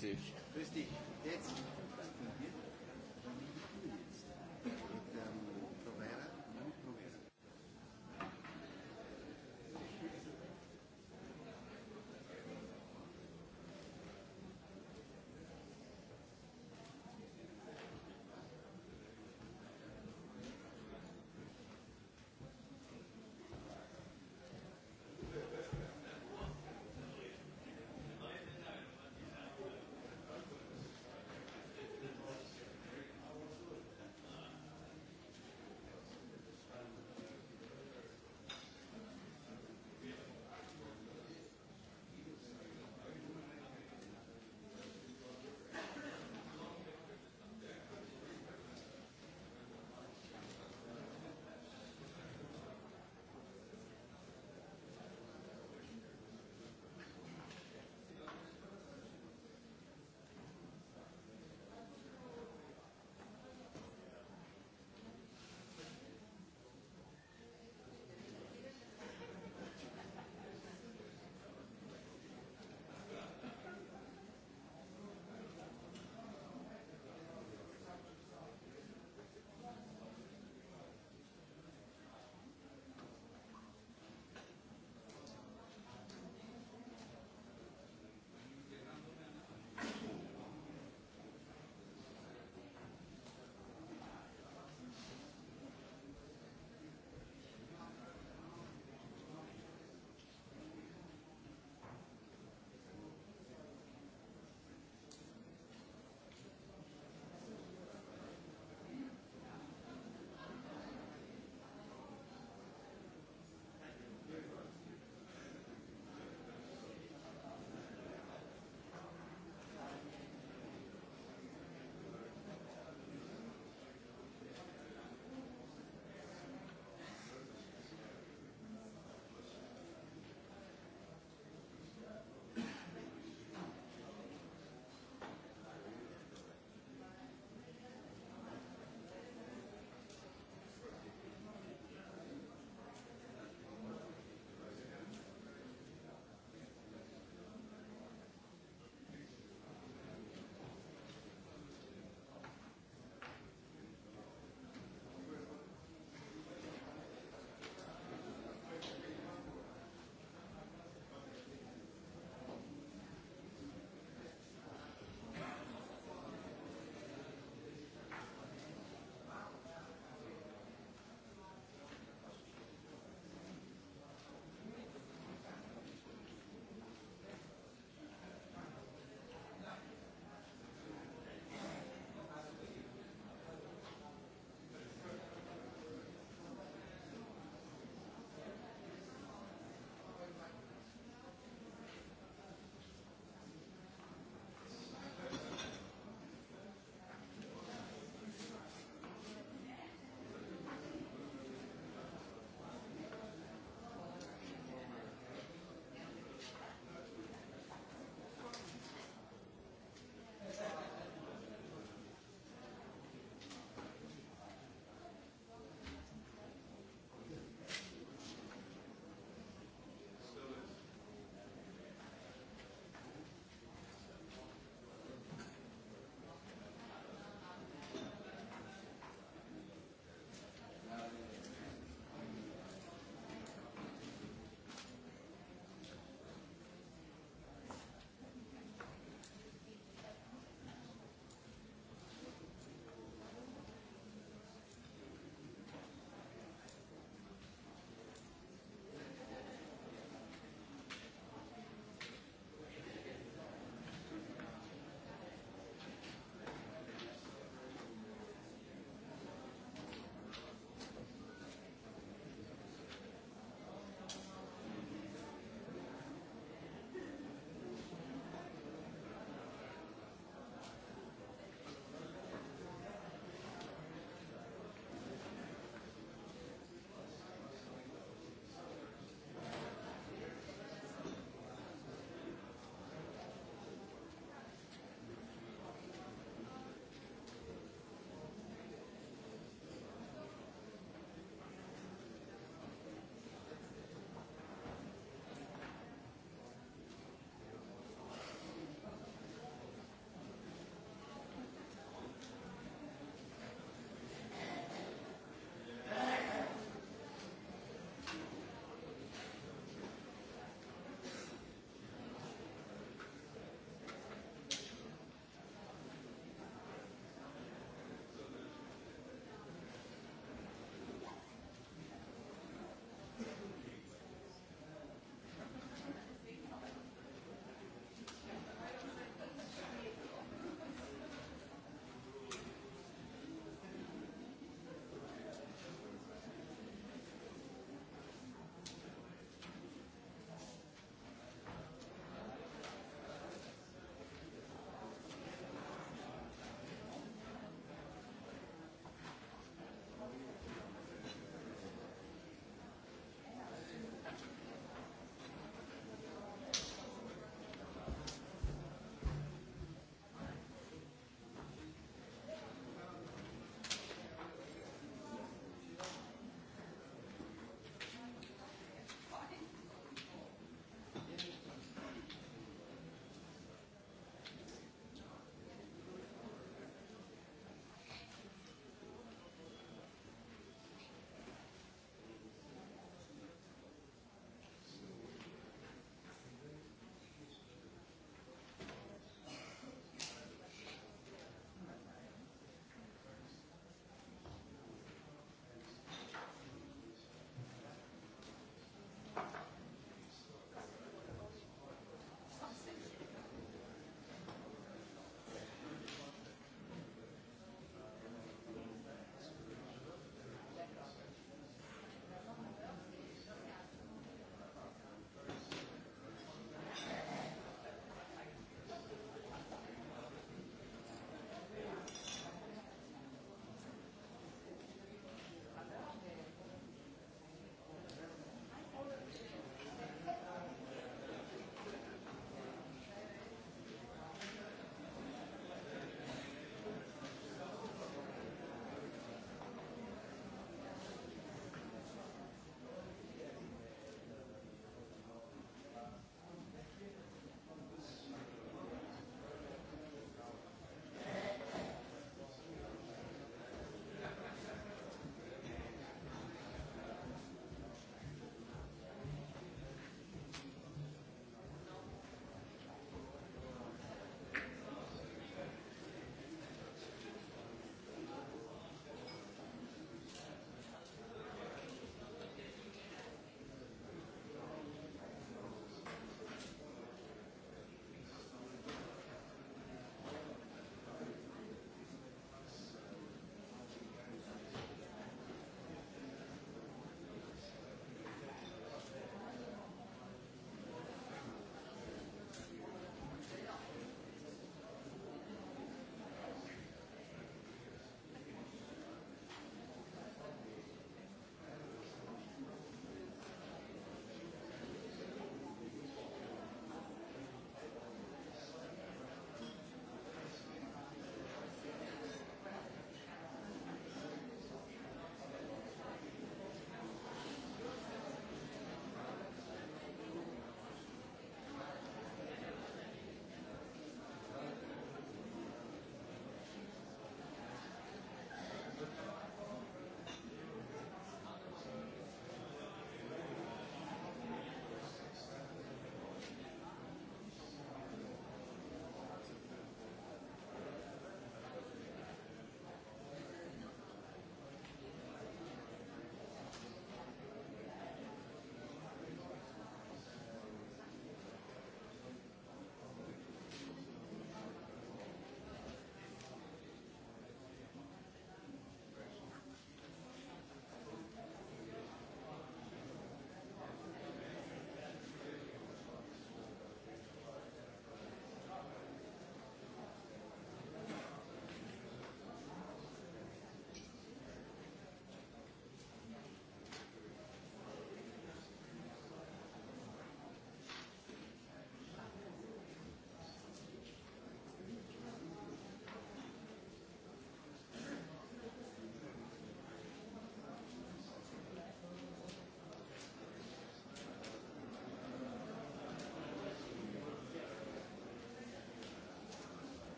Christi. Christi. Jetzt.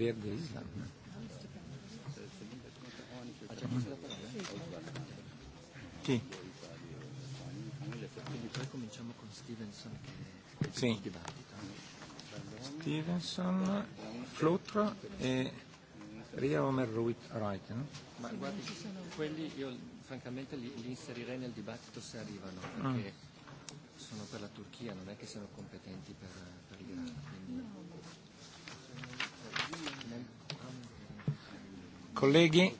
Verde Island. Da. Sì. Quindi poi cominciamo con Stevenson che sì. il dibattito. Stevenson, Flutra e Ria Omerruit Wright. No? Ma guardi, quelli io francamente li, li inserirei nel dibattito se arrivano, ah. perché mm. sono per la Turchia, non è che siano competenti per, per il Grano. Colleghi,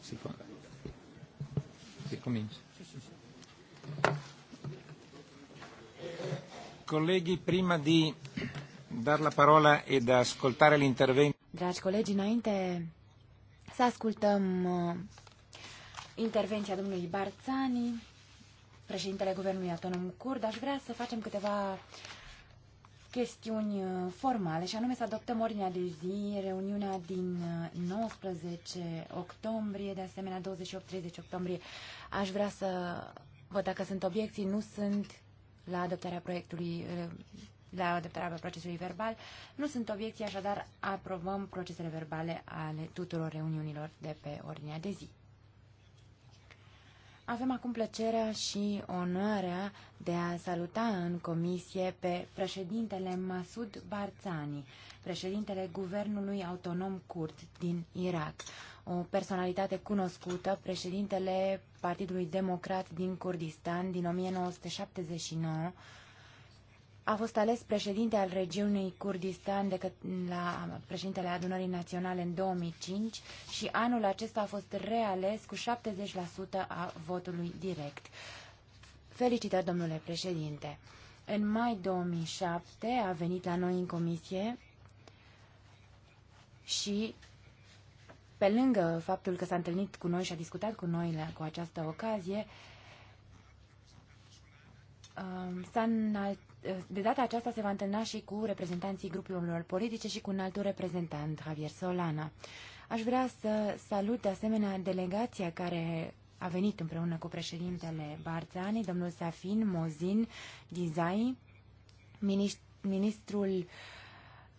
si, si comincia. Colleghi, prima di dar la parola ed ascoltare l'intervento. Dragi colegi, înainte să ascultăm uh, intervenția domnului Barțani, președintele Guvernului Autonom Curd, aș vrea să facem câteva chestiuni uh, formale și anume să adoptăm ordinea de zi, reuniunea din 19 uh, octombrie, de asemenea 28-30 octombrie. Aș vrea să văd dacă sunt obiecții, nu sunt la adoptarea proiectului uh, la adoptarea procesului verbal. Nu sunt obiecții, așadar aprobăm procesele verbale ale tuturor reuniunilor de pe ordinea de zi. Avem acum plăcerea și onoarea de a saluta în comisie pe președintele Masud Barzani, președintele Guvernului Autonom Kurd din Irak, o personalitate cunoscută, președintele Partidului Democrat din Kurdistan din 1979, a fost ales președinte al regiunii Kurdistan de la președintele adunării naționale în 2005 și anul acesta a fost reales cu 70% a votului direct. Felicitări, domnule președinte! În mai 2007 a venit la noi în comisie și pe lângă faptul că s-a întâlnit cu noi și a discutat cu noi la, cu această ocazie, um, s-a înalt de data aceasta se va întâlna și cu reprezentanții grupurilor politice și cu un alt reprezentant, Javier Solana. Aș vrea să salut de asemenea delegația care a venit împreună cu președintele Barzani, domnul Safin, Mozin, Dizai, ministrul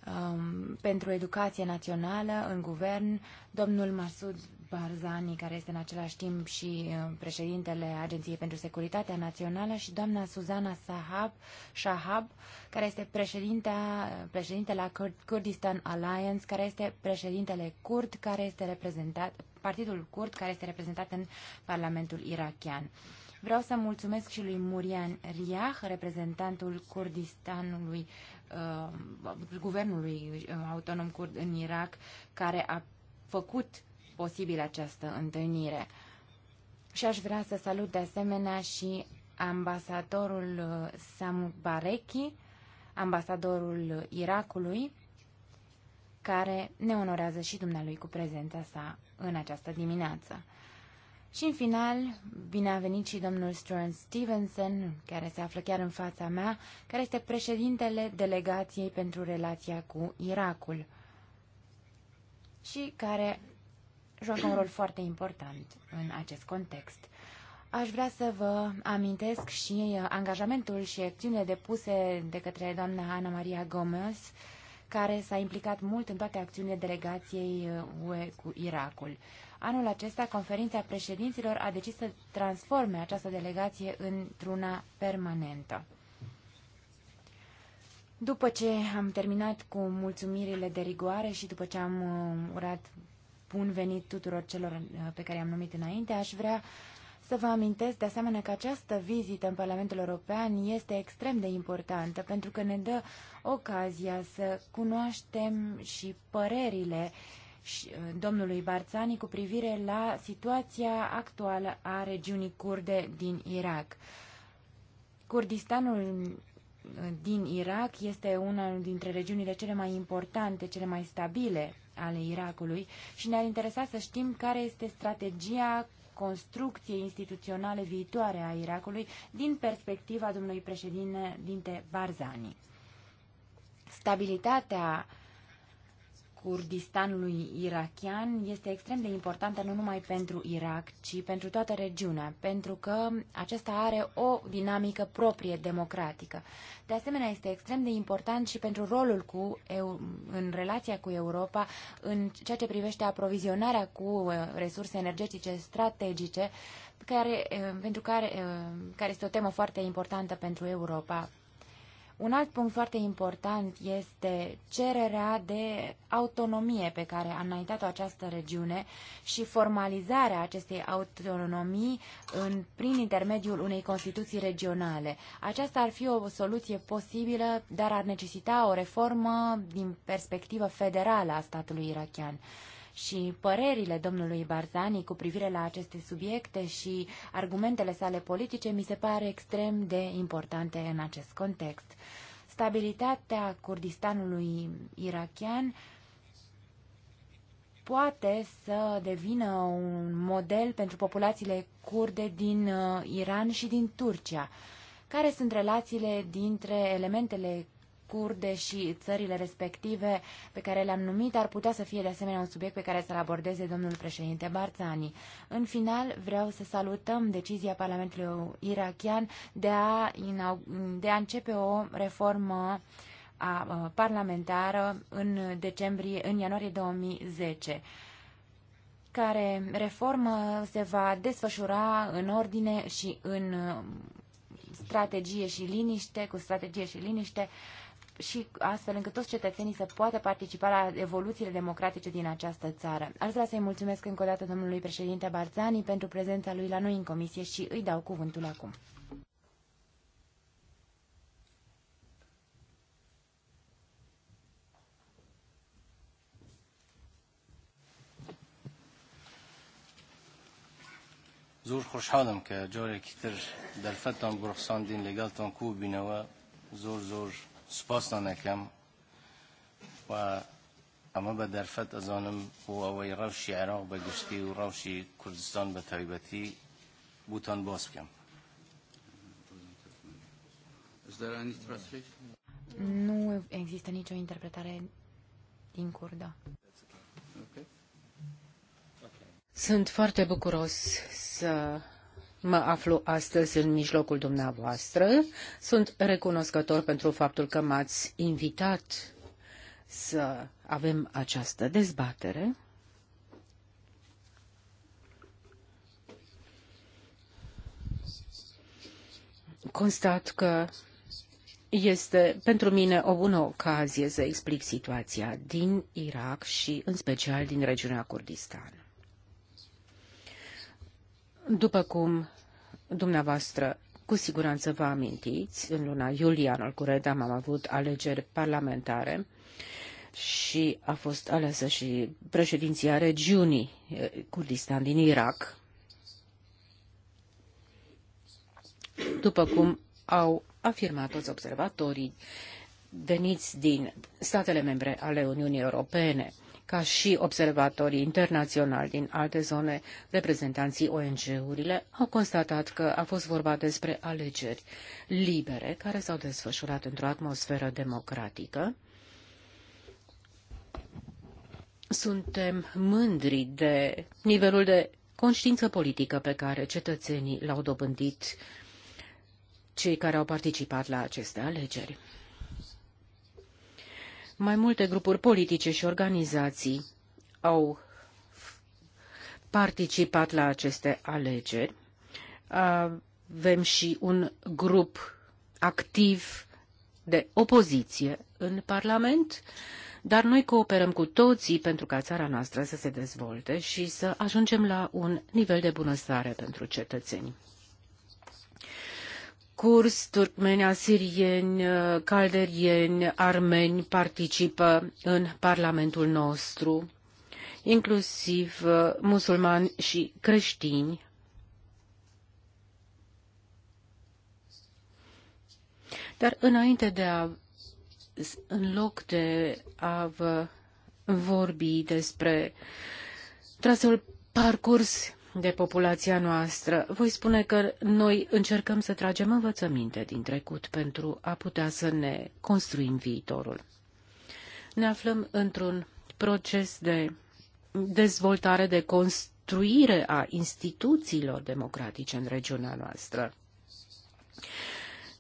um, pentru educație națională în guvern, domnul Masud Barzani, care este în același timp și uh, președintele Agenției pentru Securitatea Națională, și doamna Suzana Sahab, Shahab, care este președintea, președintele la Kurdistan Alliance, care este președintele curd, care este reprezentat, partidul curd, care este reprezentat în Parlamentul Irakian. Vreau să mulțumesc și lui Murian Riah, reprezentantul Kurdistanului, uh, guvernului uh, autonom curd în Irak, care a făcut posibil această întâlnire. Și aș vrea să salut de asemenea și ambasadorul uh, Samu Barechi, ambasadorul Irakului, care ne onorează și dumnealui cu prezența sa în această dimineață. Și în final, bine a venit și domnul Stern Stevenson, care se află chiar în fața mea, care este președintele delegației pentru relația cu Irakul și care joacă un rol foarte important în acest context. Aș vrea să vă amintesc și uh, angajamentul și acțiunile depuse de către doamna Ana Maria Gomez, care s-a implicat mult în toate acțiunile delegației UE uh, cu Irakul. Anul acesta, conferința președinților a decis să transforme această delegație într-una permanentă. După ce am terminat cu mulțumirile de rigoare și după ce am uh, urat bun venit tuturor celor uh, pe care i-am numit înainte. Aș vrea să vă amintesc de asemenea că această vizită în Parlamentul European este extrem de importantă pentru că ne dă ocazia să cunoaștem și părerile uh, domnului Barțani cu privire la situația actuală a regiunii kurde din Irak. Kurdistanul uh, din Irak este una dintre regiunile cele mai importante, cele mai stabile ale Irakului și ne-ar interesa să știm care este strategia construcției instituționale viitoare a Irakului din perspectiva domnului președinte Barzani. Stabilitatea Kurdistanului irachian este extrem de importantă nu numai pentru Irak, ci pentru toată regiunea, pentru că acesta are o dinamică proprie democratică. De asemenea, este extrem de important și pentru rolul cu, în relația cu Europa în ceea ce privește aprovizionarea cu uh, resurse energetice strategice, care, uh, pentru care, uh, care este o temă foarte importantă pentru Europa un alt punct foarte important este cererea de autonomie pe care a înaintat-o această regiune și formalizarea acestei autonomii în, prin intermediul unei constituții regionale. Aceasta ar fi o soluție posibilă, dar ar necesita o reformă din perspectivă federală a statului irachian și părerile domnului Barzani cu privire la aceste subiecte și argumentele sale politice mi se pare extrem de importante în acest context. Stabilitatea Kurdistanului irachian poate să devină un model pentru populațiile kurde din uh, Iran și din Turcia. Care sunt relațiile dintre elementele curde și țările respective pe care le-am numit ar putea să fie de asemenea un subiect pe care să-l abordeze domnul președinte Barzani. În final, vreau să salutăm decizia Parlamentului irakian de a, de a începe o reformă a, parlamentară în decembrie, în ianuarie 2010 care reformă se va desfășura în ordine și în strategie și liniște, cu strategie și liniște, și astfel încât toți cetățenii să poată participa la evoluțiile democratice din această țară. Aș vrea să-i mulțumesc încă o dată domnului președinte Barzani pentru prezența lui la noi în comisie și îi dau cuvântul acum. زۆر خوشحالم کە جارێکی تر دەرفەتان بڕخساندین لەگەڵتان کوبینەوە زۆر زۆر spaszna نکم و اما به درفت از آنم بۆ اوی روشی عراق به گشتی و روشی کردستان به طیبتی بوتان باز کم Nu există nicio interpretare din curdă. Sunt foarte bucuros să mă aflu astăzi în mijlocul dumneavoastră. Sunt recunoscător pentru faptul că m-ați invitat să avem această dezbatere. Constat că este pentru mine o bună ocazie să explic situația din Irak și în special din regiunea Kurdistan. După cum dumneavoastră cu siguranță vă amintiți, în luna iulie anul curent am avut alegeri parlamentare și a fost alesă și președinția regiunii eh, Kurdistan din Irak. După cum au afirmat toți observatorii veniți din statele membre ale Uniunii Europene ca și observatorii internaționali din alte zone, reprezentanții ONG-urile, au constatat că a fost vorba despre alegeri libere care s-au desfășurat într-o atmosferă democratică. Suntem mândri de nivelul de conștiință politică pe care cetățenii l-au dobândit cei care au participat la aceste alegeri. Mai multe grupuri politice și organizații au participat la aceste alegeri. Avem și un grup activ de opoziție în Parlament, dar noi cooperăm cu toții pentru ca țara noastră să se dezvolte și să ajungem la un nivel de bunăstare pentru cetățeni curs, turcmeni, asirieni, calderieni, armeni participă în Parlamentul nostru, inclusiv uh, musulmani și creștini. Dar înainte de a, în loc de a vă vorbi despre traseul parcurs de populația noastră. Voi spune că noi încercăm să tragem învățăminte din trecut pentru a putea să ne construim viitorul. Ne aflăm într-un proces de dezvoltare, de construire a instituțiilor democratice în regiunea noastră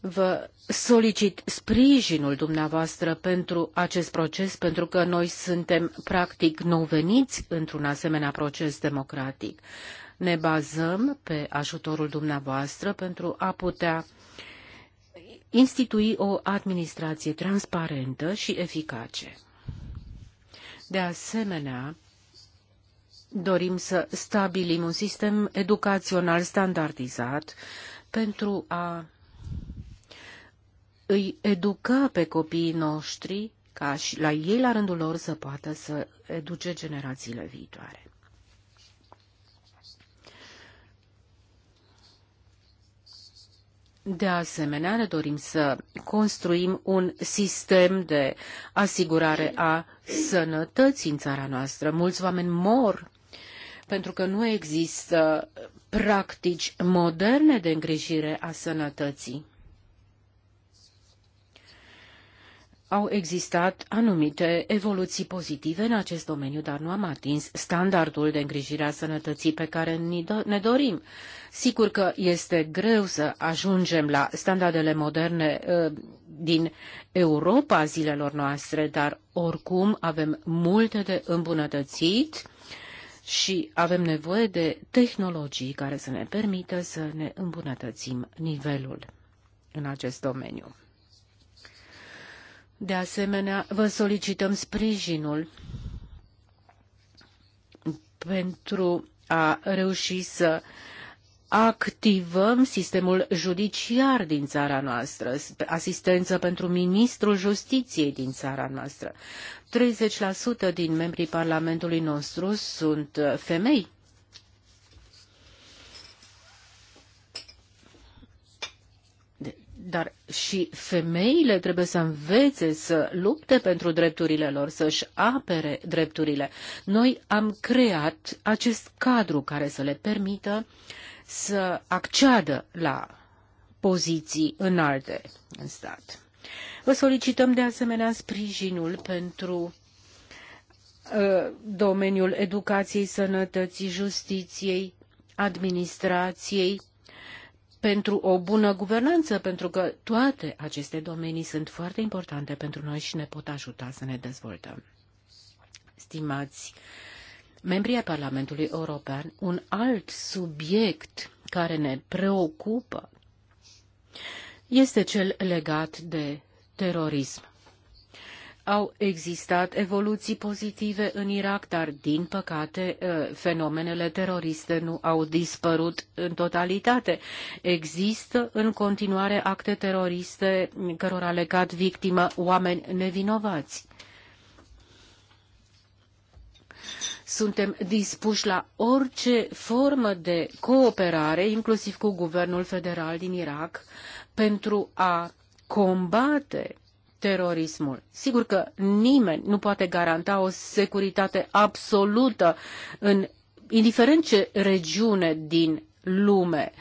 vă solicit sprijinul dumneavoastră pentru acest proces, pentru că noi suntem practic veniți într-un asemenea proces democratic. Ne bazăm pe ajutorul dumneavoastră pentru a putea institui o administrație transparentă și eficace. De asemenea, dorim să stabilim un sistem educațional standardizat pentru a îi educa pe copiii noștri ca și la ei, la rândul lor, să poată să educe generațiile viitoare. De asemenea, ne dorim să construim un sistem de asigurare a sănătății în țara noastră. Mulți oameni mor pentru că nu există practici moderne de îngrijire a sănătății. au existat anumite evoluții pozitive în acest domeniu, dar nu am atins standardul de îngrijire a sănătății pe care ne dorim. Sigur că este greu să ajungem la standardele moderne ă, din Europa zilelor noastre, dar oricum avem multe de îmbunătățit și avem nevoie de tehnologii care să ne permită să ne îmbunătățim nivelul în acest domeniu. De asemenea, vă solicităm sprijinul pentru a reuși să activăm sistemul judiciar din țara noastră, asistență pentru ministrul justiției din țara noastră. 30% din membrii Parlamentului nostru sunt femei. dar și femeile trebuie să învețe să lupte pentru drepturile lor, să-și apere drepturile. Noi am creat acest cadru care să le permită să acceadă la poziții înalte în stat. Vă solicităm de asemenea sprijinul pentru uh, domeniul educației, sănătății, justiției, administrației, pentru o bună guvernanță, pentru că toate aceste domenii sunt foarte importante pentru noi și ne pot ajuta să ne dezvoltăm. Stimați membrii ai Parlamentului European, un alt subiect care ne preocupă este cel legat de terorism au existat evoluții pozitive în Irak, dar din păcate eh, fenomenele teroriste nu au dispărut în totalitate. Există în continuare acte teroriste cărora a legat victimă oameni nevinovați. Suntem dispuși la orice formă de cooperare, inclusiv cu guvernul federal din Irak, pentru a combate terorismul. Sigur că nimeni nu poate garanta o securitate absolută în indiferent ce regiune din lume.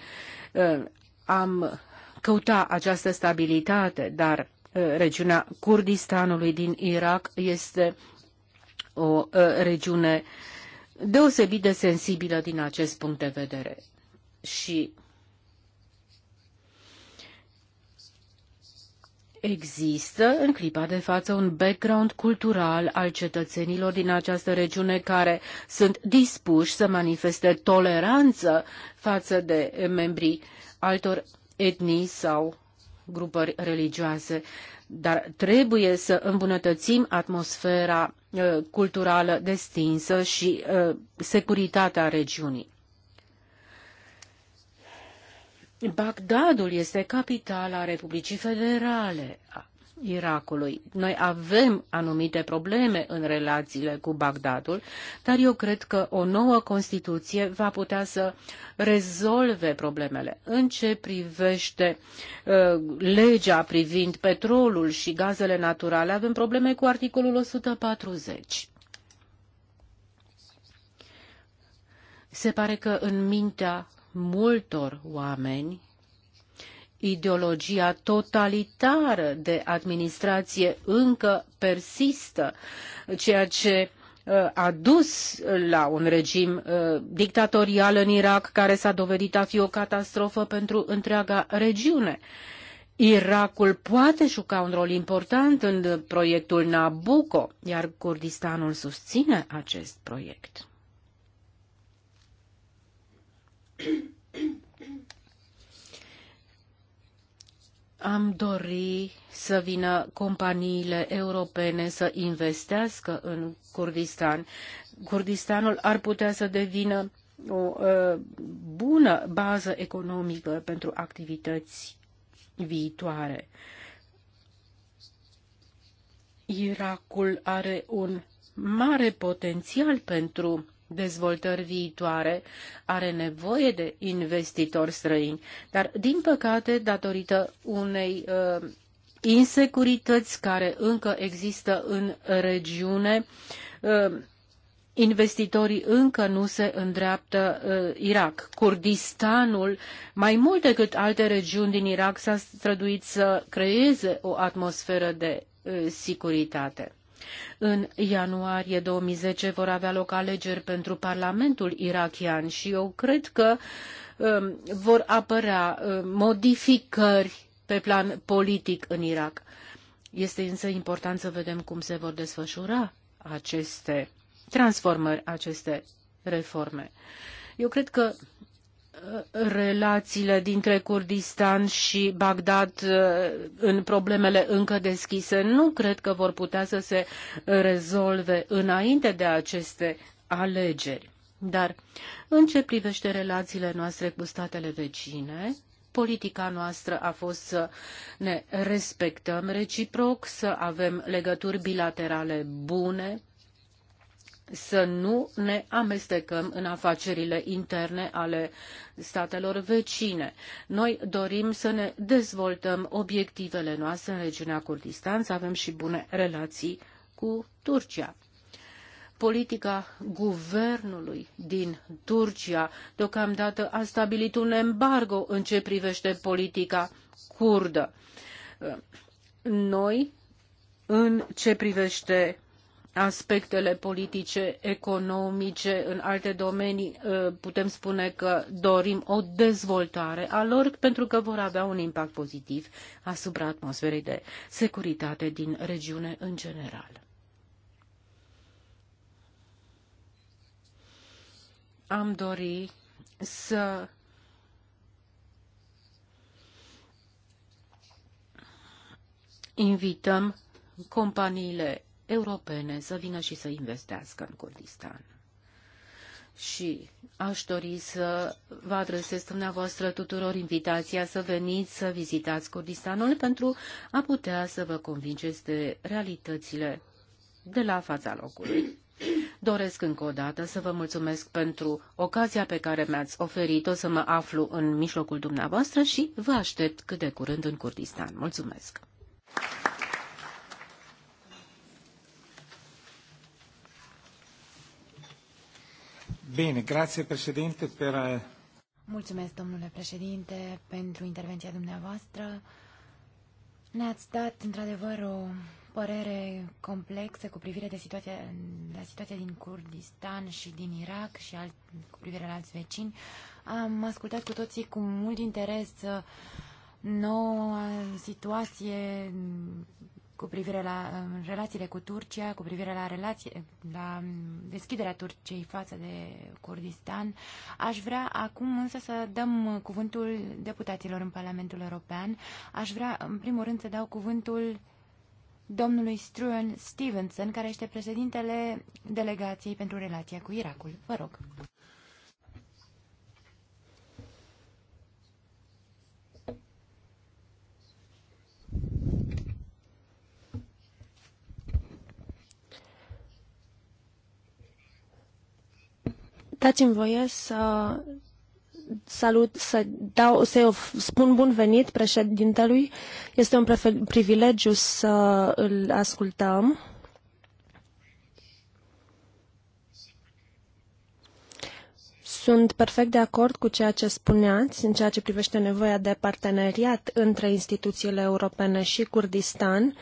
Uh, am căuta această stabilitate, dar uh, regiunea Kurdistanului din Irak este o uh, regiune deosebit de sensibilă din acest punct de vedere. Și Există în clipa de față un background cultural al cetățenilor din această regiune care sunt dispuși să manifeste toleranță față de membrii altor etnii sau grupări religioase, dar trebuie să îmbunătățim atmosfera uh, culturală destinsă și uh, securitatea regiunii. Bagdadul este capitala Republicii Federale a Irakului. Noi avem anumite probleme în relațiile cu Bagdadul, dar eu cred că o nouă Constituție va putea să rezolve problemele. În ce privește uh, legea privind petrolul și gazele naturale, avem probleme cu articolul 140. Se pare că în mintea multor oameni ideologia totalitară de administrație încă persistă, ceea ce uh, a dus la un regim uh, dictatorial în Irak care s-a dovedit a fi o catastrofă pentru întreaga regiune. Irakul poate juca un rol important în proiectul Nabucco, iar Kurdistanul susține acest proiect. Am dori să vină companiile europene să investească în Kurdistan. Kurdistanul ar putea să devină o uh, bună bază economică pentru activități viitoare. Irakul are un mare potențial pentru dezvoltări viitoare are nevoie de investitori străini, dar din păcate, datorită unei uh, insecurități care încă există în regiune, uh, investitorii încă nu se îndreaptă uh, Irak. Kurdistanul, mai mult decât alte regiuni din Irak, s-a străduit să creeze o atmosferă de uh, securitate. În ianuarie 2010 vor avea loc alegeri pentru Parlamentul irakian și eu cred că um, vor apărea um, modificări pe plan politic în Irak. Este însă important să vedem cum se vor desfășura aceste transformări, aceste reforme. Eu cred că relațiile dintre Kurdistan și Bagdad uh, în problemele încă deschise nu cred că vor putea să se rezolve înainte de aceste alegeri. Dar în ce privește relațiile noastre cu statele vecine, politica noastră a fost să ne respectăm reciproc, să avem legături bilaterale bune, să nu ne amestecăm în afacerile interne ale statelor vecine. Noi dorim să ne dezvoltăm obiectivele noastre în regiunea Kurdistan, să avem și bune relații cu Turcia. Politica guvernului din Turcia deocamdată a stabilit un embargo în ce privește politica kurdă. Noi, în ce privește aspectele politice, economice, în alte domenii, ă, putem spune că dorim o dezvoltare a lor pentru că vor avea un impact pozitiv asupra atmosferei de securitate din regiune în general. Am dori să invităm companiile europene să vină și să investească în Kurdistan. Și aș dori să vă adresez dumneavoastră tuturor invitația să veniți să vizitați Kurdistanul pentru a putea să vă convingeți de realitățile de la fața locului. Doresc încă o dată să vă mulțumesc pentru ocazia pe care mi-ați oferit-o să mă aflu în mijlocul dumneavoastră și vă aștept cât de curând în Kurdistan. Mulțumesc! Bine, grație președinte per... Mulțumesc, domnule președinte, pentru intervenția dumneavoastră. Ne-ați dat, într-adevăr, o părere complexă cu privire de situația, la situația din Kurdistan și din Irak și alt, cu privire la alți vecini. Am ascultat cu toții cu mult interes uh, noua situație cu privire la um, relațiile cu Turcia, cu privire la, relație, la um, deschiderea Turciei față de Kurdistan. Aș vrea acum însă să dăm cuvântul deputaților în Parlamentul European. Aș vrea în primul rând să dau cuvântul domnului Struan Stevenson, care este președintele delegației pentru relația cu Irakul. Vă rog. Dați-mi voie să salut, să dau, să spun bun venit președintelui. Este un privilegiu să îl ascultăm. Sunt perfect de acord cu ceea ce spuneați în ceea ce privește nevoia de parteneriat între instituțiile europene și Kurdistan. Uh,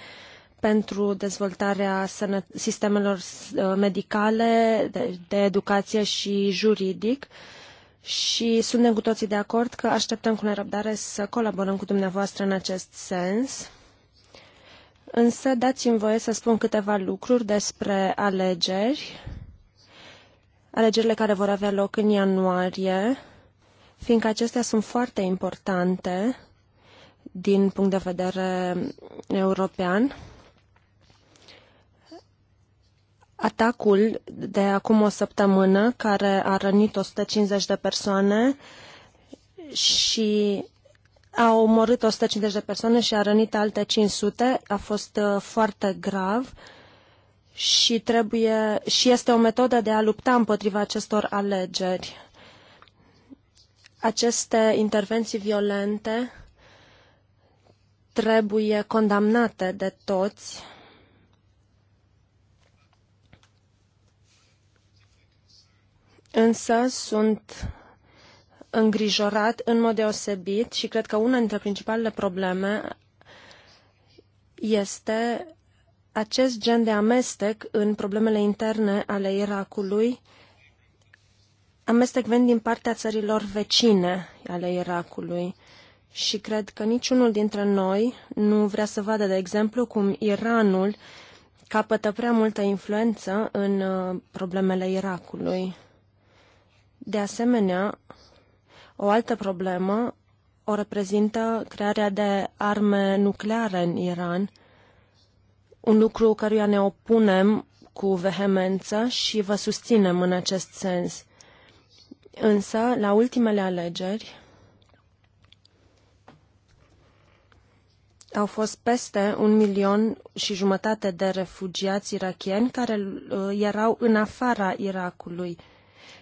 pentru dezvoltarea sistemelor uh, medicale, de, de educație și juridic și suntem cu toții de acord că așteptăm cu nerăbdare să colaborăm cu dumneavoastră în acest sens. Însă dați-mi voie să spun câteva lucruri despre alegeri, alegerile care vor avea loc în ianuarie, fiindcă acestea sunt foarte importante din punct de vedere european. Atacul de acum o săptămână, care a rănit 150 de persoane și a omorât 150 de persoane și a rănit alte 500, a fost uh, foarte grav și, trebuie, și este o metodă de a lupta împotriva acestor alegeri. Aceste intervenții violente trebuie condamnate de toți însă sunt îngrijorat în mod deosebit și cred că una dintre principalele probleme este acest gen de amestec în problemele interne ale Irakului, amestec venind din partea țărilor vecine ale Irakului. Și cred că niciunul dintre noi nu vrea să vadă, de exemplu, cum Iranul capătă prea multă influență în uh, problemele Irakului. De asemenea, o altă problemă o reprezintă crearea de arme nucleare în Iran, un lucru căruia ne opunem cu vehemență și vă susținem în acest sens. Însă, la ultimele alegeri, au fost peste un milion și jumătate de refugiați irachieni care uh, erau în afara Irakului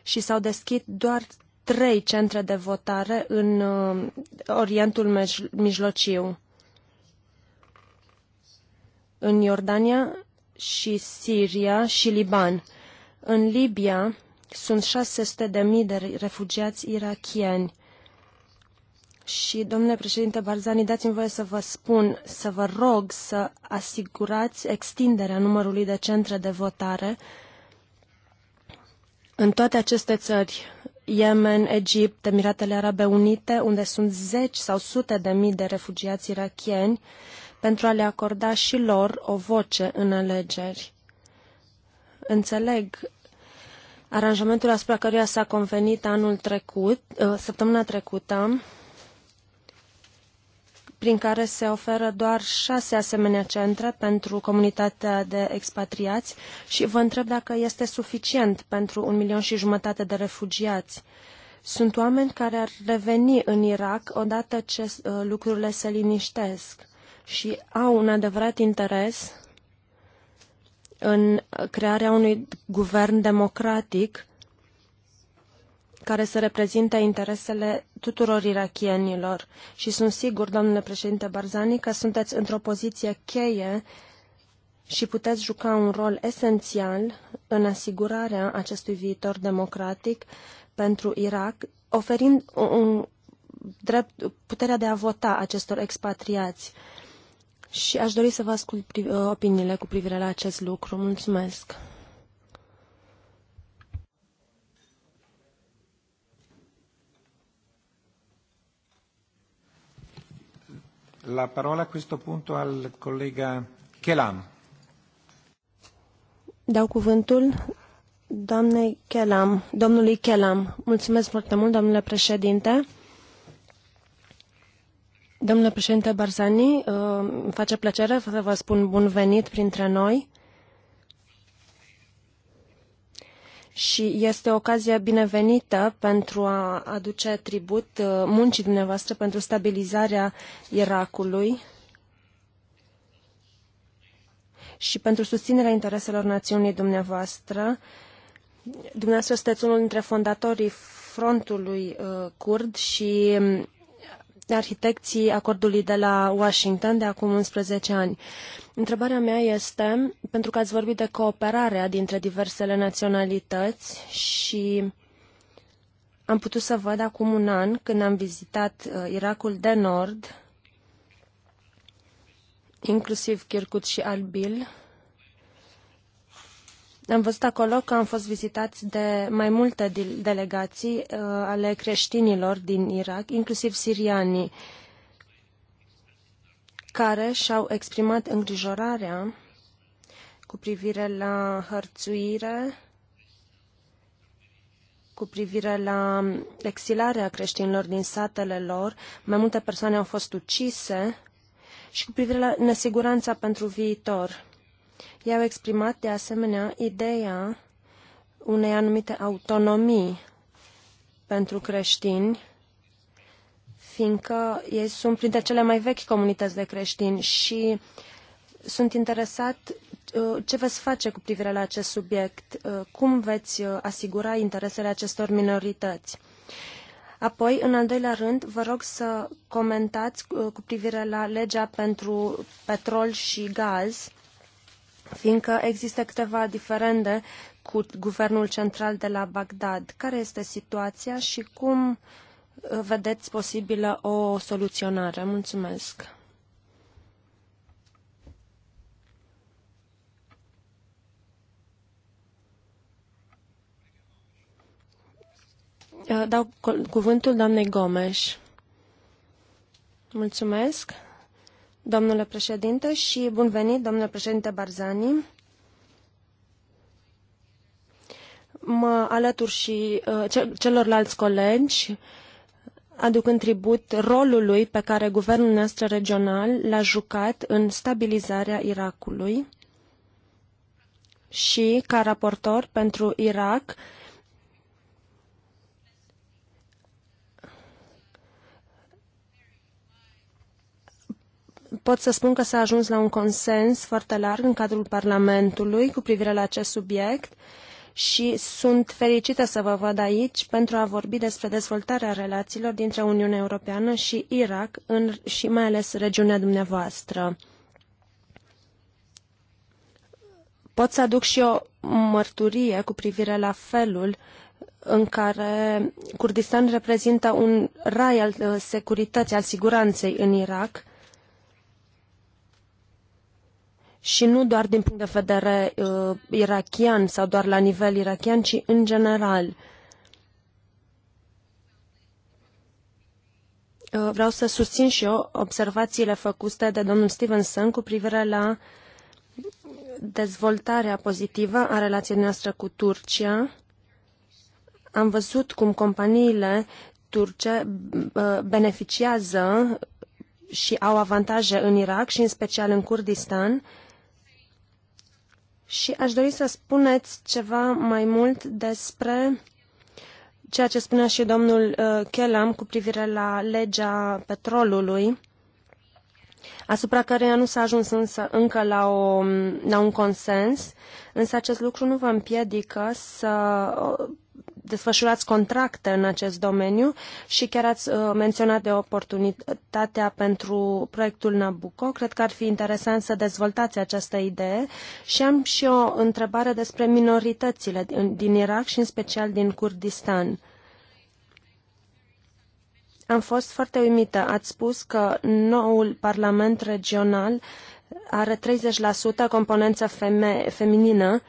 și s-au deschis doar trei centre de votare în uh, Orientul Mijlociu. În Iordania și Siria și Liban. În Libia sunt 600.000 de, de refugiați irachieni. Și, domnule președinte Barzani, dați-mi voie să vă spun, să vă rog să asigurați extinderea numărului de centre de votare uh, în toate aceste țări, Yemen, Egipt, Emiratele Arabe Unite, unde sunt zeci sau sute de mii de refugiați irachieni, pentru a le acorda și lor o voce în alegeri. Înțeleg aranjamentul asupra căruia s-a convenit anul trecut, uh, săptămâna trecută, prin care se oferă doar șase asemenea centre pentru comunitatea de expatriați și vă întreb dacă este suficient pentru un milion și jumătate de refugiați. Sunt oameni care ar reveni în Irak odată ce uh, lucrurile se liniștesc și au un adevărat interes în crearea unui guvern democratic care să reprezinte interesele tuturor irachienilor. Și sunt sigur, domnule președinte Barzani, că sunteți într-o poziție cheie și puteți juca un rol esențial în asigurarea acestui viitor democratic pentru Irak, oferind un drept, puterea de a vota acestor expatriați. Și aș dori să vă ascult uh, opiniile cu privire la acest lucru. Mulțumesc! la parola a questo punto al collega Chelam. Dau cuvântul doamnei Chelam, domnului Chelam. Mulțumesc foarte mult, domnule președinte. Domnule președinte Barzani, îmi face plăcere să vă spun bun venit printre noi. și este o ocazie binevenită pentru a aduce tribut uh, muncii dumneavoastră pentru stabilizarea Irakului și pentru susținerea intereselor națiunii dumneavoastră. Dumneavoastră sunteți unul dintre fondatorii frontului uh, kurd și um, arhitecții acordului de la Washington de acum 11 ani. Întrebarea mea este, pentru că ați vorbit de cooperarea dintre diversele naționalități și am putut să văd acum un an, când am vizitat uh, Irakul de Nord, inclusiv Kirkut și Albil, am văzut acolo că am fost vizitați de mai multe delegații uh, ale creștinilor din Irak, inclusiv sirianii. Uh, care și-au exprimat îngrijorarea cu privire la hărțuire, cu privire la exilarea creștinilor din satele lor. Mai multe persoane au fost ucise și cu privire la nesiguranța pentru viitor. I-au exprimat, de asemenea, ideea unei anumite autonomii pentru creștini fiindcă ei sunt printre cele mai vechi comunități de creștini și sunt interesat uh, ce veți face cu privire la acest subiect, uh, cum veți uh, asigura interesele acestor minorități. Apoi, în al doilea rând, vă rog să comentați cu privire la legea pentru petrol și gaz, fiindcă există câteva diferende cu guvernul central de la Bagdad. Care este situația și cum uh, Uh, vedeți posibilă o soluționare. Mulțumesc! Uh, dau cuvântul doamnei Gomes. Mulțumesc, domnule președinte, și bun venit, domnule președinte Barzani. Mă alătur și uh, celorlalți colegi aduc în tribut rolului pe care guvernul nostru regional l-a jucat în stabilizarea Irakului și, ca raportor pentru Irak, pot să spun că s-a ajuns la un consens foarte larg în cadrul Parlamentului cu privire la acest subiect și sunt fericită să vă văd aici pentru a vorbi despre dezvoltarea relațiilor dintre Uniunea Europeană și Irak în, și mai ales regiunea dumneavoastră. Pot să aduc și o mărturie cu privire la felul în care Kurdistan reprezintă un rai al uh, securității, al siguranței în Irak și nu doar din punct de vedere uh, irachian sau doar la nivel irachian, ci în general. Uh, vreau să susțin și eu observațiile făcute de domnul Stevenson cu privire la dezvoltarea pozitivă a relației noastre cu Turcia. Am văzut cum companiile turce uh, beneficiază și au avantaje în Irak și în special în Kurdistan. Uh, și aș dori să spuneți ceva mai mult despre ceea ce spunea și domnul uh, Chelam cu privire la legea petrolului, asupra căreia nu s-a ajuns însă încă la, o, la un consens, însă acest lucru nu vă împiedică să uh, desfășurați contracte în acest domeniu și chiar ați uh, menționat de oportunitatea pentru proiectul Nabucco. Cred că ar fi interesant să dezvoltați această idee și am și o întrebare despre minoritățile din Irak și în special din Kurdistan. Am fost foarte uimită. Ați spus că noul Parlament regional are 30% componență feme- feminină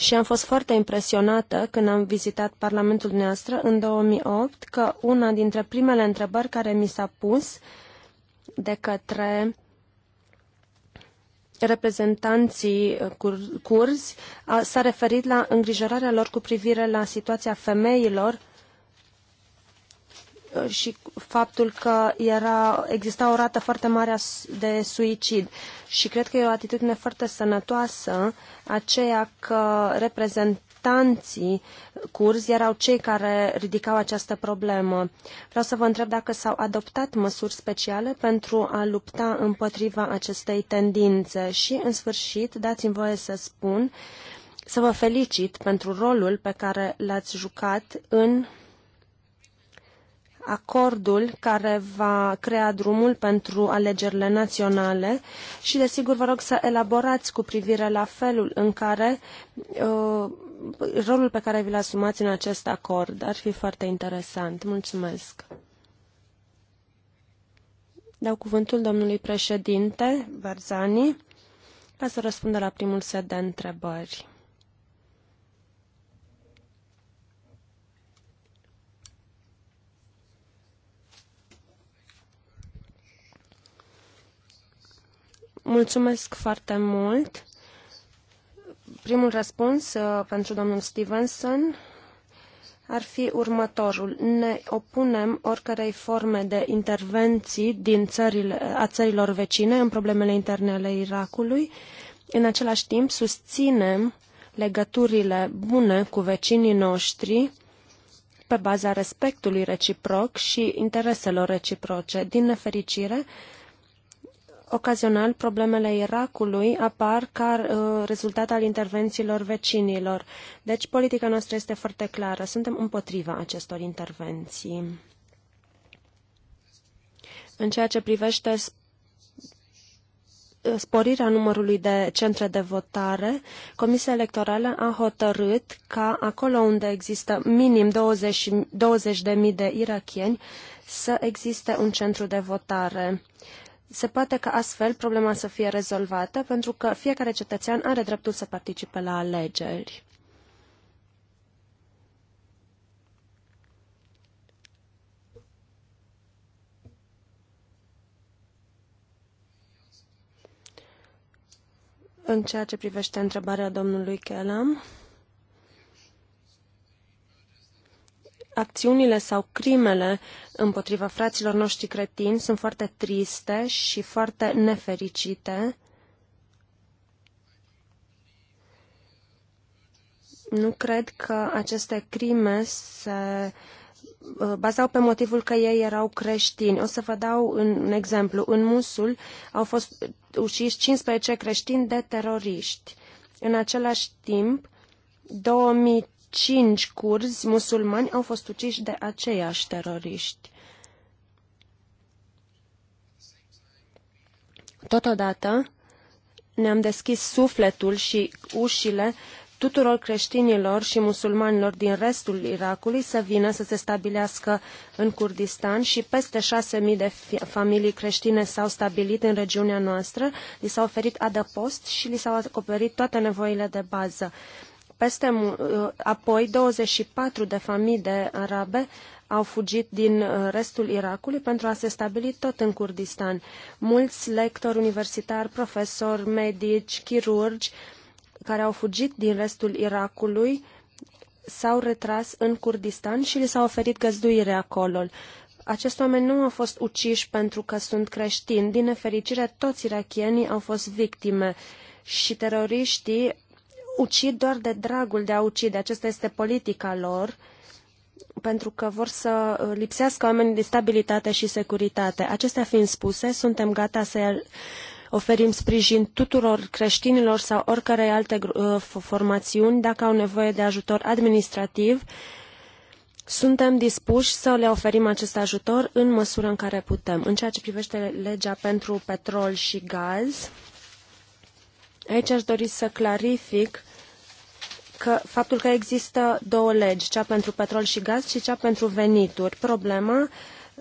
și am fost foarte impresionată când am vizitat Parlamentul dumneavoastră în 2008 că una dintre primele întrebări care mi s-a pus de către reprezentanții uh, curzi s-a referit la îngrijorarea lor cu privire la situația femeilor Uh, și faptul că era, exista o rată foarte mare de suicid. Și cred că e o atitudine foarte sănătoasă, aceea că reprezentanții curzi erau cei care ridicau această problemă. Vreau să vă întreb dacă s-au adoptat măsuri speciale pentru a lupta împotriva acestei tendințe. Și, în sfârșit, dați-mi voie să spun, să vă felicit pentru rolul pe care l-ați jucat în acordul care va crea drumul pentru alegerile naționale și, desigur, vă rog să elaborați cu privire la felul în care uh, rolul pe care vi-l asumați în acest acord. Ar fi foarte interesant. Mulțumesc. Dau cuvântul domnului președinte Barzani ca să răspundă la primul set de întrebări. Mulțumesc foarte mult. Primul răspuns uh, pentru domnul Stevenson ar fi următorul. Ne opunem oricărei forme de intervenții din țările, a țărilor vecine în problemele interne ale Irakului. În același timp, susținem legăturile bune cu vecinii noștri pe baza respectului reciproc și intereselor reciproce. Din nefericire, uh, ocazional problemele Irakului apar ca uh, rezultat al intervențiilor vecinilor. Deci politica noastră este foarte clară. Suntem împotriva acestor intervenții. În ceea ce privește sporirea numărului de centre de votare, Comisia Electorală a hotărât ca acolo unde există minim 20.000 20 de irachieni să existe un centru de votare. Se poate ca astfel problema să fie rezolvată, pentru că fiecare cetățean are dreptul să participe la alegeri. În ceea ce privește întrebarea domnului Kellam, acțiunile sau crimele împotriva fraților noștri cretini sunt foarte triste și foarte nefericite. Nu cred că aceste crime se uh, bazau pe motivul că ei erau creștini. O să vă dau un exemplu. În Musul au fost uciși 15 creștini de teroriști. În același timp, 2000 cinci curzi musulmani au fost uciși de aceiași teroriști. Totodată ne-am deschis sufletul și ușile tuturor creștinilor și musulmanilor din restul Irakului să vină să se stabilească în Kurdistan și peste 6.000 de familii creștine s-au stabilit în regiunea noastră, li s-a oferit adăpost și li s-au acoperit toate nevoile de bază. Peste, uh, apoi, 24 de familii de arabe au fugit din uh, restul Irakului pentru a se stabili tot în Kurdistan. Mulți lectori universitari, profesori, medici, chirurgi care au fugit din restul Irakului s-au retras în Kurdistan și li s-a oferit găzduire acolo. Acest oameni nu au fost uciși pentru că sunt creștini. Din nefericire, toți irachienii au fost victime și teroriștii ucid doar de dragul de a ucide. Aceasta este politica lor, pentru că vor să uh, lipsească oamenii de stabilitate și securitate. Acestea fiind spuse, suntem gata să oferim sprijin tuturor creștinilor sau oricărei alte uh, formațiuni dacă au nevoie de ajutor administrativ. Suntem dispuși să le oferim acest ajutor în măsură în care putem. În ceea ce privește legea pentru petrol și gaz, Aici aș dori să clarific că faptul că există două legi, cea pentru petrol și gaz și cea pentru venituri. Problema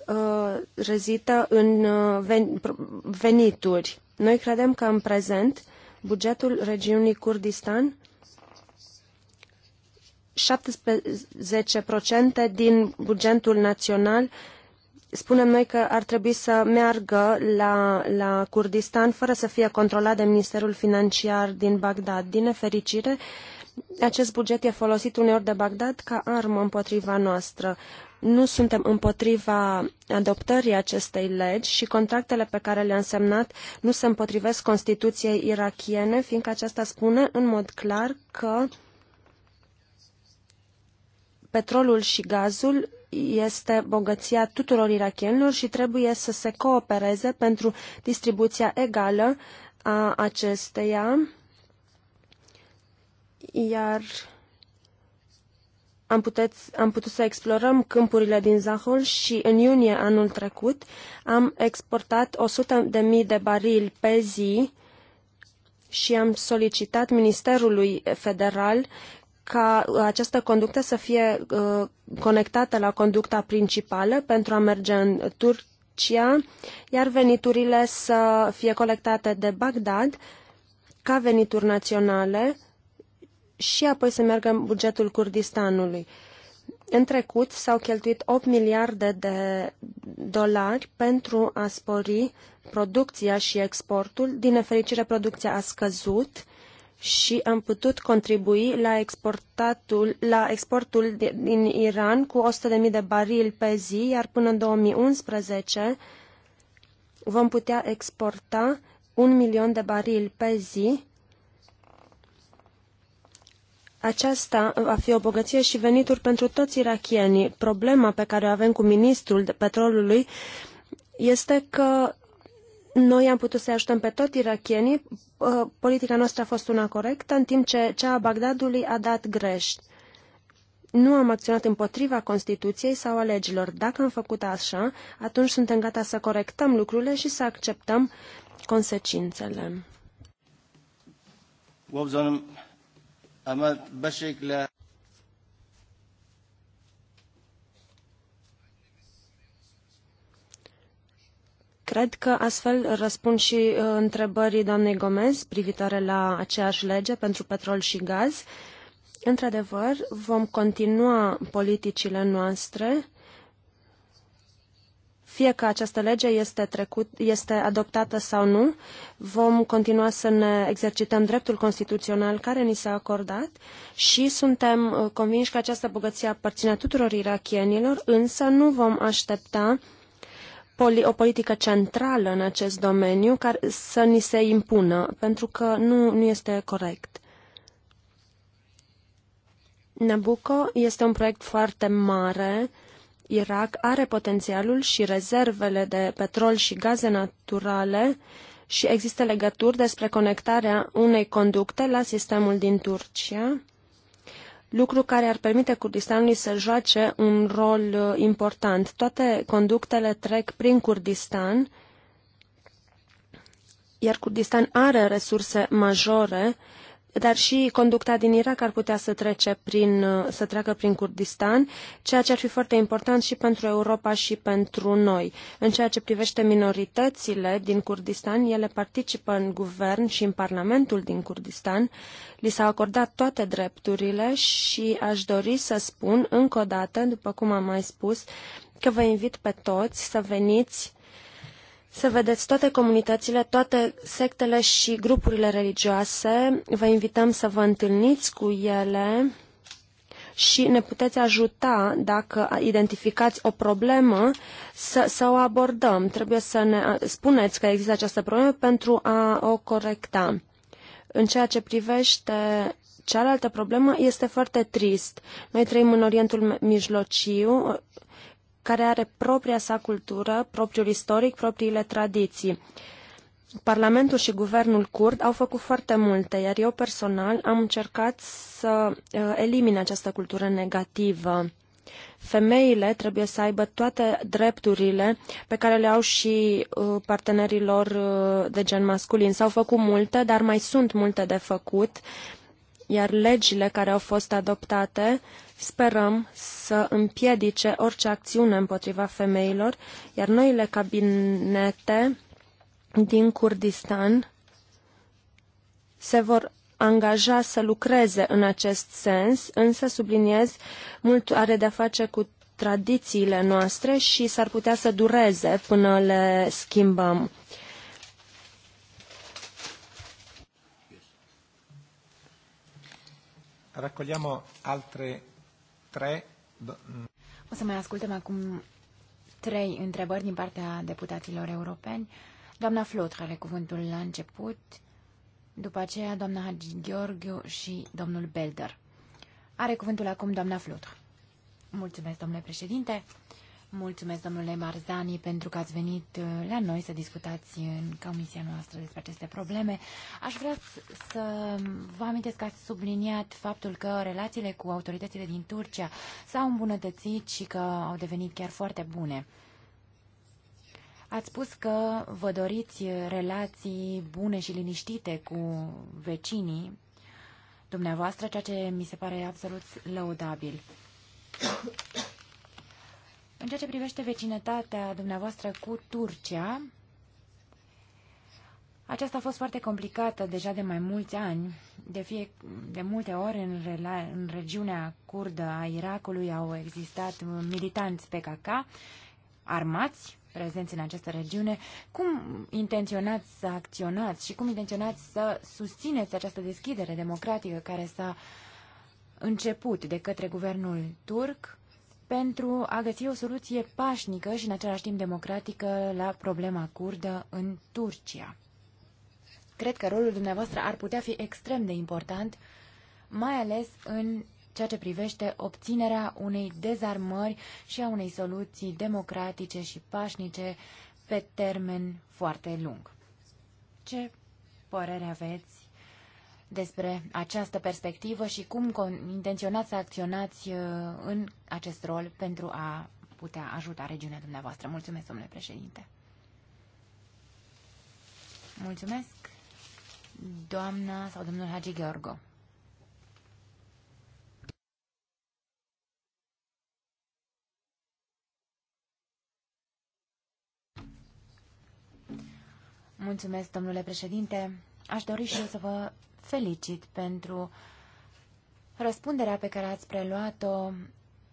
uh, rezită în uh, venituri. Noi credem că în prezent bugetul regiunii Kurdistan 17% din bugetul național uh, spunem noi că ar trebui să meargă la, la Kurdistan fără să fie controlat de Ministerul Financiar din Bagdad. Din nefericire, acest buget e folosit uneori de Bagdad ca armă împotriva noastră. Nu suntem împotriva adoptării acestei legi și contractele pe care le-am semnat nu se împotrivesc Constituției irachiene, fiindcă aceasta spune în mod clar că petrolul și gazul este bogăția tuturor irachienilor și trebuie să se coopereze pentru distribuția egală a acesteia, iar am, puteți, am putut să explorăm câmpurile din Zahul și în iunie anul trecut am exportat 100.000 de, mii de barili pe zi și am solicitat Ministerului Federal ca această conductă să fie uh, conectată la conducta principală pentru a merge în Turcia, iar veniturile să fie colectate de Bagdad ca venituri naționale și apoi să meargă în bugetul Kurdistanului. În trecut s-au cheltuit 8 miliarde de dolari pentru a spori producția și exportul. Din nefericire, producția a scăzut și am putut contribui la, exportatul, la exportul din Iran cu 100.000 de barili pe zi, iar până în 2011 vom putea exporta un milion de barili pe zi. Aceasta va fi o bogăție și venituri pentru toți irachienii. Problema pe care o avem cu ministrul petrolului este că noi am putut să ajutăm pe toți irachienii, politica noastră a fost una corectă, în timp ce cea a Bagdadului a dat greș. Nu am acționat împotriva Constituției sau a legilor. Dacă am făcut așa, atunci suntem gata să corectăm lucrurile și să acceptăm consecințele. Cred că astfel răspund și uh, întrebării doamnei Gomez privitoare la aceeași lege pentru petrol și gaz. Într-adevăr, vom continua politicile noastre, fie că această lege este, trecut, este adoptată sau nu, vom continua să ne exercităm dreptul constituțional care ni s-a acordat și suntem uh, convinși că această bogăție aparține tuturor irachienilor, însă nu vom aștepta uh, o politică centrală în acest domeniu care să ni se impună, pentru că nu, nu este corect. Nabucco este un proiect foarte mare. Irak are potențialul și rezervele de petrol și gaze naturale și există legături despre conectarea unei conducte la sistemul din Turcia lucru care ar permite Kurdistanului să joace un rol uh, important. Toate conductele trec prin Kurdistan, iar Kurdistan are resurse majore uh, dar și conducta din Irak ar putea să, trece prin, să treacă prin Kurdistan, ceea ce ar fi foarte important și pentru Europa și pentru noi. În ceea ce privește minoritățile din Kurdistan, ele participă în guvern și în Parlamentul din Kurdistan, li s-au acordat toate drepturile și aș dori să spun încă o dată, după cum am mai spus, că vă invit pe toți să veniți să vedeți toate comunitățile, toate sectele și grupurile religioase. Vă invităm să vă întâlniți cu ele și ne puteți ajuta dacă identificați o problemă să, să o abordăm. Trebuie să ne spuneți că există această problemă pentru a o corecta. În ceea ce privește cealaltă problemă, este foarte trist. Noi trăim în Orientul Mijlociu, care are propria sa cultură, propriul istoric, propriile tradiții. Parlamentul și guvernul curd au făcut foarte multe, iar eu personal am încercat să uh, elimine această cultură negativă. Femeile trebuie să aibă toate drepturile pe care le au și uh, partenerilor uh, de gen masculin. S-au făcut multe, dar mai sunt multe de făcut, iar legile care au fost adoptate Sperăm să împiedice orice acțiune împotriva femeilor, iar noile cabinete din Kurdistan se vor angaja să lucreze în acest sens, însă subliniez mult are de-a face cu tradițiile noastre și s-ar putea să dureze până le schimbăm. Raccogliamo altre trei... O să mai ascultăm acum trei întrebări din partea deputaților europeni. Doamna Flot are cuvântul la început, după aceea doamna Hagi Gheorghiu și domnul Belder. Are cuvântul acum doamna Flotr. Mulțumesc, domnule președinte. Uh, Mulțumesc, domnule Marzani, pentru că ați venit uh, la noi să discutați în comisia noastră despre aceste probleme. Aș vrea să vă amintesc că ați subliniat faptul că relațiile cu autoritățile din Turcia s-au îmbunătățit și că au devenit chiar foarte bune. Ați spus că vă doriți relații bune și liniștite cu vecinii dumneavoastră, ceea ce mi se pare absolut lăudabil. În ceea ce privește vecinătatea dumneavoastră cu Turcia, aceasta a fost foarte complicată deja de mai mulți ani. De, fie, de multe ori în, rela, în regiunea curdă a Irakului au existat militanți PKK armați prezenți în această regiune. Cum intenționați să acționați și cum intenționați să susțineți această deschidere democratică care s-a început de către guvernul turc pentru a găsi o soluție pașnică și în același timp democratică la problema curdă în Turcia. Cred că rolul dumneavoastră ar putea fi extrem de important, mai ales în ceea ce privește obținerea unei dezarmări și a unei soluții democratice și pașnice pe termen foarte lung. Ce părere aveți despre această perspectivă și cum intenționați să acționați uh, în acest rol pentru a putea ajuta regiunea dumneavoastră. Mulțumesc, domnule președinte. Mulțumesc, doamna sau domnul Hagi Gheorgo. Mulțumesc, domnule președinte. Aș dori și eu să vă felicit pentru răspunderea pe care ați preluat-o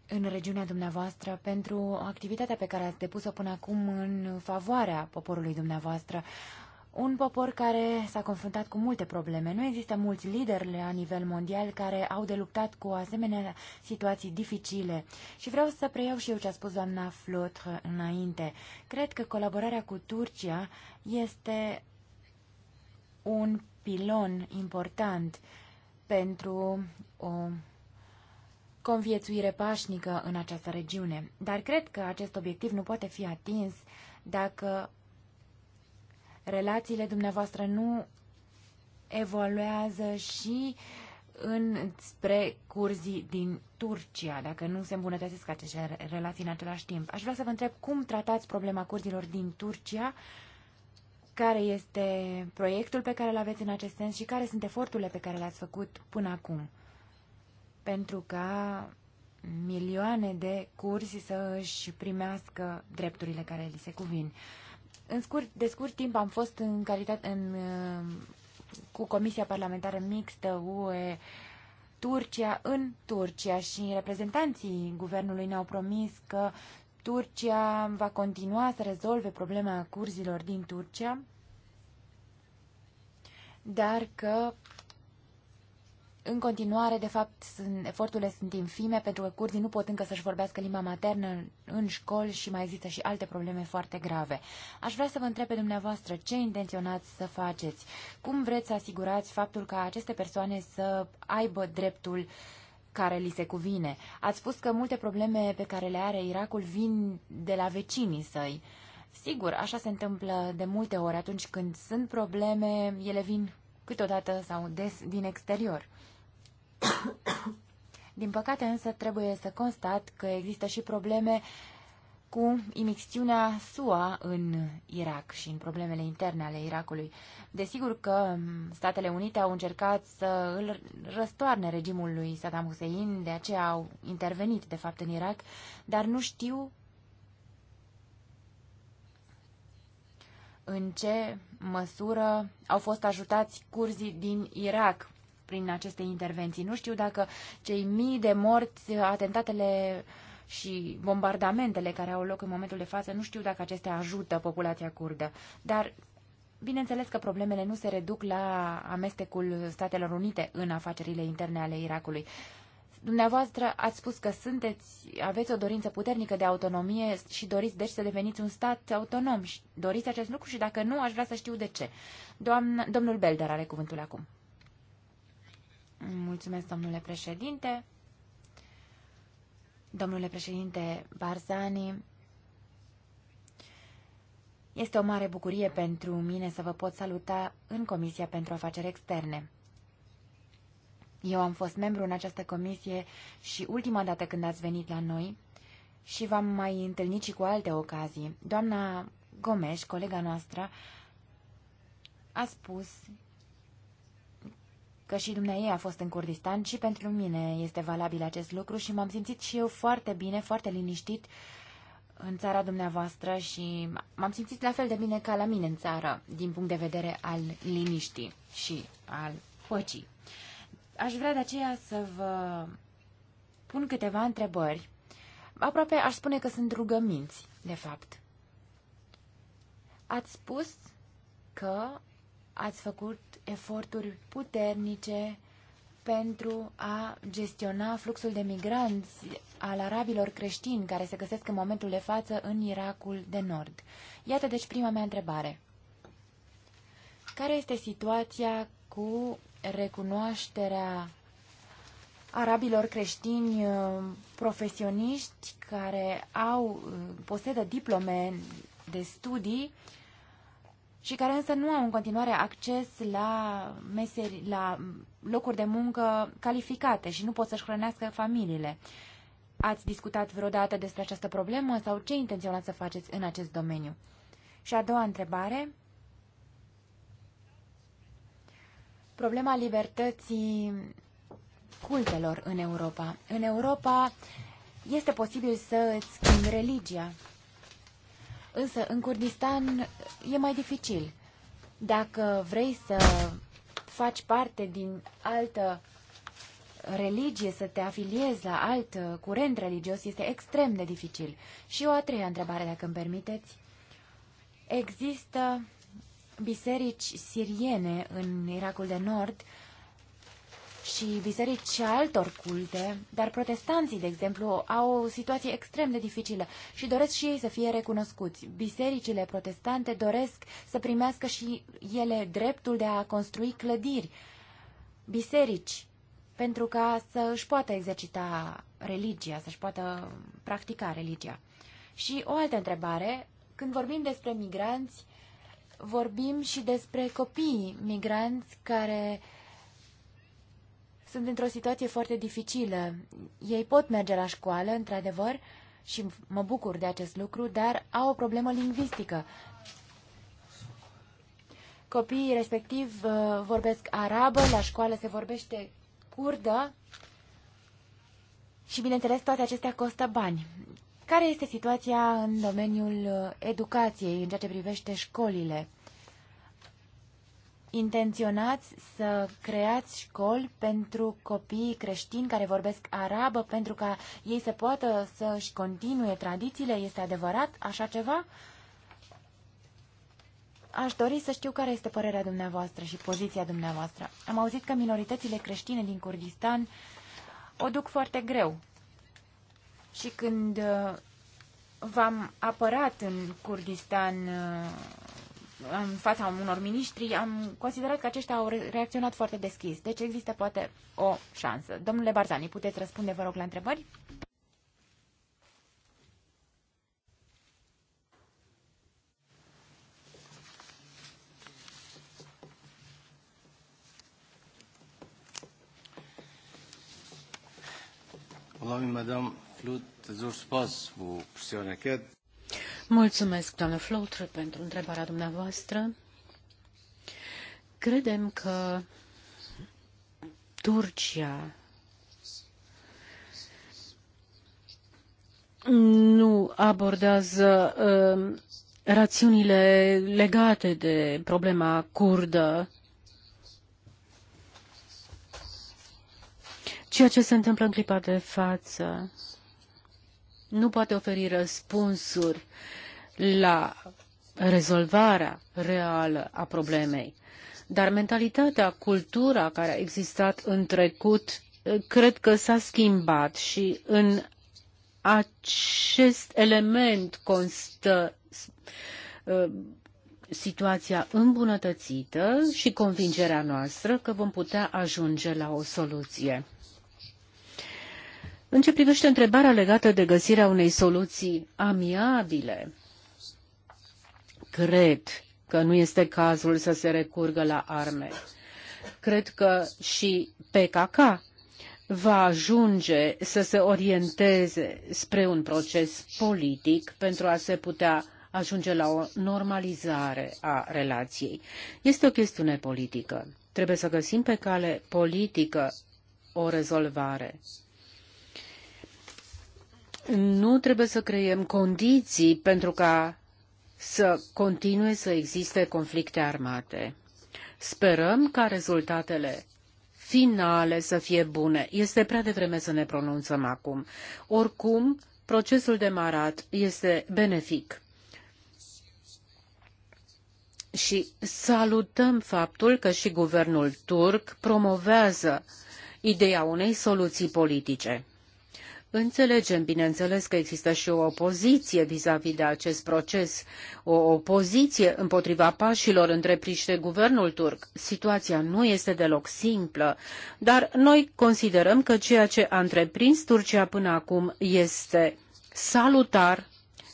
în regiunea dumneavoastră pentru activitatea pe care ați depus-o până acum în favoarea poporului dumneavoastră. Un popor care s-a confruntat cu multe probleme. Nu există mulți lideri la nivel mondial care au de luptat cu asemenea situații dificile. Și vreau să preiau și eu ce a spus doamna Flotre înainte. Cred că colaborarea cu Turcia este un pilon important pentru o conviețuire pașnică în această regiune. Dar cred că acest obiectiv nu poate fi atins dacă relațiile dumneavoastră nu evoluează și în spre curzii din Turcia, dacă nu se îmbunătățesc aceste relații în același timp. Aș vrea să vă întreb cum tratați problema curzilor din Turcia care este proiectul pe care îl aveți în acest sens și care sunt eforturile pe care le-ați făcut până acum pentru ca milioane de cursi să își primească drepturile care li se cuvin. În scurt, de scurt timp am fost în calitate în, cu Comisia Parlamentară Mixtă UE Turcia în Turcia și reprezentanții guvernului ne-au promis că Turcia va continua să rezolve problema curzilor din Turcia, dar că în continuare, de fapt, sunt, eforturile sunt infime pentru că curzii nu pot încă să-și vorbească limba maternă în școli și mai există și alte probleme foarte grave. Aș vrea să vă întreb pe dumneavoastră ce intenționați să faceți, cum vreți să asigurați faptul ca aceste persoane să aibă dreptul uh, care li se cuvine. Ați spus că multe probleme pe care le are Irakul vin de la vecinii săi. Sigur, așa se întâmplă de multe ori atunci când sunt probleme, ele vin câteodată sau des din exterior. Din păcate însă trebuie să constat că există și probleme uh, cu imixtiunea SUA în Irak și în problemele interne ale Irakului. Desigur că Statele Unite au încercat să îl răstoarne regimul lui Saddam Hussein, de aceea au intervenit, de fapt, în Irak, dar nu știu în ce măsură au fost ajutați curzii din Irak prin aceste intervenții. Nu știu dacă cei mii de morți, atentatele uh, și bombardamentele care au loc în momentul de față, nu știu dacă acestea ajută populația curdă, dar Bineînțeles că problemele nu se reduc la amestecul Statelor Unite în afacerile interne ale Irakului. Dumneavoastră ați spus că sunteți, aveți o dorință puternică de autonomie și doriți deci să deveniți un stat autonom. Doriți acest lucru și dacă nu, aș vrea să știu de ce. Doamna, domnul Belder are cuvântul acum. Mulțumesc, domnule președinte domnule președinte Barzani, este o mare bucurie pentru mine să vă pot saluta în Comisia pentru Afaceri Externe. Eu am fost membru în această comisie și ultima dată când ați venit la noi și v-am mai întâlnit și cu alte ocazii. Doamna Gomes, colega noastră, a spus că și dumneai a fost în Kurdistan și pentru mine este valabil acest lucru și m-am simțit și eu foarte bine, foarte liniștit în țara dumneavoastră și m-am simțit la fel de bine ca la mine în țară, din punct de vedere al liniștii și al păcii. Aș vrea de aceea să vă pun câteva întrebări. Aproape aș spune că sunt rugăminți, de fapt. Ați spus că ați făcut eforturi puternice pentru a gestiona fluxul de migranți al arabilor creștini care se găsesc în momentul de față în Irakul de Nord. Iată deci prima mea întrebare. Care este situația cu recunoașterea arabilor creștini uh, profesioniști care au, uh, posedă diplome de studii și care însă nu au în continuare acces la, meseri, la locuri de muncă calificate și nu pot să-și hrănească familiile. Ați discutat vreodată despre această problemă sau ce intenționați să faceți în acest domeniu? Și a doua întrebare. Problema libertății cultelor în Europa. În Europa este posibil să îți schimbi religia. Însă, în Kurdistan e mai dificil. Dacă vrei să faci parte din altă religie, să te afiliezi la alt curent religios, este extrem de dificil. Și o a treia întrebare, dacă îmi permiteți. Există biserici siriene în Irakul de Nord și biserici și altor culte, dar protestanții, de exemplu, au o situație extrem de dificilă și doresc și ei să fie recunoscuți. Bisericile protestante doresc să primească și ele dreptul de a construi clădiri, biserici, pentru ca să își poată exercita religia, să-și poată practica religia. Și o altă întrebare, când vorbim despre migranți, vorbim și despre copiii migranți care uh, sunt într-o situație foarte dificilă. Ei pot merge la școală, într-adevăr, și mă bucur de acest lucru, dar au o problemă lingvistică. Copiii respectiv uh, vorbesc arabă, la școală se vorbește curdă și, bineînțeles, toate acestea costă bani. Care este situația în domeniul uh, educației, în ceea ce privește școlile? intenționați să creați școli pentru copii creștini care vorbesc arabă, pentru ca ei să poată să-și continue tradițiile? Este adevărat așa ceva? Aș dori să știu care este părerea dumneavoastră și poziția dumneavoastră. Am auzit că minoritățile creștine din Kurdistan o duc foarte greu. Și când uh, v-am apărat în Kurdistan uh, în fața unor miniștri, am considerat că aceștia au reacționat foarte deschis. Deci există poate o șansă. Domnule Barzani, puteți răspunde, vă rog, la întrebări? والله مدام فلوت زور سباس بو برسيونكات Mulțumesc, doamnă Flotre, pentru întrebarea dumneavoastră. Credem că Turcia nu abordează uh, rațiunile legate de problema curdă. Ceea ce se întâmplă în clipa de față nu poate oferi răspunsuri la rezolvarea reală a problemei. Dar mentalitatea, cultura care a existat în trecut, eh, cred că s-a schimbat și în acest element constă eh, situația îmbunătățită și convingerea noastră că vom putea ajunge la o soluție. În ce privește întrebarea legată de găsirea unei soluții amiabile, cred că nu este cazul să se recurgă la arme. Cred că și PKK va ajunge să se orienteze spre un proces politic pentru a se putea ajunge la o normalizare a relației. Este o chestiune politică. Trebuie să găsim pe cale politică o rezolvare nu trebuie să creăm condiții pentru ca să continue să existe conflicte armate. Sperăm ca rezultatele finale să fie bune. Este prea devreme să ne pronunțăm acum. Oricum, procesul demarat este benefic. Și salutăm faptul că și guvernul turc promovează ideea unei soluții politice. Înțelegem, bineînțeles, că există și o opoziție vis-a-vis de acest proces, o opoziție împotriva pașilor întreprinși de guvernul turc. Situația nu este deloc simplă, dar noi considerăm că ceea ce a întreprins Turcia până acum este salutar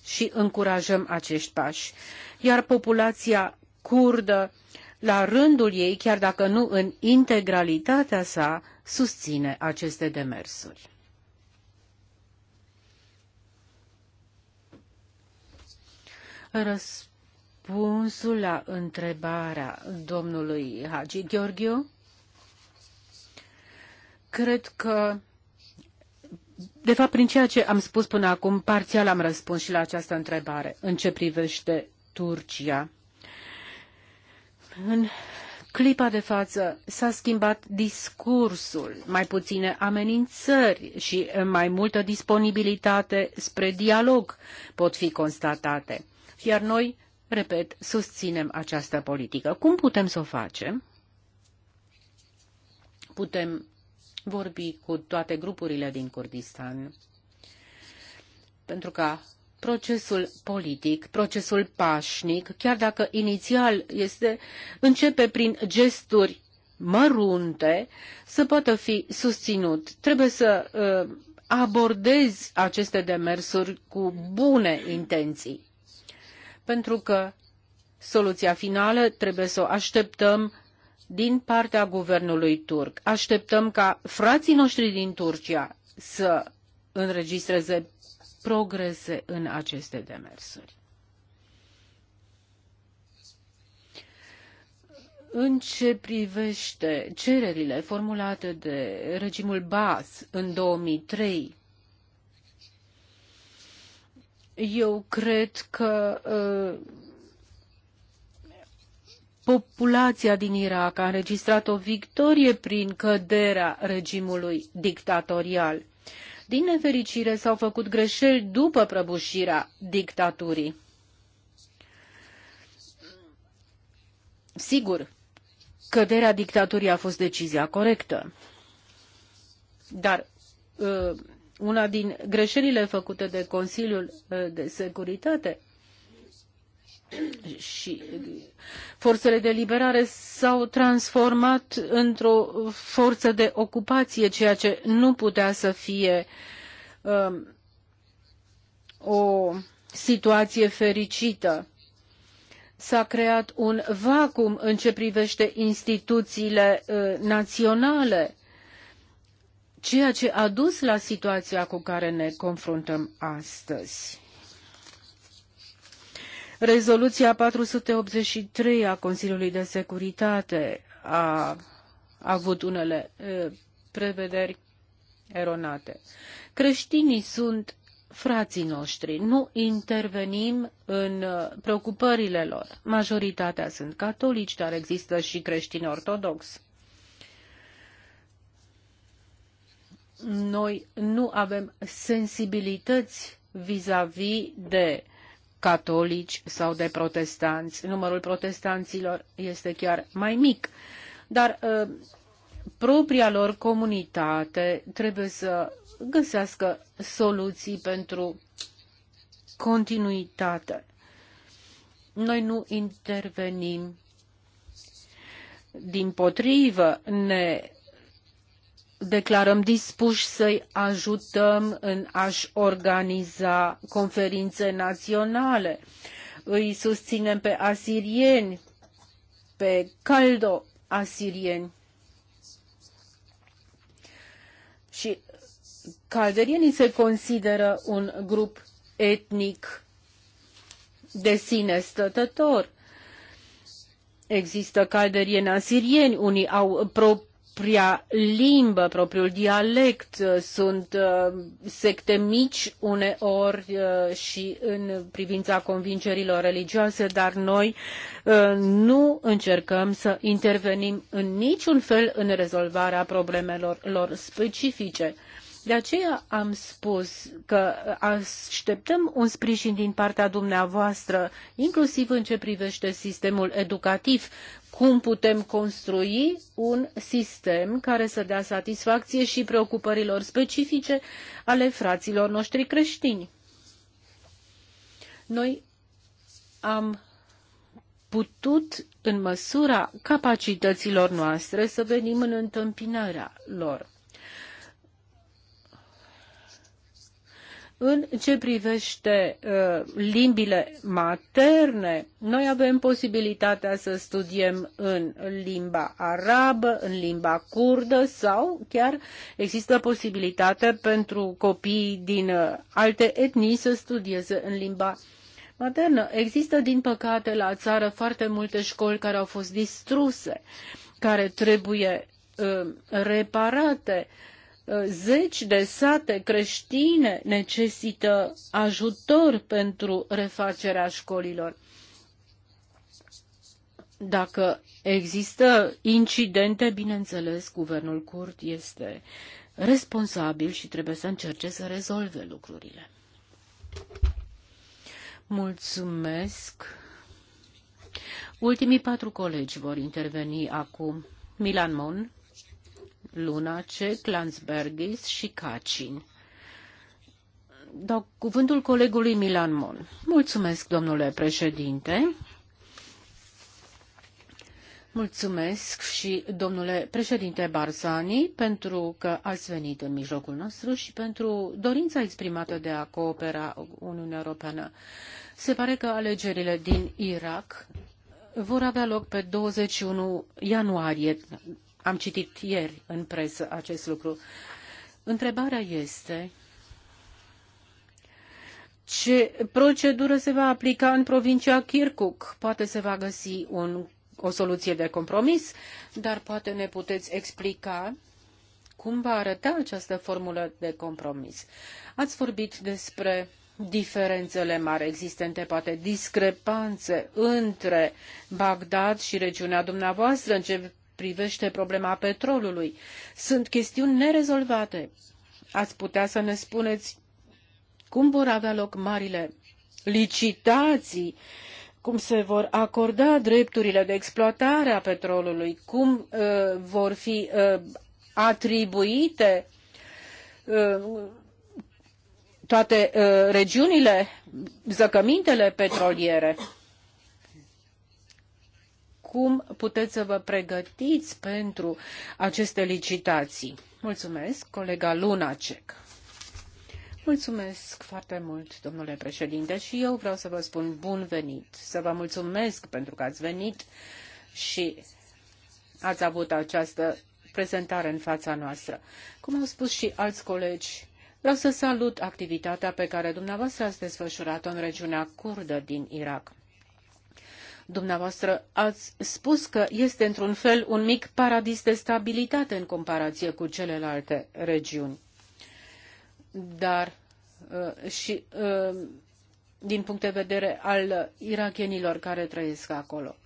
și încurajăm acești pași. Iar populația curdă, la rândul ei, chiar dacă nu în integralitatea sa, susține aceste demersuri. Răspunsul la întrebarea domnului Hagi Gheorghiu. Cred că de fapt, prin ceea ce am spus până acum, parțial am răspuns și la această întrebare în ce privește Turcia. În clipa de față s-a schimbat discursul, mai puține amenințări și mai multă disponibilitate spre dialog pot fi constatate. Iar noi, repet, susținem această politică. Cum putem să o facem? Putem vorbi cu toate grupurile din Kurdistan pentru că procesul politic, procesul pașnic, chiar dacă inițial este, începe prin gesturi mărunte, să poată fi susținut. Trebuie să uh, abordezi aceste demersuri cu bune intenții pentru că soluția finală trebuie să o așteptăm din partea guvernului turc. Așteptăm ca frații noștri din Turcia să înregistreze progrese în aceste demersuri. În ce privește cererile formulate de regimul Bas în 2003, eu cred că uh, populația din Irak a înregistrat o victorie prin căderea regimului dictatorial. Din nefericire s-au făcut greșeli după prăbușirea dictaturii. Sigur, căderea dictaturii a fost decizia corectă, dar uh, una din greșelile făcute de Consiliul uh, de Securitate și forțele de liberare s-au transformat într-o forță de ocupație, ceea ce nu putea să fie um, o situație fericită. S-a creat un vacuum în ce privește instituțiile uh, naționale ceea ce a dus la situația cu care ne confruntăm astăzi. Rezoluția 483 a Consiliului de Securitate a, avut unele prevederi eronate. Creștinii sunt frații noștri, nu intervenim în preocupările lor. Majoritatea sunt catolici, dar există și creștini ortodoxi. noi nu avem sensibilități vis-a-vis -vis de catolici sau de protestanți. Numărul protestanților este chiar mai mic, dar uh, propria lor comunitate trebuie să găsească soluții pentru continuitate. Noi nu intervenim. Din potrivă, ne declarăm dispuși să-i ajutăm în a-și organiza conferințe naționale. Îi susținem pe asirieni, pe caldo-asirieni. Și calderienii se consideră un grup etnic de sine stătător. Există calderieni asirieni, unii au propus propria limbă, propriul dialect. Sunt uh, secte mici uneori uh, și în privința convingerilor religioase, dar noi uh, nu încercăm să intervenim în niciun fel în rezolvarea problemelor lor specifice. De aceea am spus că așteptăm un sprijin din partea dumneavoastră, inclusiv în ce privește sistemul educativ, cum putem construi un sistem care să dea satisfacție și preocupărilor specifice ale fraților noștri creștini. Noi am putut, în măsura capacităților noastre, să venim în întâmpinarea lor. În ce privește uh, limbile materne, noi avem posibilitatea să studiem în limba arabă, în limba curdă sau chiar există posibilitate pentru copiii din uh, alte etnii să studieze în limba maternă. Există, din păcate, la țară foarte multe școli care au fost distruse, care trebuie uh, reparate zeci de sate creștine necesită ajutor pentru refacerea școlilor. Dacă există incidente, bineînțeles, guvernul curt este responsabil și trebuie să încerce să rezolve lucrurile. Mulțumesc. Ultimii patru colegi vor interveni acum. Milan Mon. Lunace, Clansbergis și Cacin. Dau cuvântul colegului Milan Mon. Mulțumesc, domnule președinte. Mulțumesc și domnule președinte Barzani pentru că ați venit în mijlocul nostru și pentru dorința exprimată de a coopera Uniunea Europeană. Se pare că alegerile din Irak vor avea loc pe 21 ianuarie am citit ieri în presă acest lucru. Întrebarea este ce procedură se va aplica în provincia Kirkuk. Poate se va găsi un, o soluție de compromis, dar poate ne puteți explica cum va arăta această formulă de compromis. Ați vorbit despre diferențele mari existente, poate discrepanțe între Bagdad și regiunea dumneavoastră în ce privește problema petrolului. Sunt chestiuni nerezolvate. Ați putea să ne spuneți cum vor avea loc marile licitații, cum se vor acorda drepturile de exploatare a petrolului, cum uh, vor fi uh, atribuite uh, toate uh, regiunile, zăcămintele petroliere cum puteți să vă pregătiți pentru aceste licitații. Mulțumesc, colega Lunacek. Mulțumesc foarte mult, domnule președinte, și eu vreau să vă spun bun venit, să vă mulțumesc pentru că ați venit și ați avut această prezentare în fața noastră. Cum au spus și alți colegi, vreau să salut activitatea pe care dumneavoastră ați desfășurat-o în regiunea kurdă din Irak. Dumneavoastră ați spus că este într-un fel un mic paradis de stabilitate în comparație cu celelalte regiuni. Dar uh, și uh, din punct de vedere al irakienilor care trăiesc acolo.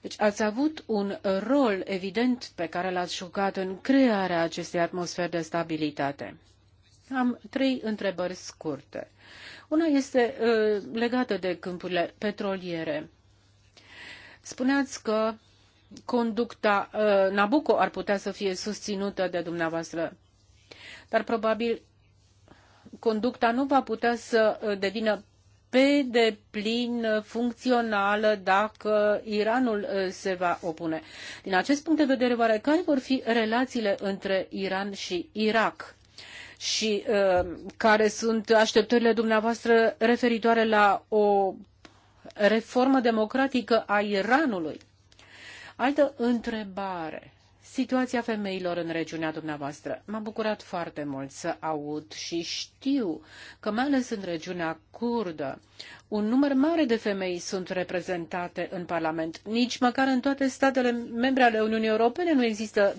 Deci ați avut un rol evident pe care l-ați jucat în crearea acestei atmosferi de stabilitate. Am trei întrebări scurte. Una este uh, legată de câmpurile petroliere. Spuneați că conducta uh, Nabucco ar putea să fie susținută de dumneavoastră, dar probabil conducta nu va putea să uh, devină pe deplin uh, funcțională dacă Iranul se va opune. Din acest punct de vedere, oare care vor fi relațiile între Iran și Irak? Și uh, care sunt așteptările dumneavoastră referitoare la o reformă democratică a Iranului. Altă întrebare. Situația femeilor în regiunea dumneavoastră. M-a bucurat foarte mult să aud și știu că, mai ales în regiunea curdă, un număr mare de femei sunt reprezentate în Parlament. Nici măcar în toate statele membre ale Uniunii Europene nu există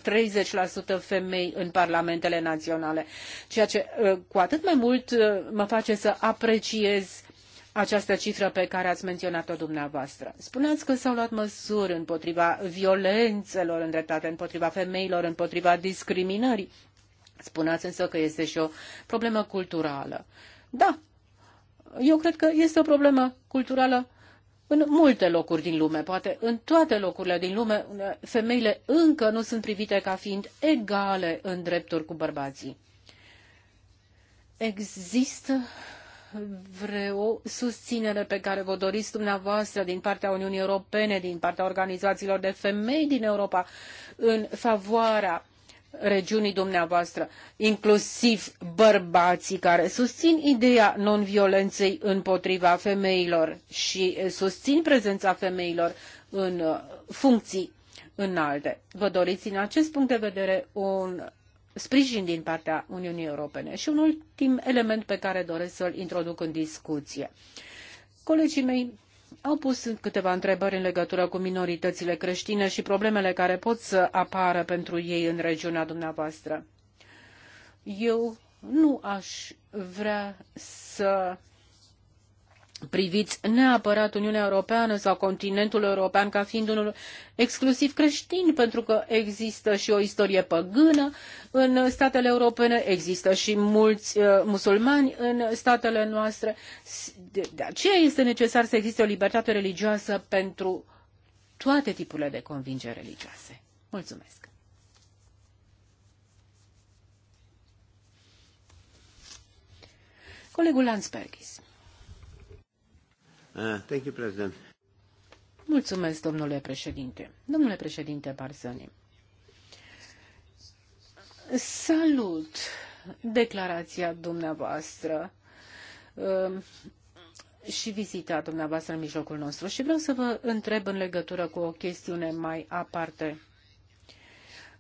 30% femei în parlamentele naționale, ceea ce uh, cu atât mai mult uh, mă face să apreciez această cifră pe care ați menționat-o dumneavoastră. Spuneați că s-au luat măsuri împotriva violențelor îndreptate împotriva femeilor, împotriva discriminării. Spuneați însă că este și o problemă culturală. Da, eu cred că este o problemă culturală în multe locuri din lume, poate în toate locurile din lume, femeile încă nu sunt privite ca fiind egale în drepturi cu bărbații. Există vreo susținere pe care vă doriți dumneavoastră din partea Uniunii Europene, din partea organizațiilor de femei din Europa, în favoarea regiunii dumneavoastră, inclusiv bărbații care susțin ideea non-violenței împotriva femeilor și susțin prezența femeilor în funcții înalte. Vă doriți, din acest punct de vedere, un sprijin din partea Uniunii Europene. Și un ultim element pe care doresc să-l introduc în discuție. Colegii mei au pus câteva întrebări în legătură cu minoritățile creștine și problemele care pot să apară pentru ei în regiunea dumneavoastră. Eu nu aș vrea să priviți neapărat Uniunea Europeană sau continentul european ca fiind unul exclusiv creștin, pentru că există și o istorie păgână în statele europene, există și mulți uh, musulmani în statele noastre. De, de aceea este necesar să existe o libertate religioasă pentru toate tipurile de convingeri religioase. Mulțumesc! Colegul Lansbergis. Mulțumesc, domnule președinte. Domnule președinte Barzani, salut declarația dumneavoastră um, și vizita dumneavoastră în mijlocul nostru și vreau să vă întreb în legătură cu o chestiune mai aparte.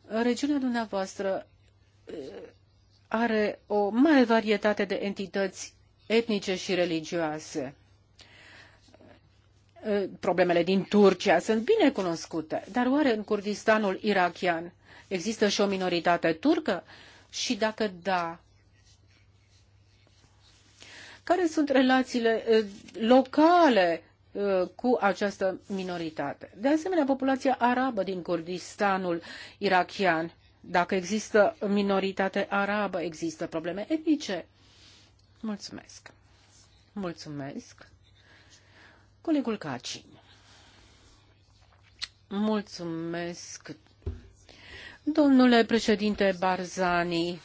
Regiunea dumneavoastră uh, are o mare varietate de entități etnice și religioase. Ă, problemele din Turcia sunt bine cunoscute, dar oare în Kurdistanul irakian există și o minoritate turcă? Și dacă da, care sunt relațiile ă, locale ă, cu această minoritate. De asemenea, populația arabă din Kurdistanul irachian, dacă există minoritate arabă, există probleme etnice. Mulțumesc. Mulțumesc. Colegul Caci. Mulțumesc. Domnule președinte Barzani,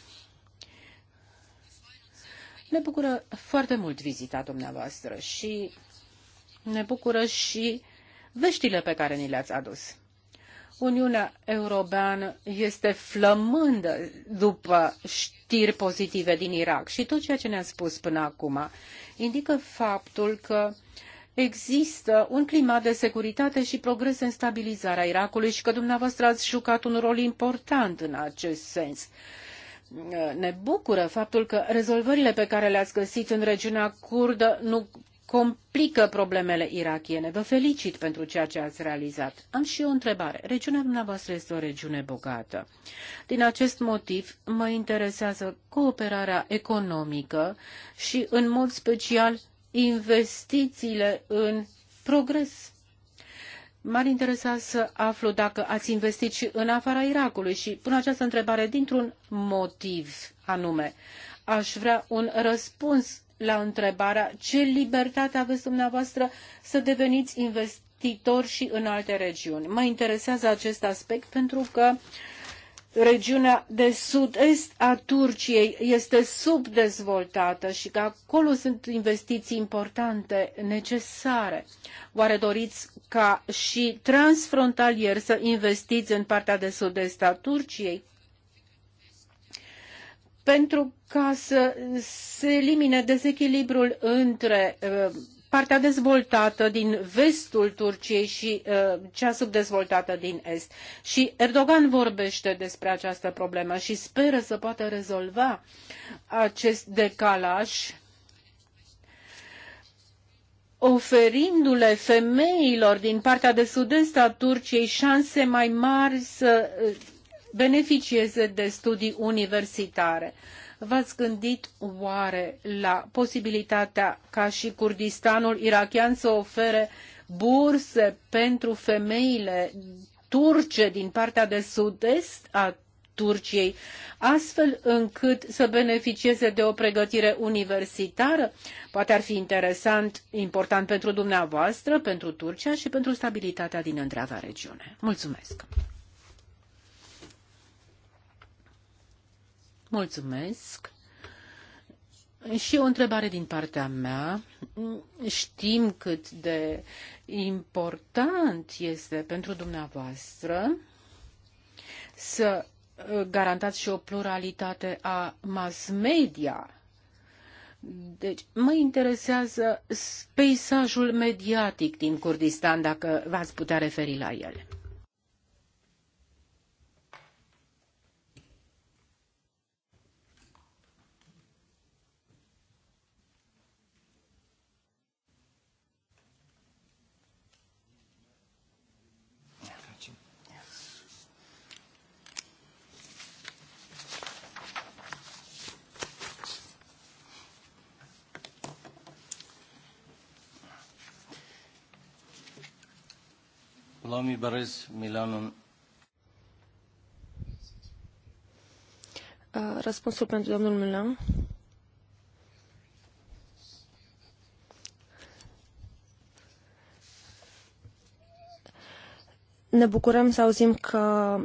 ne bucură foarte mult vizita dumneavoastră și ne bucură și veștile pe care ni le-ați adus. Uniunea Europeană este flămândă după știri pozitive din Irak și tot ceea ce ne-a spus până acum indică faptul că uh, există un climat de securitate și progres în stabilizarea Irakului și că dumneavoastră ați jucat un rol important în acest sens. Ne bucură faptul că rezolvările pe care le-ați găsit în regiunea kurdă nu complică problemele irakiene. Vă felicit pentru ceea ce ați realizat. Am și eu o întrebare. Regiunea dumneavoastră este o regiune bogată. Din acest motiv mă interesează cooperarea economică și, în mod special, investițiile în progres. M-ar interesa să aflu dacă ați investit și în afara Irakului și pun această întrebare dintr-un motiv anume. Aș vrea un răspuns la întrebarea ce libertate aveți dumneavoastră să deveniți investitor și în alte regiuni. Mă interesează acest aspect pentru că uh, regiunea de sud-est a Turciei este subdezvoltată și că acolo sunt investiții importante, necesare. Oare doriți ca și transfrontalier să investiți în partea de sud-est a Turciei? Pentru ca să se elimine dezechilibrul între uh, partea dezvoltată din vestul Turciei și uh, cea subdezvoltată din est. Și Erdogan vorbește despre această problemă și speră să poată rezolva acest decalaj oferindu-le femeilor din partea de sud-est a Turciei șanse mai mari să uh, beneficieze de studii universitare. Uh, V-ați gândit oare la posibilitatea ca și Kurdistanul irachian să ofere burse pentru femeile turce din partea de sud-est a Turciei, astfel încât să beneficieze de o pregătire universitară? Poate ar fi interesant, important pentru dumneavoastră, pentru Turcia și pentru stabilitatea din întreaga regiune. Mulțumesc! Mulțumesc. Și o întrebare din partea mea. Știm cât de important este pentru dumneavoastră să garantați și o pluralitate a mass media. Deci, mă interesează peisajul mediatic din Kurdistan, dacă v-ați putea referi la el. Lomi Berez, uh, Răspunsul pentru domnul Milan. Ne bucurăm să auzim că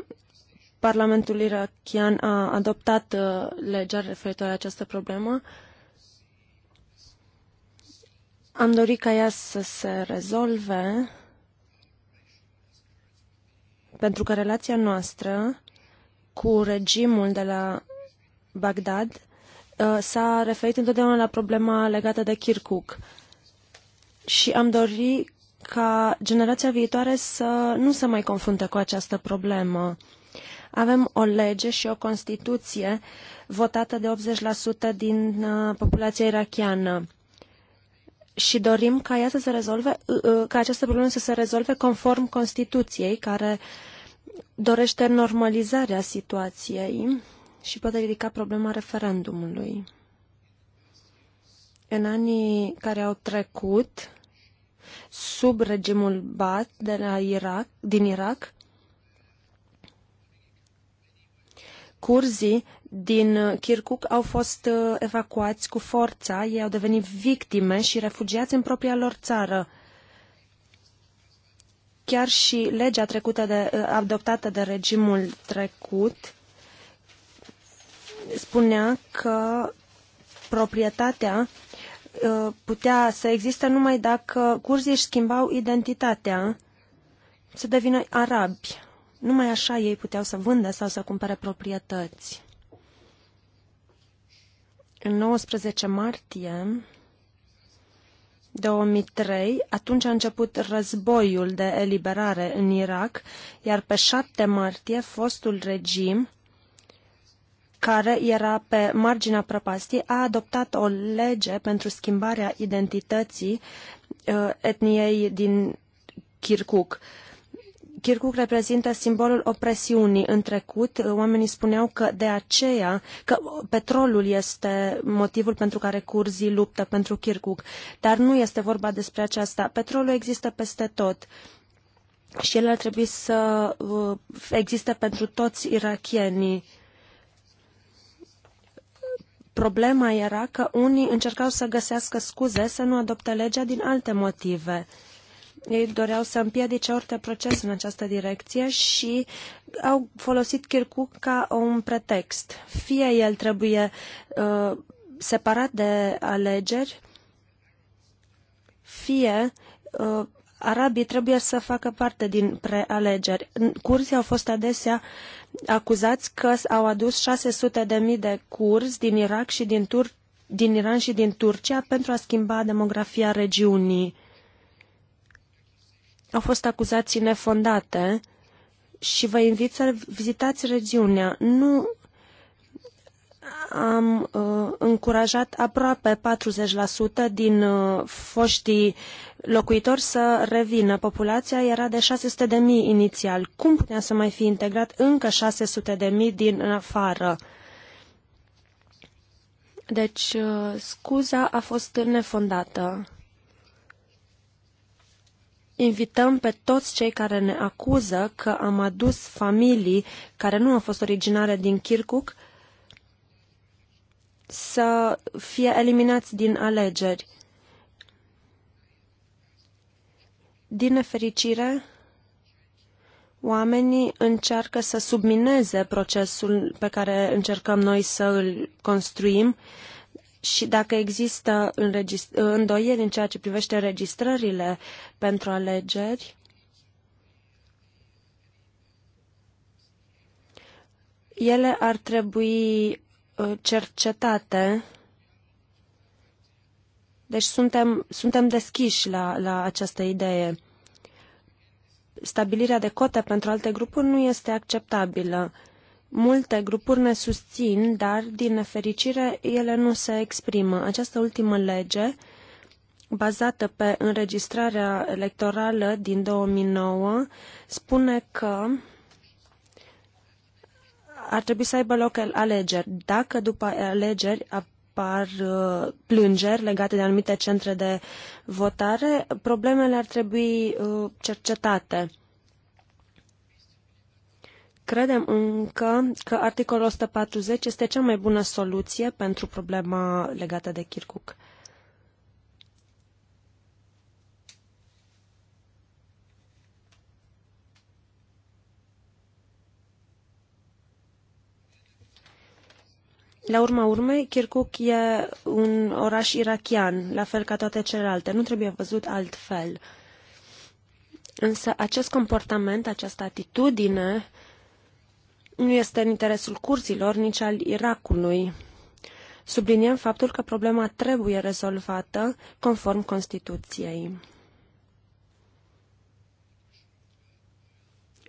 Parlamentul irachian a adoptat uh, legea referitoare la această problemă. Am dorit ca ea să se rezolve pentru că relația noastră cu regimul de la Bagdad uh, s-a referit întotdeauna la problema legată de Kirkuk și am dori ca generația viitoare să nu se mai confrunte cu această problemă. Avem o lege și o Constituție votată de 80% din uh, populația irachiană și dorim ca ea să se rezolve, uh, ca această problemă să se rezolve conform Constituției, care uh, dorește normalizarea situației și poate ridica problema referendumului. În anii care au trecut, sub regimul Baath de la Irak, din Irak, curzii din Kirkuk au fost uh, evacuați cu forța, ei au devenit victime și refugiați în propria lor țară chiar și legea trecută de, adoptată de regimul trecut spunea că proprietatea uh, putea să existe numai dacă curzii își schimbau identitatea să devină arabi. Numai așa ei puteau să vândă sau să cumpere proprietăți. În 19 martie 2003, atunci a început războiul de eliberare în Irak, iar pe 7 martie fostul regim, care era pe marginea prăpastii, a adoptat o lege pentru schimbarea identității uh, etniei din Kirkuk. Uh, Kirkuk reprezintă simbolul opresiunii. În trecut, uh, oamenii spuneau că de aceea, că petrolul este motivul pentru care curzii luptă pentru Kirkuk. Dar nu este vorba despre aceasta. Petrolul există peste tot. Și el ar trebui să uh, existe pentru toți irachienii problema era că unii încercau să găsească scuze să nu adopte legea din alte motive. Ei doreau să împiedice orice proces în această direcție și au folosit Kirkuk ca un pretext. Fie el trebuie uh, separat de alegeri, fie uh, arabii trebuie să facă parte din prealegeri. Curzii au fost adesea acuzați că au adus 600 de mii de curzi din Irak și din, Tur- din Iran și din Turcia pentru a schimba demografia regiunii au fost acuzații nefondate și vă invit să vizitați regiunea. Nu am uh, încurajat aproape 40% din uh, foștii locuitori să revină. Populația era de 600.000 inițial. Cum putea să mai fi integrat încă 600.000 din afară? Deci, uh, scuza a fost nefondată invităm pe toți cei care ne acuză că am adus familii care nu au fost originare din Kirkuk să fie eliminați din alegeri. Din nefericire, oamenii încearcă să submineze procesul pe care încercăm noi să îl construim și dacă există îndoieli în ceea ce privește registrările pentru alegeri, ele ar trebui ă, cercetate. Deci suntem, suntem deschiși la, la această idee. Stabilirea de cote pentru alte grupuri nu este acceptabilă. Multe grupuri ne susțin, dar, din nefericire, ele nu se exprimă. Această ultimă lege, bazată pe înregistrarea electorală din 2009, spune că ar trebui să aibă loc alegeri. Dacă după alegeri apar uh, plângeri legate de anumite centre de votare, problemele ar trebui uh, cercetate. Credem încă că articolul 140 este cea mai bună soluție pentru problema legată de Kirkuk. La urma urmei, Kirkuk e un oraș irachian, la fel ca toate celelalte. Nu trebuie văzut altfel. Însă acest comportament, această atitudine nu este în interesul curzilor, nici al Irakului. Subliniem faptul că problema trebuie rezolvată conform Constituției.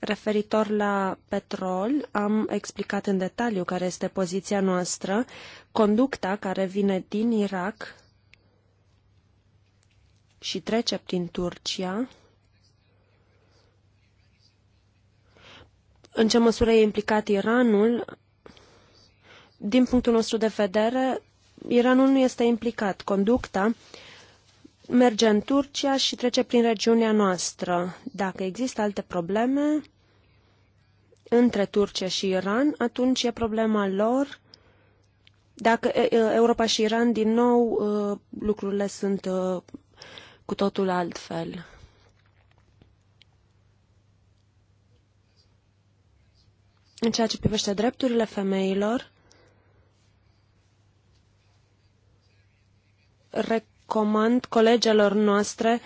Referitor la petrol, am explicat în detaliu care este poziția noastră. Conducta care vine din Irak și trece prin Turcia în ce măsură e implicat Iranul. Din punctul nostru de vedere, Iranul nu este implicat. Conducta merge în Turcia și trece prin regiunea noastră. Dacă există alte probleme între Turcia și Iran, atunci e problema lor. Dacă Europa și Iran, din nou, lucrurile sunt cu totul altfel. în ceea ce privește drepturile femeilor, recomand colegelor noastre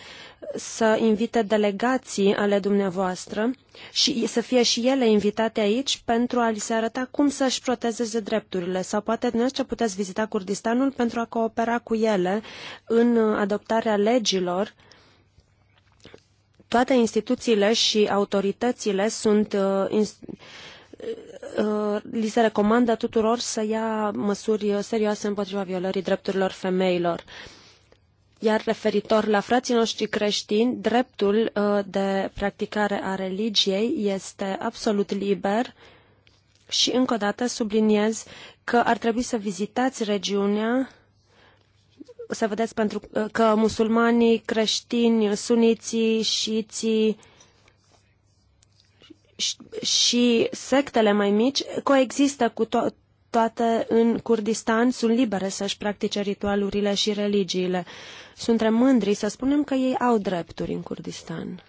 să invite delegații ale dumneavoastră și să fie și ele invitate aici pentru a li se arăta cum să-și protezeze drepturile. Sau poate dumneavoastră puteți vizita Kurdistanul pentru a coopera cu ele în adoptarea legilor. Toate instituțiile și autoritățile sunt uh, Uh, li se recomandă tuturor să ia măsuri serioase împotriva violării drepturilor femeilor. Iar referitor la frații noștri creștini, dreptul uh, de practicare a religiei este absolut liber și încă o dată subliniez că ar trebui să vizitați regiunea să vedeți pentru uh, că musulmanii, creștini, suniții, șiții, și sectele mai mici coexistă cu to- toate în Kurdistan, sunt libere să-și practice ritualurile și religiile. Suntem mândri să spunem că ei au drepturi în Kurdistan.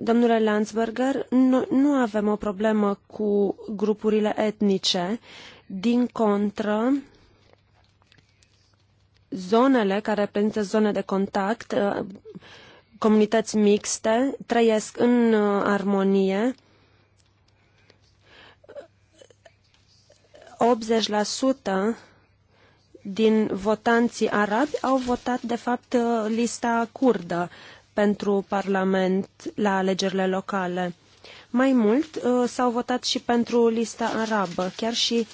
Domnule Landsberger, nu, nu avem o problemă cu grupurile etnice. Din contră, zonele care reprezintă zone de contact, uh, comunități mixte, trăiesc în uh, armonie. 80% din votanții arabi au votat, de fapt, uh, lista curdă pentru Parlament la alegerile locale. Mai mult, s-au votat și pentru lista arabă. Chiar și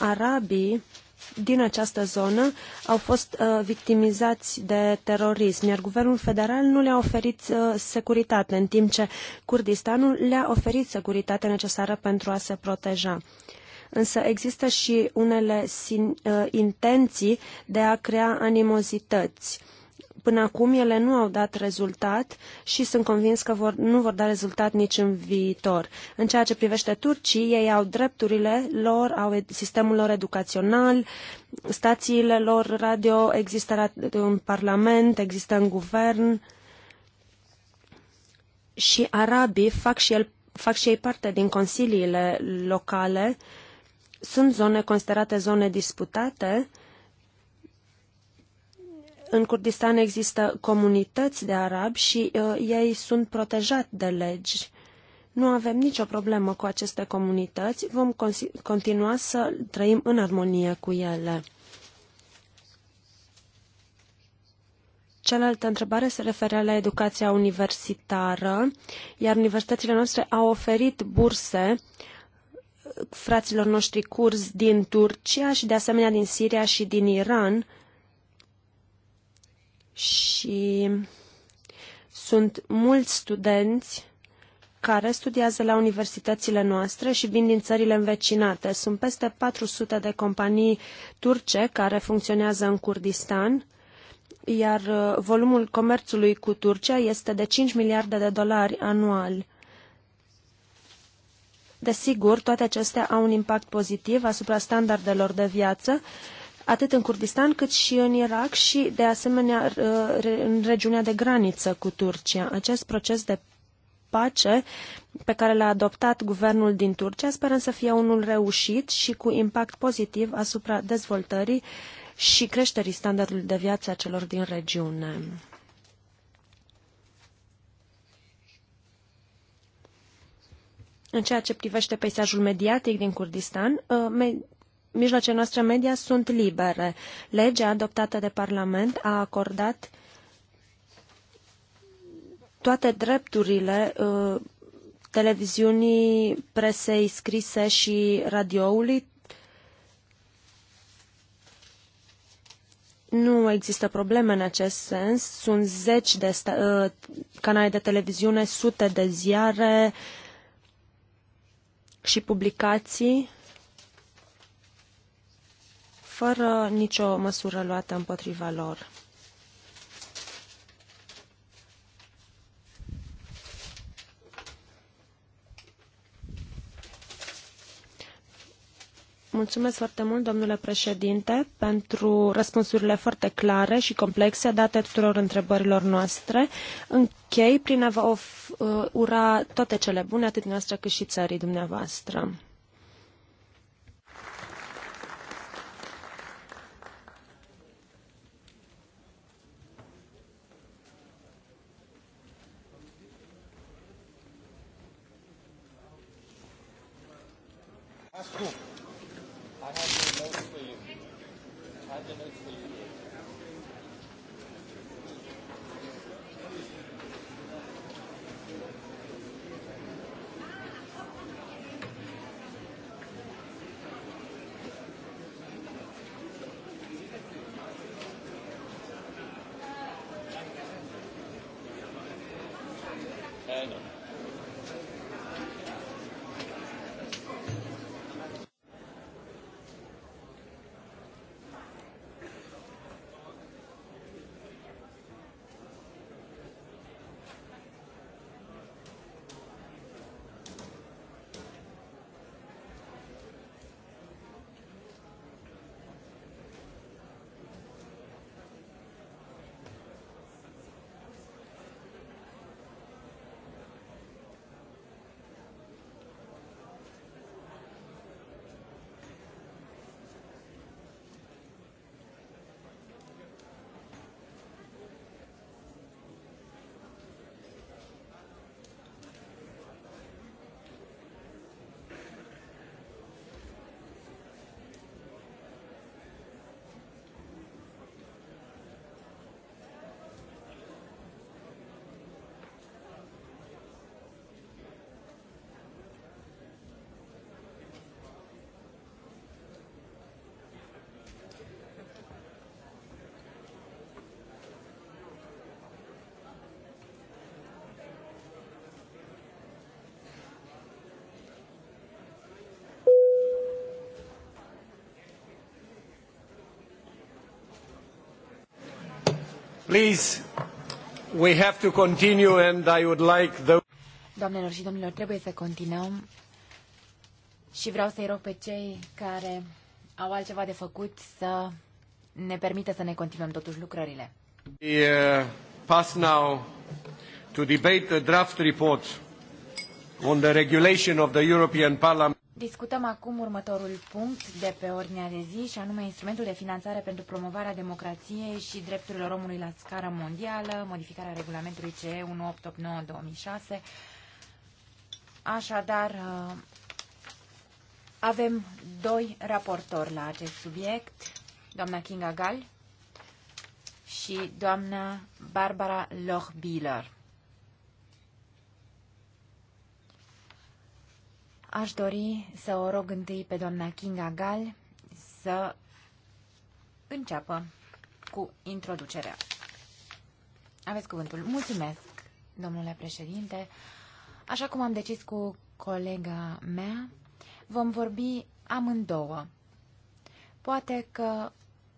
arabii din această zonă au fost uh, victimizați de terorism, iar guvernul federal nu le-a oferit uh, securitate, în timp ce Kurdistanul le-a oferit securitatea necesară pentru a se proteja. Însă există și unele sin, uh, intenții de a crea animozități. Uh, Până acum ele nu au dat rezultat și sunt convins că vor, nu vor da rezultat nici în viitor. În ceea ce privește turcii, ei au drepturile lor, au sistemul lor educațional, stațiile lor radio există un parlament, există un guvern și arabii fac și, el, fac și ei parte din consiliile locale. Sunt zone considerate zone disputate în Kurdistan există comunități de arabi și uh, ei sunt protejați de legi. Nu avem nicio problemă cu aceste comunități, vom continua să trăim în armonie cu ele. Cealaltă întrebare se referea la educația universitară, iar universitățile noastre au oferit burse uh, fraților noștri curs din Turcia și de asemenea din Siria și din Iran și sunt mulți studenți care studiază la universitățile noastre și vin din țările învecinate. Sunt peste 400 de companii turce care funcționează în Kurdistan, iar uh, volumul comerțului cu Turcia este de 5 miliarde de dolari anual. Desigur, toate acestea au un impact pozitiv asupra standardelor de viață atât în Kurdistan cât și în Irak și, de asemenea, în regiunea de graniță cu Turcia. Acest proces de pace pe care l-a adoptat guvernul din Turcia sperăm să fie unul reușit și cu impact pozitiv asupra dezvoltării și creșterii standardului de viață a celor din regiune. În ceea ce privește peisajul mediatic din Kurdistan, uh, mijloacele noastre media sunt libere. Legea adoptată de Parlament a acordat toate drepturile uh, televiziunii, presei scrise și radioului. Nu există probleme în acest sens. Sunt zeci de uh, canale de televiziune, sute de ziare și publicații fără nicio măsură luată împotriva lor. Mulțumesc foarte mult, domnule președinte, pentru răspunsurile foarte clare și complexe date tuturor întrebărilor noastre. Închei prin a vă uh, ura toate cele bune, atât noastre cât și țării dumneavoastră. Please, we have to continue and I would like the... Doamnelor și domnilor, trebuie să continuăm și vreau să-i rog pe cei care au altceva de făcut să ne permită să ne continuăm totuși lucrările. We uh, pass now to debate the draft report on the regulation of the European Parliament. Discutăm acum următorul punct de pe ordinea de zi, și anume instrumentul de finanțare pentru promovarea democrației și drepturilor omului la scară mondială, modificarea regulamentului CE 1889-2006. Așadar, uh, avem doi raportori la acest subiect, doamna Kinga Gal și doamna Barbara Lochbiller. Aș dori să o rog întâi pe doamna Kinga Gal să înceapă cu introducerea. Aveți cuvântul. Mulțumesc, domnule președinte. Așa cum am decis cu colega mea, vom vorbi amândouă. Poate că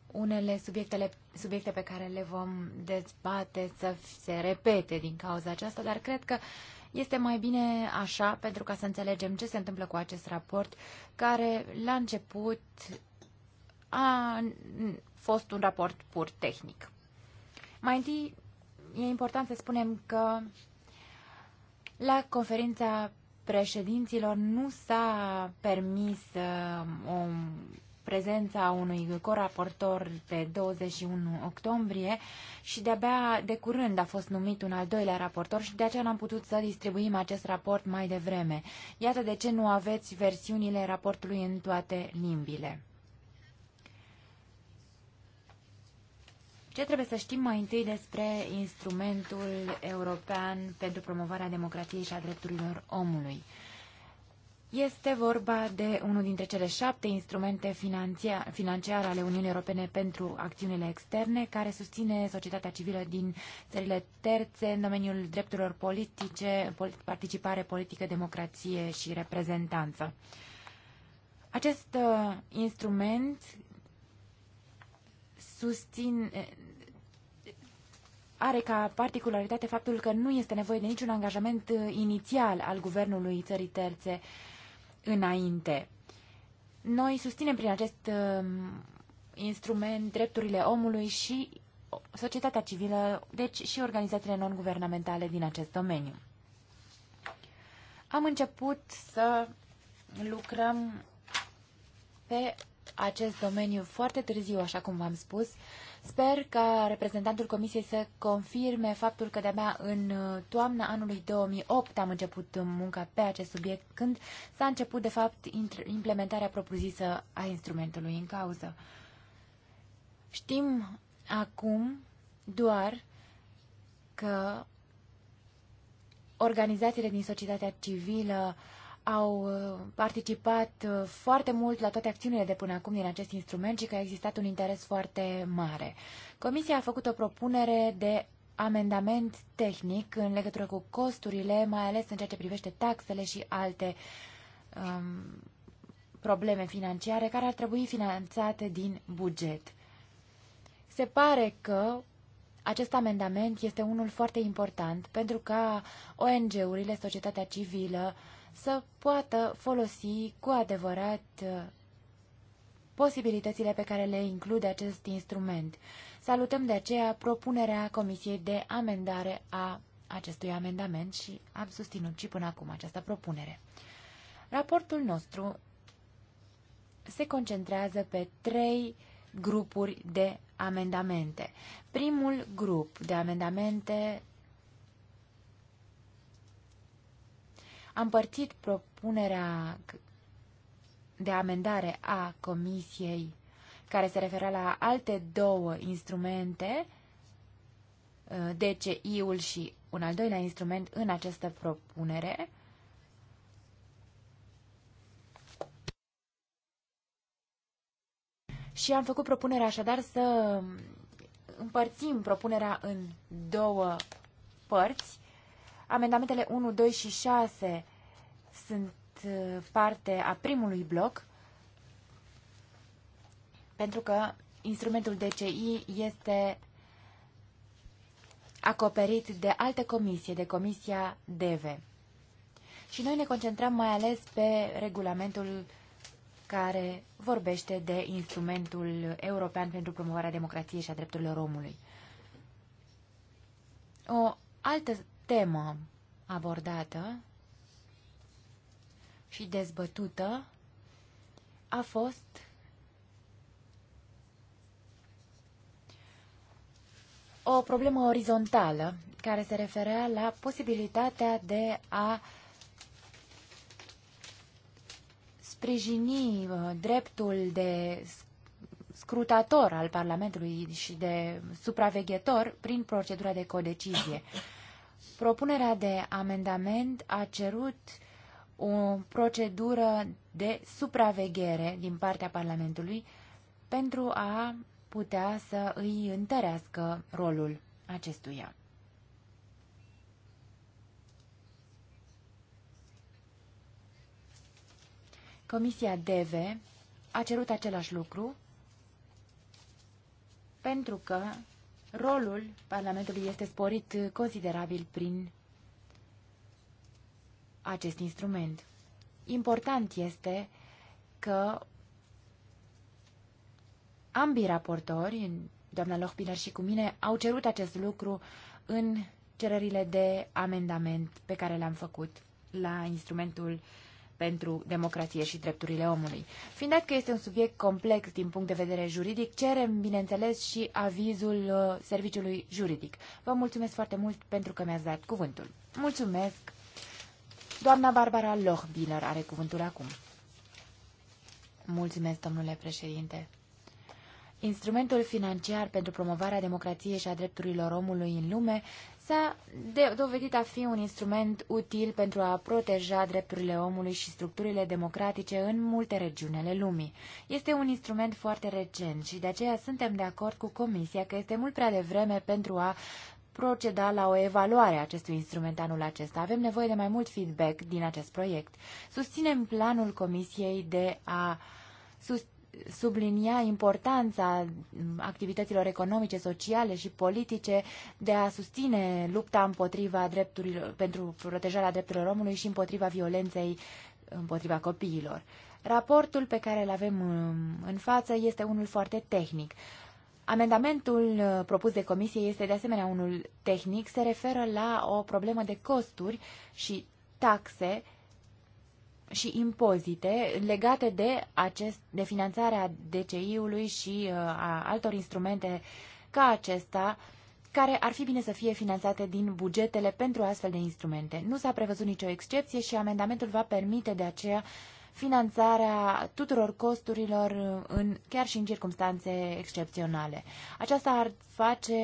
unele subiectele, subiecte pe care le vom dezbate să se repete din cauza aceasta, dar cred că uh, este mai bine așa pentru ca să înțelegem ce se întâmplă cu acest raport, care la început a fost un raport pur tehnic. Mai întâi, e important să spunem că la conferința președinților nu s-a permis uh, o prezența unui coraportor pe 21 octombrie și de-abia de curând a fost numit un al doilea raportor și de aceea n-am putut să distribuim acest raport mai devreme. Iată de ce nu aveți versiunile raportului în toate limbile. Ce trebuie să știm mai întâi despre instrumentul european pentru promovarea democrației și a drepturilor omului? Este vorba de unul dintre cele șapte instrumente financiare ale Uniunii Europene pentru acțiunile externe, care susține societatea civilă din țările terțe în domeniul drepturilor politice, participare politică, democrație și reprezentanță. Acest uh, instrument susține, are ca particularitate faptul că nu este nevoie de niciun angajament uh, inițial al guvernului țării terțe uh, înainte. Noi susținem prin acest um, instrument drepturile omului și societatea civilă, deci și organizațiile non-guvernamentale din acest domeniu. Am început să lucrăm pe acest domeniu foarte târziu, așa cum v-am spus, Sper ca reprezentantul Comisiei să confirme faptul că de-abia în uh, toamna anului 2008 am început munca pe acest subiect, când s-a început, de fapt, implementarea propriu-zisă a instrumentului în cauză. Știm acum doar că organizațiile din societatea civilă uh, au uh, participat uh, foarte mult la toate acțiunile de până acum din acest instrument și că a existat un interes foarte mare. Comisia a făcut o propunere de amendament tehnic în legătură cu costurile, mai ales în ceea ce privește taxele și alte um, probleme financiare care ar trebui finanțate din buget. Se pare că acest amendament este unul foarte important pentru ca ONG-urile, societatea civilă, uh, să poată folosi cu adevărat uh, posibilitățile pe care le include acest instrument. Salutăm de aceea propunerea Comisiei de amendare a acestui amendament și am susținut și până acum această propunere. Raportul nostru se concentrează pe trei grupuri de amendamente. Primul grup de amendamente a împărțit propunerea de amendare a Comisiei care se referă la alte două instrumente, DCI-ul și un al doilea instrument în această propunere. Și am făcut propunerea așadar să împărțim propunerea în două părți Amendamentele 1, 2 și 6 sunt uh, parte a primului bloc, pentru că instrumentul DCI este acoperit de alte comisie, de Comisia DEVE. Și noi ne concentrăm mai ales pe regulamentul care vorbește de instrumentul european pentru promovarea democrației și a drepturilor omului. O altă temă abordată și dezbătută a fost o problemă orizontală care se referea la posibilitatea de a sprijini uh, dreptul de scrutator al Parlamentului și de supraveghetor prin procedura de codecizie. Propunerea de amendament a cerut o procedură de supraveghere din partea Parlamentului pentru a putea să îi întărească rolul acestuia. Comisia DEVE a cerut același lucru pentru că rolul Parlamentului este sporit considerabil prin acest instrument. Important este că ambii raportori, doamna Lohbiner și cu mine, au cerut acest lucru în cererile de amendament pe care le-am făcut la instrumentul uh, pentru democrație și drepturile omului. Fiind dat că este un subiect complex din punct de vedere juridic, cerem, bineînțeles, și avizul uh, serviciului juridic. Vă mulțumesc foarte mult pentru că mi-ați dat cuvântul. Mulțumesc! Doamna Barbara Lochbiller are cuvântul acum. Mulțumesc, domnule președinte. Instrumentul financiar pentru promovarea democrației și a drepturilor omului în lume s-a dovedit a fi un instrument util pentru a proteja drepturile omului și structurile democratice în multe regiuni ale lumii. Este un instrument foarte recent și de aceea suntem de acord cu Comisia că este mult prea devreme pentru a proceda la o evaluare a acestui instrument anul acesta. Avem nevoie de mai mult feedback din acest proiect. Susținem planul Comisiei de a susține sublinia importanța activităților economice, sociale și politice de a susține lupta împotriva drepturilor, pentru protejarea drepturilor omului și împotriva violenței împotriva copiilor. Raportul pe care îl avem um, în față este unul foarte tehnic. Amendamentul uh, propus de comisie este de asemenea unul tehnic, se referă la o problemă de costuri și taxe și impozite legate de, acest, de finanțarea DCI-ului și uh, a altor instrumente ca acesta care ar fi bine să fie finanțate din bugetele pentru astfel de instrumente. Nu s-a prevăzut nicio excepție și amendamentul va permite de aceea uh, finanțarea tuturor costurilor în, chiar și în circunstanțe excepționale. Aceasta ar face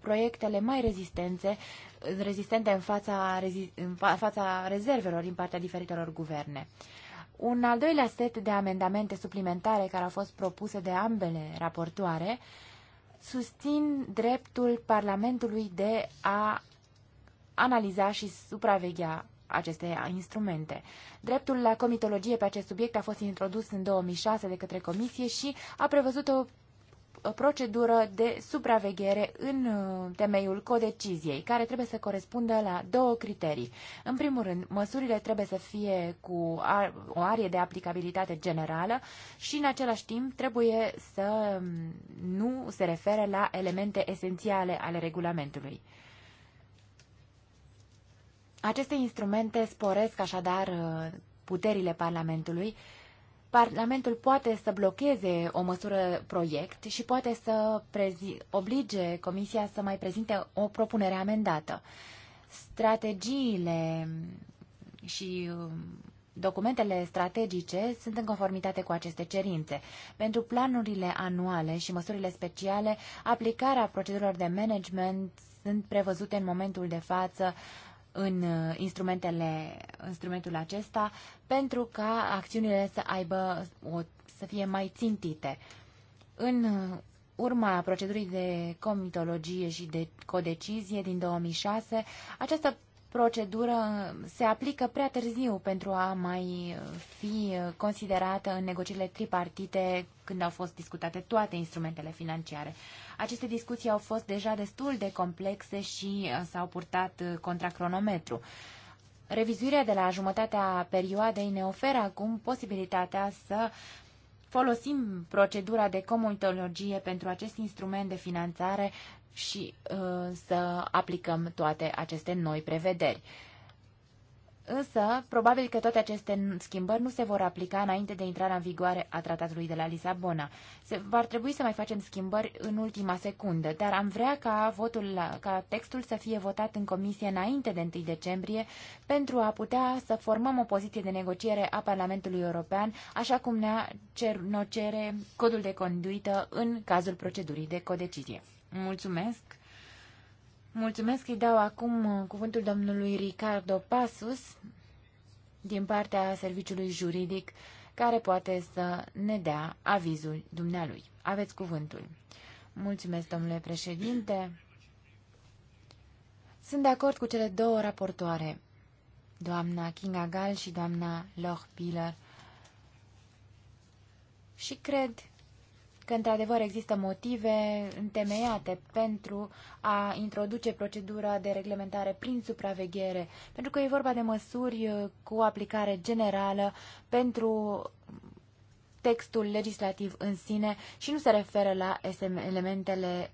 proiectele mai rezistente, rezistente în fața, în fața rezervelor din partea diferitelor guverne. Un al doilea set de amendamente suplimentare care au fost propuse de ambele raportoare susțin dreptul Parlamentului de a analiza și supraveghea aceste instrumente. Dreptul la comitologie pe acest subiect a fost introdus în 2006 de către Comisie și a prevăzut o o procedură de supraveghere în uh, temeiul codeciziei, care trebuie să corespundă la două criterii. În primul rând, măsurile trebuie să fie cu o arie de aplicabilitate generală și, în același timp, trebuie să mm, nu se refere la elemente esențiale ale regulamentului. Aceste instrumente sporesc așadar uh, puterile Parlamentului. Parlamentul poate să blocheze o măsură proiect și poate să oblige Comisia să mai prezinte o propunere amendată. Strategiile și um, Documentele strategice sunt în conformitate cu aceste cerințe. Pentru planurile anuale și măsurile speciale, aplicarea procedurilor de management sunt prevăzute în momentul de față în uh, instrumentele, instrumentul acesta pentru ca acțiunile să aibă o, să fie mai țintite. În uh, urma procedurii de comitologie și de codecizie din 2006, această procedură se aplică prea târziu pentru a mai fi considerată în negocierile tripartite când au fost discutate toate instrumentele financiare. Aceste discuții au fost deja destul de complexe și s-au purtat contra cronometru. Revizuirea de la jumătatea perioadei ne oferă acum posibilitatea să folosim procedura de comunitologie pentru acest instrument de finanțare și uh, să aplicăm toate aceste noi prevederi. Însă, probabil că toate aceste schimbări nu se vor aplica înainte de intrarea în vigoare a tratatului de la Lisabona. Se, va trebui să mai facem schimbări în ultima secundă, dar am vrea ca, votul, ca textul să fie votat în comisie înainte de 1 decembrie pentru a putea să formăm o poziție de negociere a Parlamentului European, așa cum ne-a cer, ne cere codul de conduită în cazul procedurii de codecizie. Mulțumesc. Mulțumesc, îi dau acum uh, cuvântul domnului Ricardo Pasus din partea serviciului juridic care poate să ne dea avizul dumnealui. Aveți cuvântul. Mulțumesc, domnule președinte. Sunt de acord cu cele două raportoare, doamna Kinga Gal și doamna Loch Piller. Și cred că într-adevăr există motive întemeiate pentru a introduce procedura de reglementare prin supraveghere, pentru că e vorba de măsuri uh, cu aplicare generală pentru textul legislativ în sine și nu se referă la elementele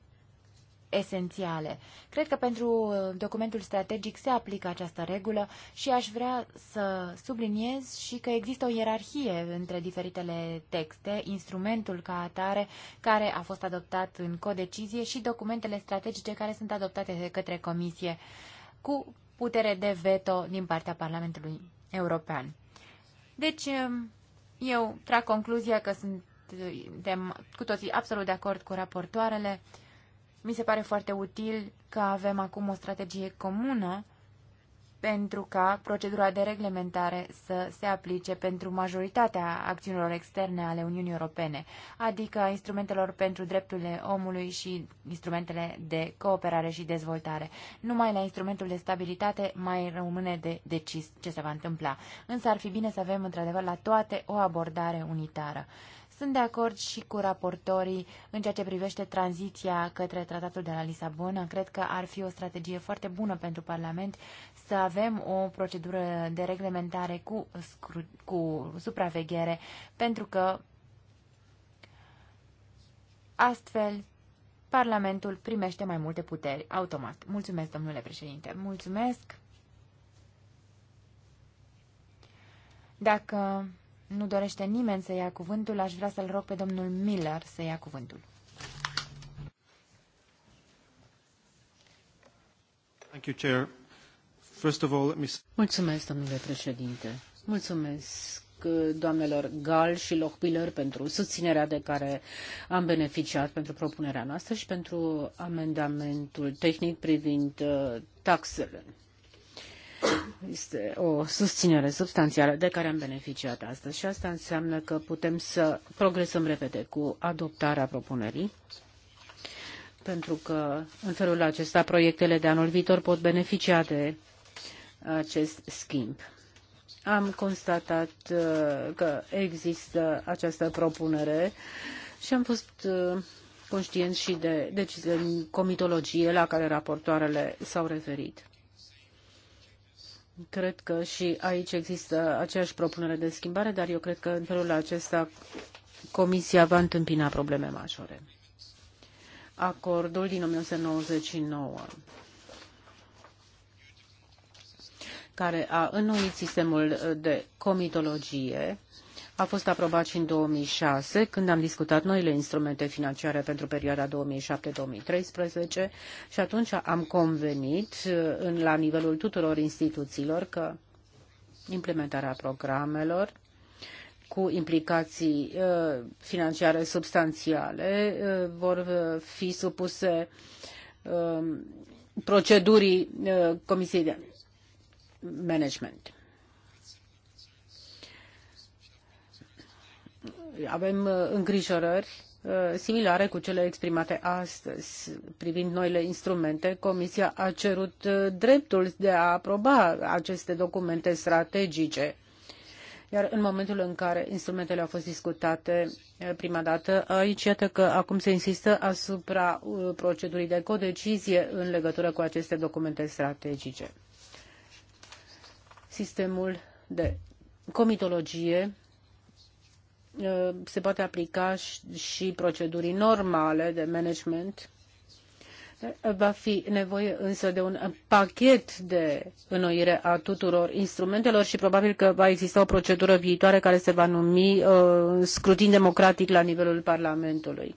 esențiale. Cred că pentru uh, documentul strategic se aplică această regulă și aș vrea să subliniez și că există o ierarhie între diferitele texte, instrumentul ca atare care a fost adoptat în codecizie și documentele strategice care sunt adoptate de către Comisie cu putere de veto din partea Parlamentului European. Deci, um, eu trag concluzia că suntem cu toții absolut de acord cu raportoarele mi se pare foarte util că avem acum o strategie comună pentru ca procedura de reglementare să se aplice pentru majoritatea acțiunilor externe ale Uniunii Europene, adică a instrumentelor pentru drepturile omului și instrumentele de cooperare și dezvoltare. Numai la instrumentul de stabilitate mai rămâne de decis ce se va întâmpla. Însă ar fi bine să avem într-adevăr la toate o abordare unitară. Sunt de acord și cu raportorii în ceea ce privește tranziția către tratatul de la Lisabona. Cred că ar fi o strategie foarte bună pentru Parlament să avem o procedură de reglementare cu, cu supraveghere, pentru că astfel Parlamentul primește mai multe puteri automat. Mulțumesc, domnule președinte. Mulțumesc. Dacă nu dorește nimeni să ia cuvântul, aș vrea să-l rog pe domnul Miller să ia cuvântul. Thank you, Chair. First of all, me... Mulțumesc, domnule președinte. Mulțumesc doamnelor Gal și Lochbiller pentru susținerea de care am beneficiat pentru propunerea noastră și pentru amendamentul tehnic privind uh, taxele. Este o susținere substanțială de care am beneficiat astăzi și asta înseamnă că putem să progresăm repede cu adoptarea propunerii pentru că în felul acesta proiectele de anul viitor pot beneficia de acest schimb. Am constatat uh, că există această propunere și am fost uh, conștient și de deciziile în comitologie la care raportoarele s-au referit. Cred că și aici există aceeași propunere de schimbare, dar eu cred că în felul acesta Comisia va întâmpina probleme majore. Acordul din 1999 care a înnoit sistemul de comitologie a fost aprobat și în 2006, când am discutat noile instrumente financiare pentru perioada 2007-2013 și atunci am convenit uh, în, la nivelul tuturor instituțiilor că implementarea programelor cu implicații uh, financiare substanțiale uh, vor fi supuse uh, procedurii uh, Comisiei de Management. avem uh, îngrijorări uh, similare cu cele exprimate astăzi privind noile instrumente. Comisia a cerut uh, dreptul de a aproba aceste documente strategice. Iar în momentul în care instrumentele au fost discutate prima dată, aici iată că acum se insistă asupra procedurii de codecizie în legătură cu aceste documente strategice. Sistemul de comitologie Uh, se poate aplica și procedurii normale de management. Uh, va fi nevoie însă de un pachet de înnoire a tuturor instrumentelor și probabil că va exista o procedură viitoare care se va numi uh, scrutin democratic la nivelul Parlamentului.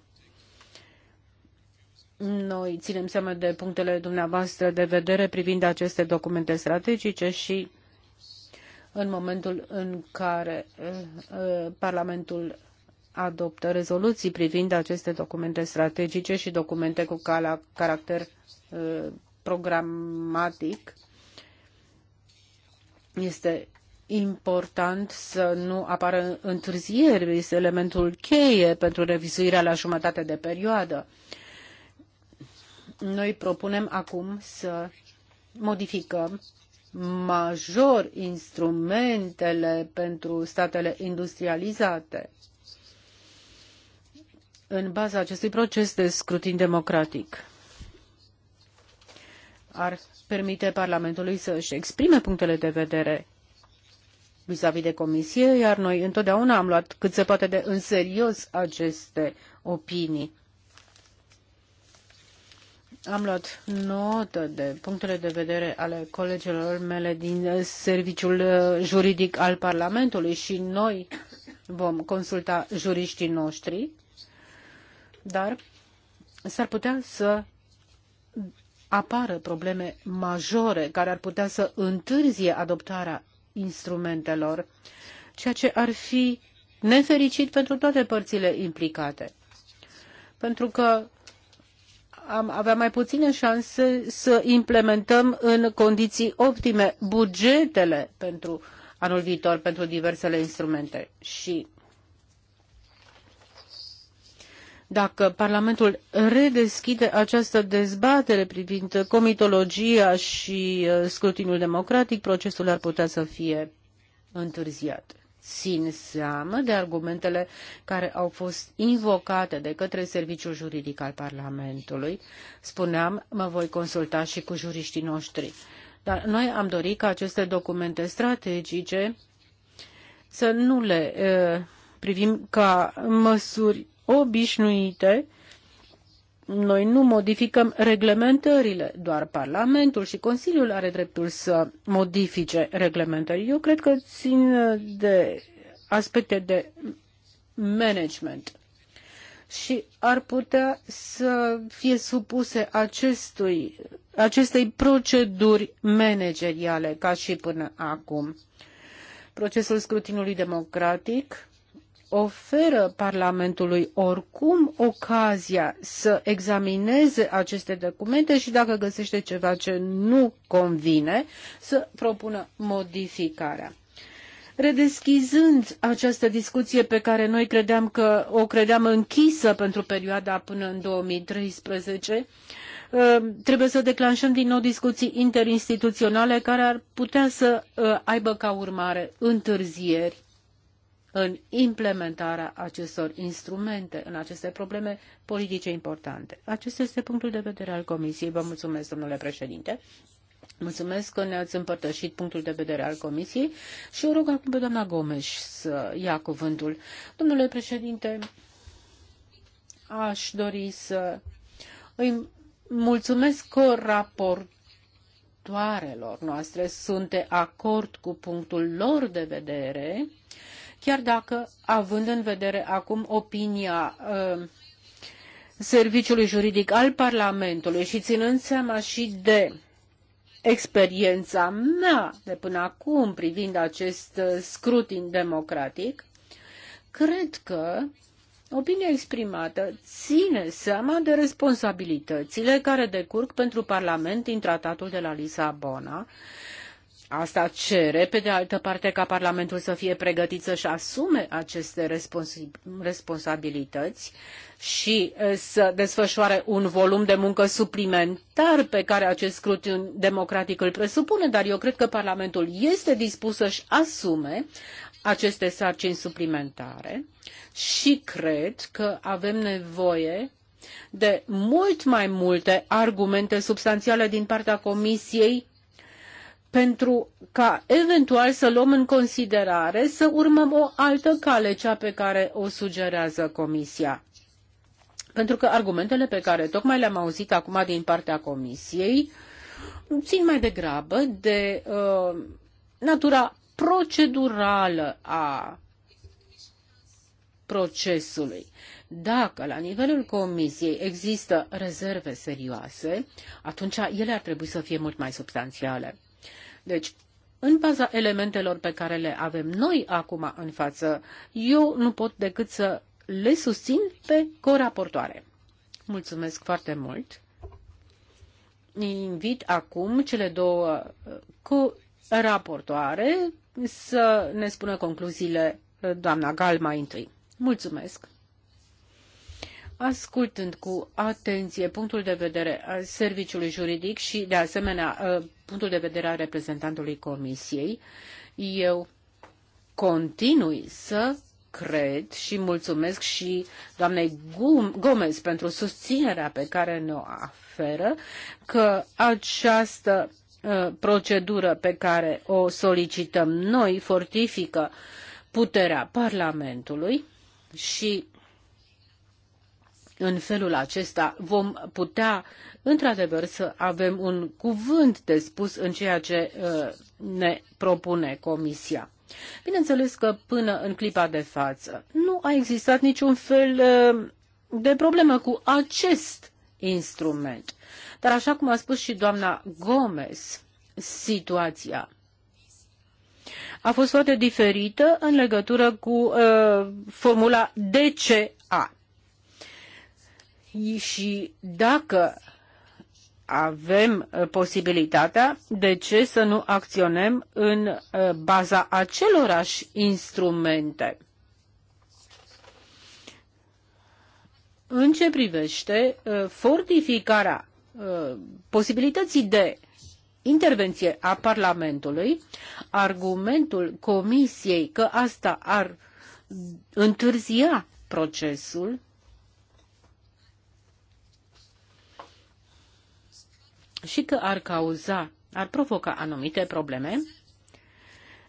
Noi ținem seama de punctele dumneavoastră de vedere privind aceste documente strategice și în momentul în care eh, eh, Parlamentul adoptă rezoluții privind aceste documente strategice și documente cu caracter eh, programatic. Este important să nu apară întârzieri, este elementul cheie pentru revizuirea la jumătate de perioadă. Noi propunem acum să modificăm major instrumentele pentru statele industrializate în baza acestui proces de scrutin democratic. Ar permite Parlamentului să își exprime punctele de vedere vis-a-vis de Comisie, iar noi întotdeauna am luat cât se poate de în serios aceste opinii. Am luat notă de punctele de vedere ale colegilor mele din serviciul uh, juridic al Parlamentului și noi vom consulta juriștii noștri, dar s-ar putea să apară probleme majore care ar putea să întârzie adoptarea instrumentelor, ceea ce ar fi nefericit pentru toate părțile implicate. Pentru că am avea mai puține șanse să implementăm în condiții optime bugetele pentru anul viitor pentru diversele instrumente. Și dacă Parlamentul redeschide această dezbatere privind comitologia și uh, scrutinul democratic, procesul ar putea să fie întârziat țin seamă de argumentele care au fost invocate de către Serviciul Juridic al Parlamentului. Spuneam, mă voi consulta și cu juriștii noștri. Dar noi am dorit ca aceste documente strategice să nu le eh, privim ca măsuri obișnuite, noi nu modificăm reglementările, doar Parlamentul și Consiliul are dreptul să modifice reglementări. Eu cred că țin de aspecte de management și ar putea să fie supuse acestui, acestei proceduri manageriale, ca și până acum. Procesul scrutinului democratic oferă Parlamentului oricum ocazia să examineze aceste documente și dacă găsește ceva ce nu convine, să propună modificarea. Redeschizând această discuție pe care noi credeam că o credeam închisă pentru perioada până în 2013, ă, trebuie să declanșăm din nou discuții interinstituționale care ar putea să ă, aibă ca urmare întârzieri în implementarea acestor instrumente, în aceste probleme politice importante. Acesta este punctul de vedere al Comisiei. Vă mulțumesc, domnule președinte. Mulțumesc că ne-ați împărtășit punctul de vedere al Comisiei și o rog acum pe doamna Gomes să ia cuvântul. Domnule președinte, aș dori să îi mulțumesc că raport viitoarelor noastre sunt de acord cu punctul lor de vedere chiar dacă, având în vedere acum opinia uh, Serviciului Juridic al Parlamentului și ținând seama și de experiența mea de până acum privind acest uh, scrutin democratic, cred că opinia exprimată ține seama de responsabilitățile care decurg pentru Parlament din Tratatul de la Lisabona Asta cere, pe de altă parte, ca Parlamentul să fie pregătit să-și asume aceste respons responsabilități și să desfășoare un volum de muncă suplimentar pe care acest scrutin democratic îl presupune, dar eu cred că Parlamentul este dispus să-și asume aceste sarcini suplimentare și cred că avem nevoie de mult mai multe argumente substanțiale din partea Comisiei pentru ca eventual să luăm în considerare să urmăm o altă cale, cea pe care o sugerează Comisia. Pentru că argumentele pe care tocmai le-am auzit acum din partea Comisiei țin mai degrabă de uh, natura procedurală a procesului. Dacă la nivelul comisiei există rezerve serioase, atunci ele ar trebui să fie mult mai substanțiale. Deci, în baza elementelor pe care le avem noi acum în față, eu nu pot decât să le susțin pe coraportoare. Mulțumesc foarte mult! Invit acum cele două uh, cu raportoare să ne spună concluziile uh, doamna Gal mai întâi. Mulțumesc! ascultând cu atenție punctul de vedere al serviciului juridic și, de asemenea, uh, punctul de vedere al reprezentantului Comisiei, eu continui să cred și mulțumesc și doamnei Gomez pentru susținerea pe care ne-o oferă că această uh, procedură pe care o solicităm noi fortifică puterea Parlamentului și în felul acesta vom putea, într-adevăr, să avem un cuvânt de spus în ceea ce uh, ne propune Comisia. Bineînțeles că până în clipa de față nu a existat niciun fel uh, de problemă cu acest instrument. Dar așa cum a spus și doamna Gomez, situația a fost foarte diferită în legătură cu uh, formula DCA și dacă avem uh, posibilitatea, de ce să nu acționăm în uh, baza acelorași instrumente? În ce privește uh, fortificarea posibilității de intervenție a Parlamentului, argumentul Comisiei că asta ar întârzia procesul și că ar cauza, ar provoca anumite probleme,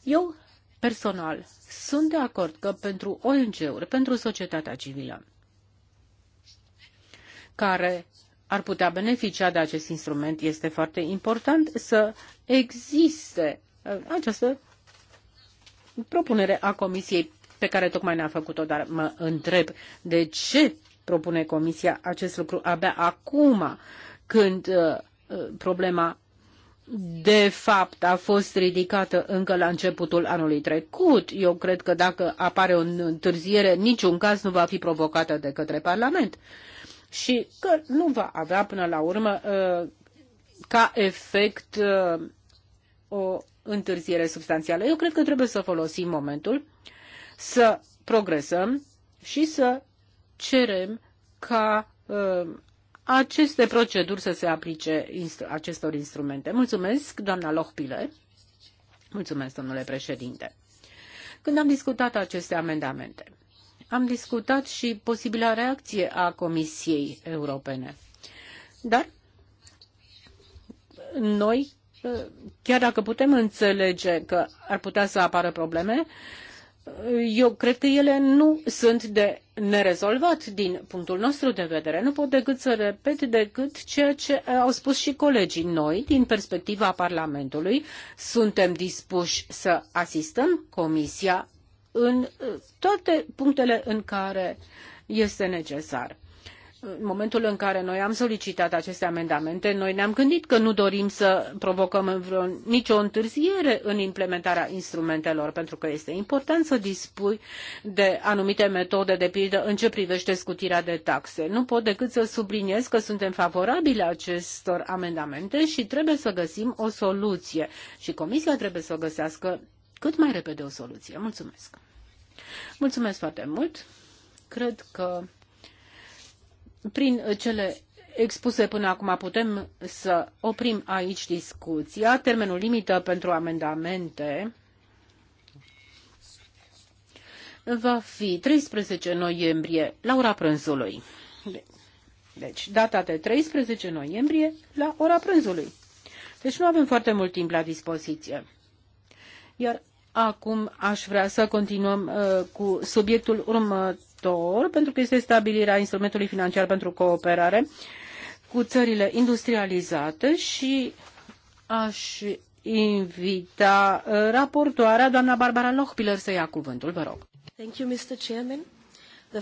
eu personal sunt de acord că pentru ONG-uri, pentru societatea civilă, care ar putea beneficia de acest instrument, este foarte important să existe uh, această propunere a Comisiei pe care tocmai ne-a făcut-o, dar mă întreb de ce propune Comisia acest lucru abia acum, când uh, problema de fapt a fost ridicată încă la începutul anului trecut. Eu cred că dacă apare o întârziere, niciun caz nu va fi provocată de către Parlament și că nu va avea până la urmă uh, ca efect uh, o întârziere substanțială. Eu cred că trebuie să folosim momentul, să progresăm și să cerem ca uh, aceste proceduri să se aplice instru acestor instrumente. Mulțumesc, doamna Lohpile. Mulțumesc, domnule președinte. Când am discutat aceste amendamente, am discutat și posibila reacție a Comisiei Europene. Dar noi, chiar dacă putem înțelege că ar putea să apară probleme, eu cred că ele nu sunt de nerezolvat din punctul nostru de vedere. Nu pot decât să repet decât ceea ce au spus și colegii. Noi, din perspectiva Parlamentului, suntem dispuși să asistăm Comisia în uh, toate punctele în care este necesar în momentul în care noi am solicitat aceste amendamente, noi ne-am gândit că nu dorim să provocăm vreo, nicio întârziere în implementarea instrumentelor, pentru că este important să dispui de anumite metode, de pildă, în ce privește scutirea de taxe. Nu pot decât să subliniez că suntem favorabili acestor amendamente și trebuie să găsim o soluție. Și Comisia trebuie să găsească cât mai repede o soluție. Mulțumesc! Mulțumesc foarte mult! Cred că prin uh, cele expuse până acum putem să oprim aici discuția. Termenul limită pentru amendamente va fi 13 noiembrie la ora prânzului. Deci, data de 13 noiembrie la ora prânzului. Deci nu avem foarte mult timp la dispoziție. Iar acum aș vrea să continuăm uh, cu subiectul următor viitor, pentru că este stabilirea instrumentului financiar pentru cooperare cu țările industrializate și aș invita uh, raportoarea, doamna Barbara Lochpiller, să ia cuvântul. Vă rog. Thank you, Mr. Chairman. The...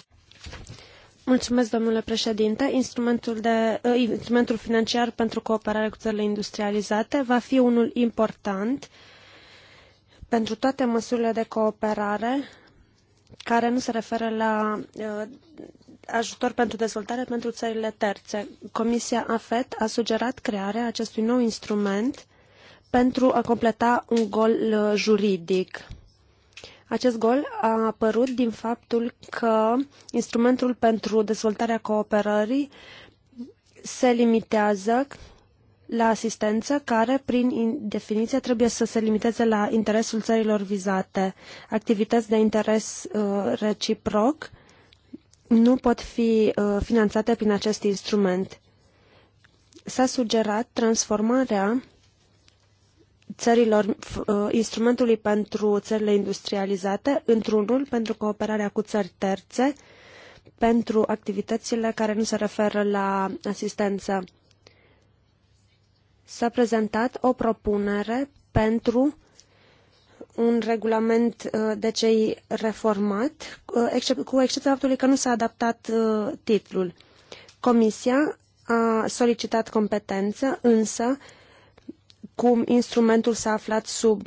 Mulțumesc, domnule președinte. Instrumentul, de, uh, instrumentul financiar pentru cooperare cu țările industrializate va fi unul important pentru toate măsurile de cooperare care nu se referă la uh, ajutor pentru dezvoltare pentru țările terțe. Comisia AFET a sugerat crearea acestui nou instrument pentru a completa un gol uh, juridic. Acest gol a apărut din faptul că instrumentul pentru dezvoltarea cooperării se limitează la asistență care, prin definiție, trebuie să se limiteze la interesul țărilor vizate. Activități de interes uh, reciproc nu pot fi uh, finanțate prin acest instrument. S-a sugerat transformarea țărilor, uh, instrumentului pentru țările industrializate într-unul pentru cooperarea cu țări terțe pentru activitățile care nu se referă la asistență s-a prezentat o propunere pentru un regulament uh, de cei reformat, uh, cu excepția faptului că nu s-a adaptat uh, titlul. Comisia a solicitat competență, însă, cum instrumentul s-a aflat sub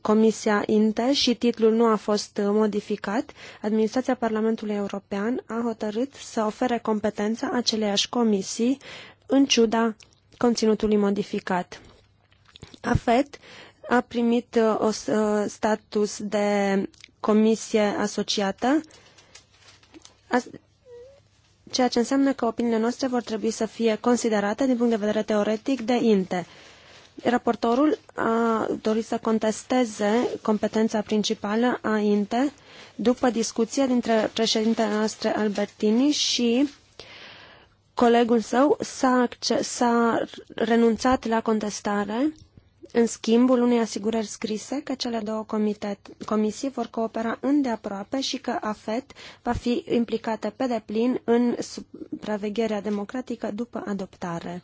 Comisia INTE și titlul nu a fost modificat, Administrația Parlamentului European a hotărât să ofere competența aceleiași comisii în ciuda conținutului modificat. AFET a primit uh, o uh, status de comisie asociată, ceea ce înseamnă că opiniile noastre vor trebui să fie considerate din punct de vedere teoretic de INTE. Raportorul a dorit să contesteze competența principală a INTE după discuție dintre președintele noastre Albertini și colegul său s-a, renunțat la contestare în schimbul unei asigurări scrise că cele două comitet, comisii vor coopera îndeaproape și că AFET va fi implicată pe deplin în supravegherea democratică după adoptare.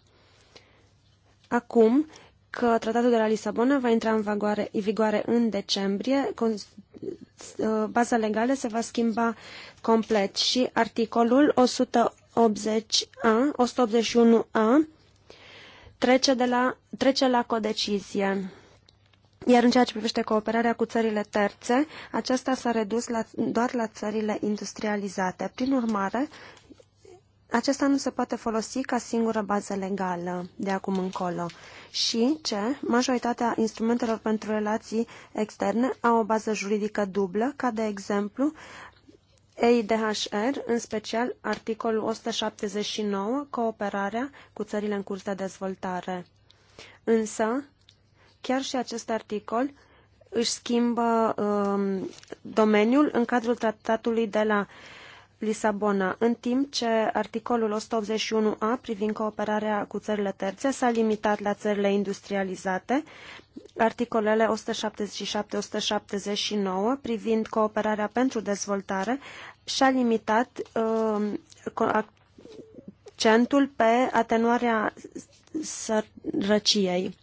Acum că tratatul de la Lisabona va intra în vagoare, în vigoare în decembrie, uh, baza legală se va schimba complet și articolul 100 180A, 181A trece, de la, trece la codecizie. Iar în ceea ce privește cooperarea cu țările terțe, aceasta s-a redus la, doar la țările industrializate. Prin urmare, acesta nu se poate folosi ca singură bază legală de acum încolo și ce majoritatea instrumentelor pentru relații externe au o bază juridică dublă, ca de exemplu EIDHR, în special articolul 179, cooperarea cu țările în curs de dezvoltare. Însă, chiar și acest articol își schimbă um, domeniul în cadrul tratatului de la uh, Lisabona, în timp ce articolul 181a privind cooperarea cu țările terțe s-a limitat la țările industrializate, articolele 177-179 privind cooperarea pentru dezvoltare și-a limitat uh, accentul pe atenuarea sărăciei.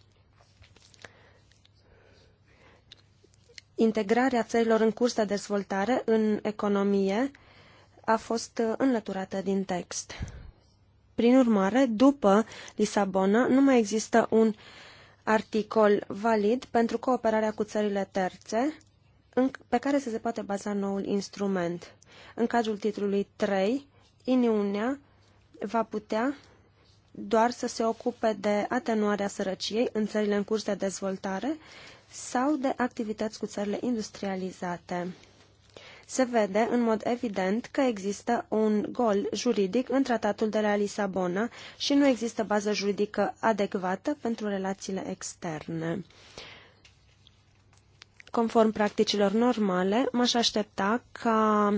Integrarea țărilor în curs de dezvoltare în economie a fost uh, înlăturată din text. Prin urmare, după Lisabona, nu mai există un articol valid pentru cooperarea cu țările terțe pe care să se poate baza noul instrument. În cadrul titlului 3, Uniunea va putea doar să se ocupe de atenuarea sărăciei în țările în curs de dezvoltare sau de activități cu țările industrializate se vede în mod evident că există un gol juridic în tratatul de la Lisabona și nu există bază juridică adecvată pentru relațiile externe. Conform practicilor normale, m-aș aștepta ca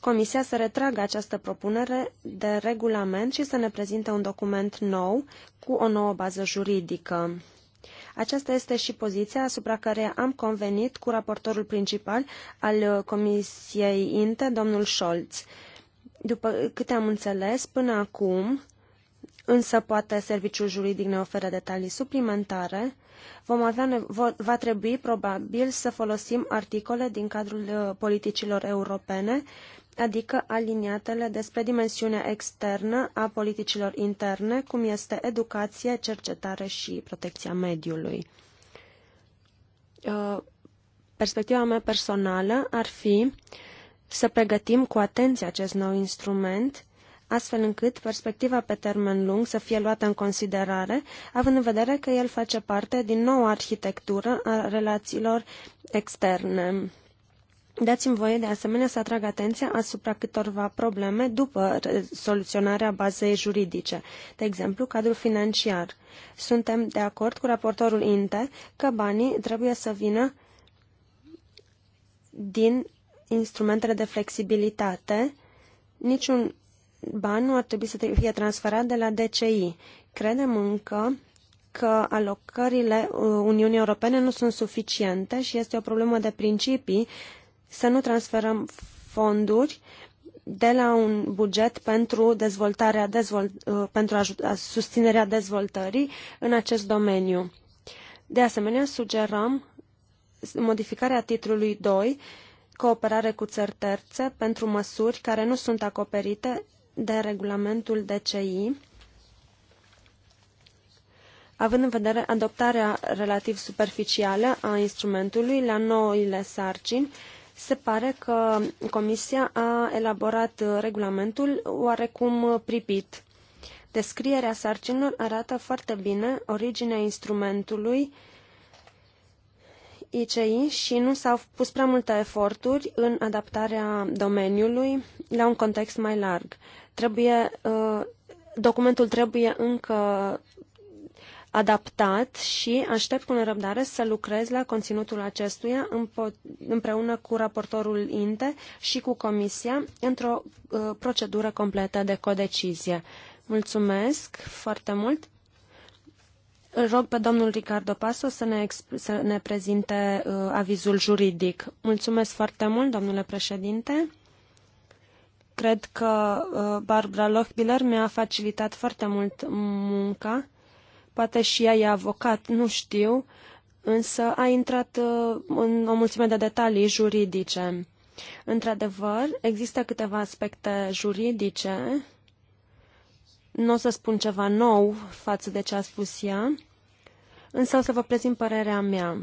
Comisia să retragă această propunere de regulament și să ne prezinte un document nou cu o nouă bază juridică. Aceasta este și poziția asupra care am convenit cu raportorul principal al uh, Comisiei INTE, domnul Scholz. După câte am înțeles, până acum, însă poate serviciul juridic ne oferă detalii suplimentare, vom avea va trebui probabil să folosim articole din cadrul uh, politicilor europene uh, adică aliniatele despre dimensiunea externă a politicilor interne, cum este educație, cercetare și protecția mediului. Uh, perspectiva mea personală ar fi să pregătim cu atenție acest nou instrument, astfel încât perspectiva pe termen lung să fie luată în considerare, având în vedere că el face parte din noua arhitectură a relațiilor externe Dați-mi voie de asemenea să atrag atenția asupra câtorva probleme după soluționarea bazei juridice, de exemplu cadrul financiar. Suntem de acord cu raportorul INTE că banii trebuie să vină din instrumentele de flexibilitate, niciun ban nu ar trebui să fie transferat de la DCI. Credem încă că alocările uh, Uniunii Europene nu sunt suficiente și este o problemă de principii să nu transferăm fonduri de la un buget pentru, dezvoltarea, dezvolt, uh, pentru a uh, susținerea dezvoltării în acest domeniu. De asemenea, sugerăm modificarea titlului 2, cooperare cu țări terțe, pentru măsuri care nu sunt acoperite de regulamentul DCI, având în vedere adoptarea relativ superficială a instrumentului la noile sarcini se pare că Comisia a elaborat regulamentul oarecum pripit. Descrierea sarcinilor arată foarte bine originea instrumentului ICI și nu s-au pus prea multe eforturi în adaptarea domeniului la un context mai larg. Trebuie, uh, documentul trebuie încă adaptat și aștept cu nerăbdare să lucrez la conținutul acestuia împreună cu raportorul INTE și cu Comisia într-o uh, procedură completă de codecizie. Mulțumesc foarte mult! Îl rog pe domnul Ricardo Paso să ne, să ne prezinte uh, avizul juridic. Mulțumesc foarte mult, domnule președinte. Cred că uh, Barbara Lochbiller mi-a facilitat foarte mult munca Poate și ea e avocat, nu știu, însă a intrat uh, în o mulțime de detalii juridice. Într-adevăr, există câteva aspecte juridice. Nu o să spun ceva nou față de ce a spus ea, însă o să vă prezint părerea mea.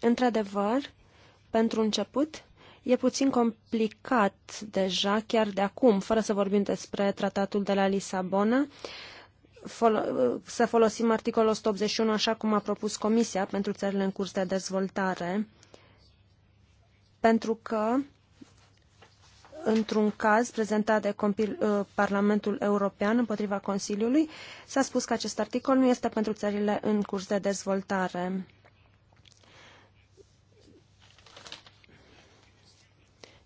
Într-adevăr, pentru început, e puțin complicat deja, chiar de acum, fără să vorbim despre tratatul de la Lisabona, să folosim articolul 181 așa cum a propus Comisia pentru țările în curs de dezvoltare, pentru că într-un caz prezentat de uh, Parlamentul European împotriva Consiliului, s-a spus că acest articol nu este pentru țările în curs de dezvoltare.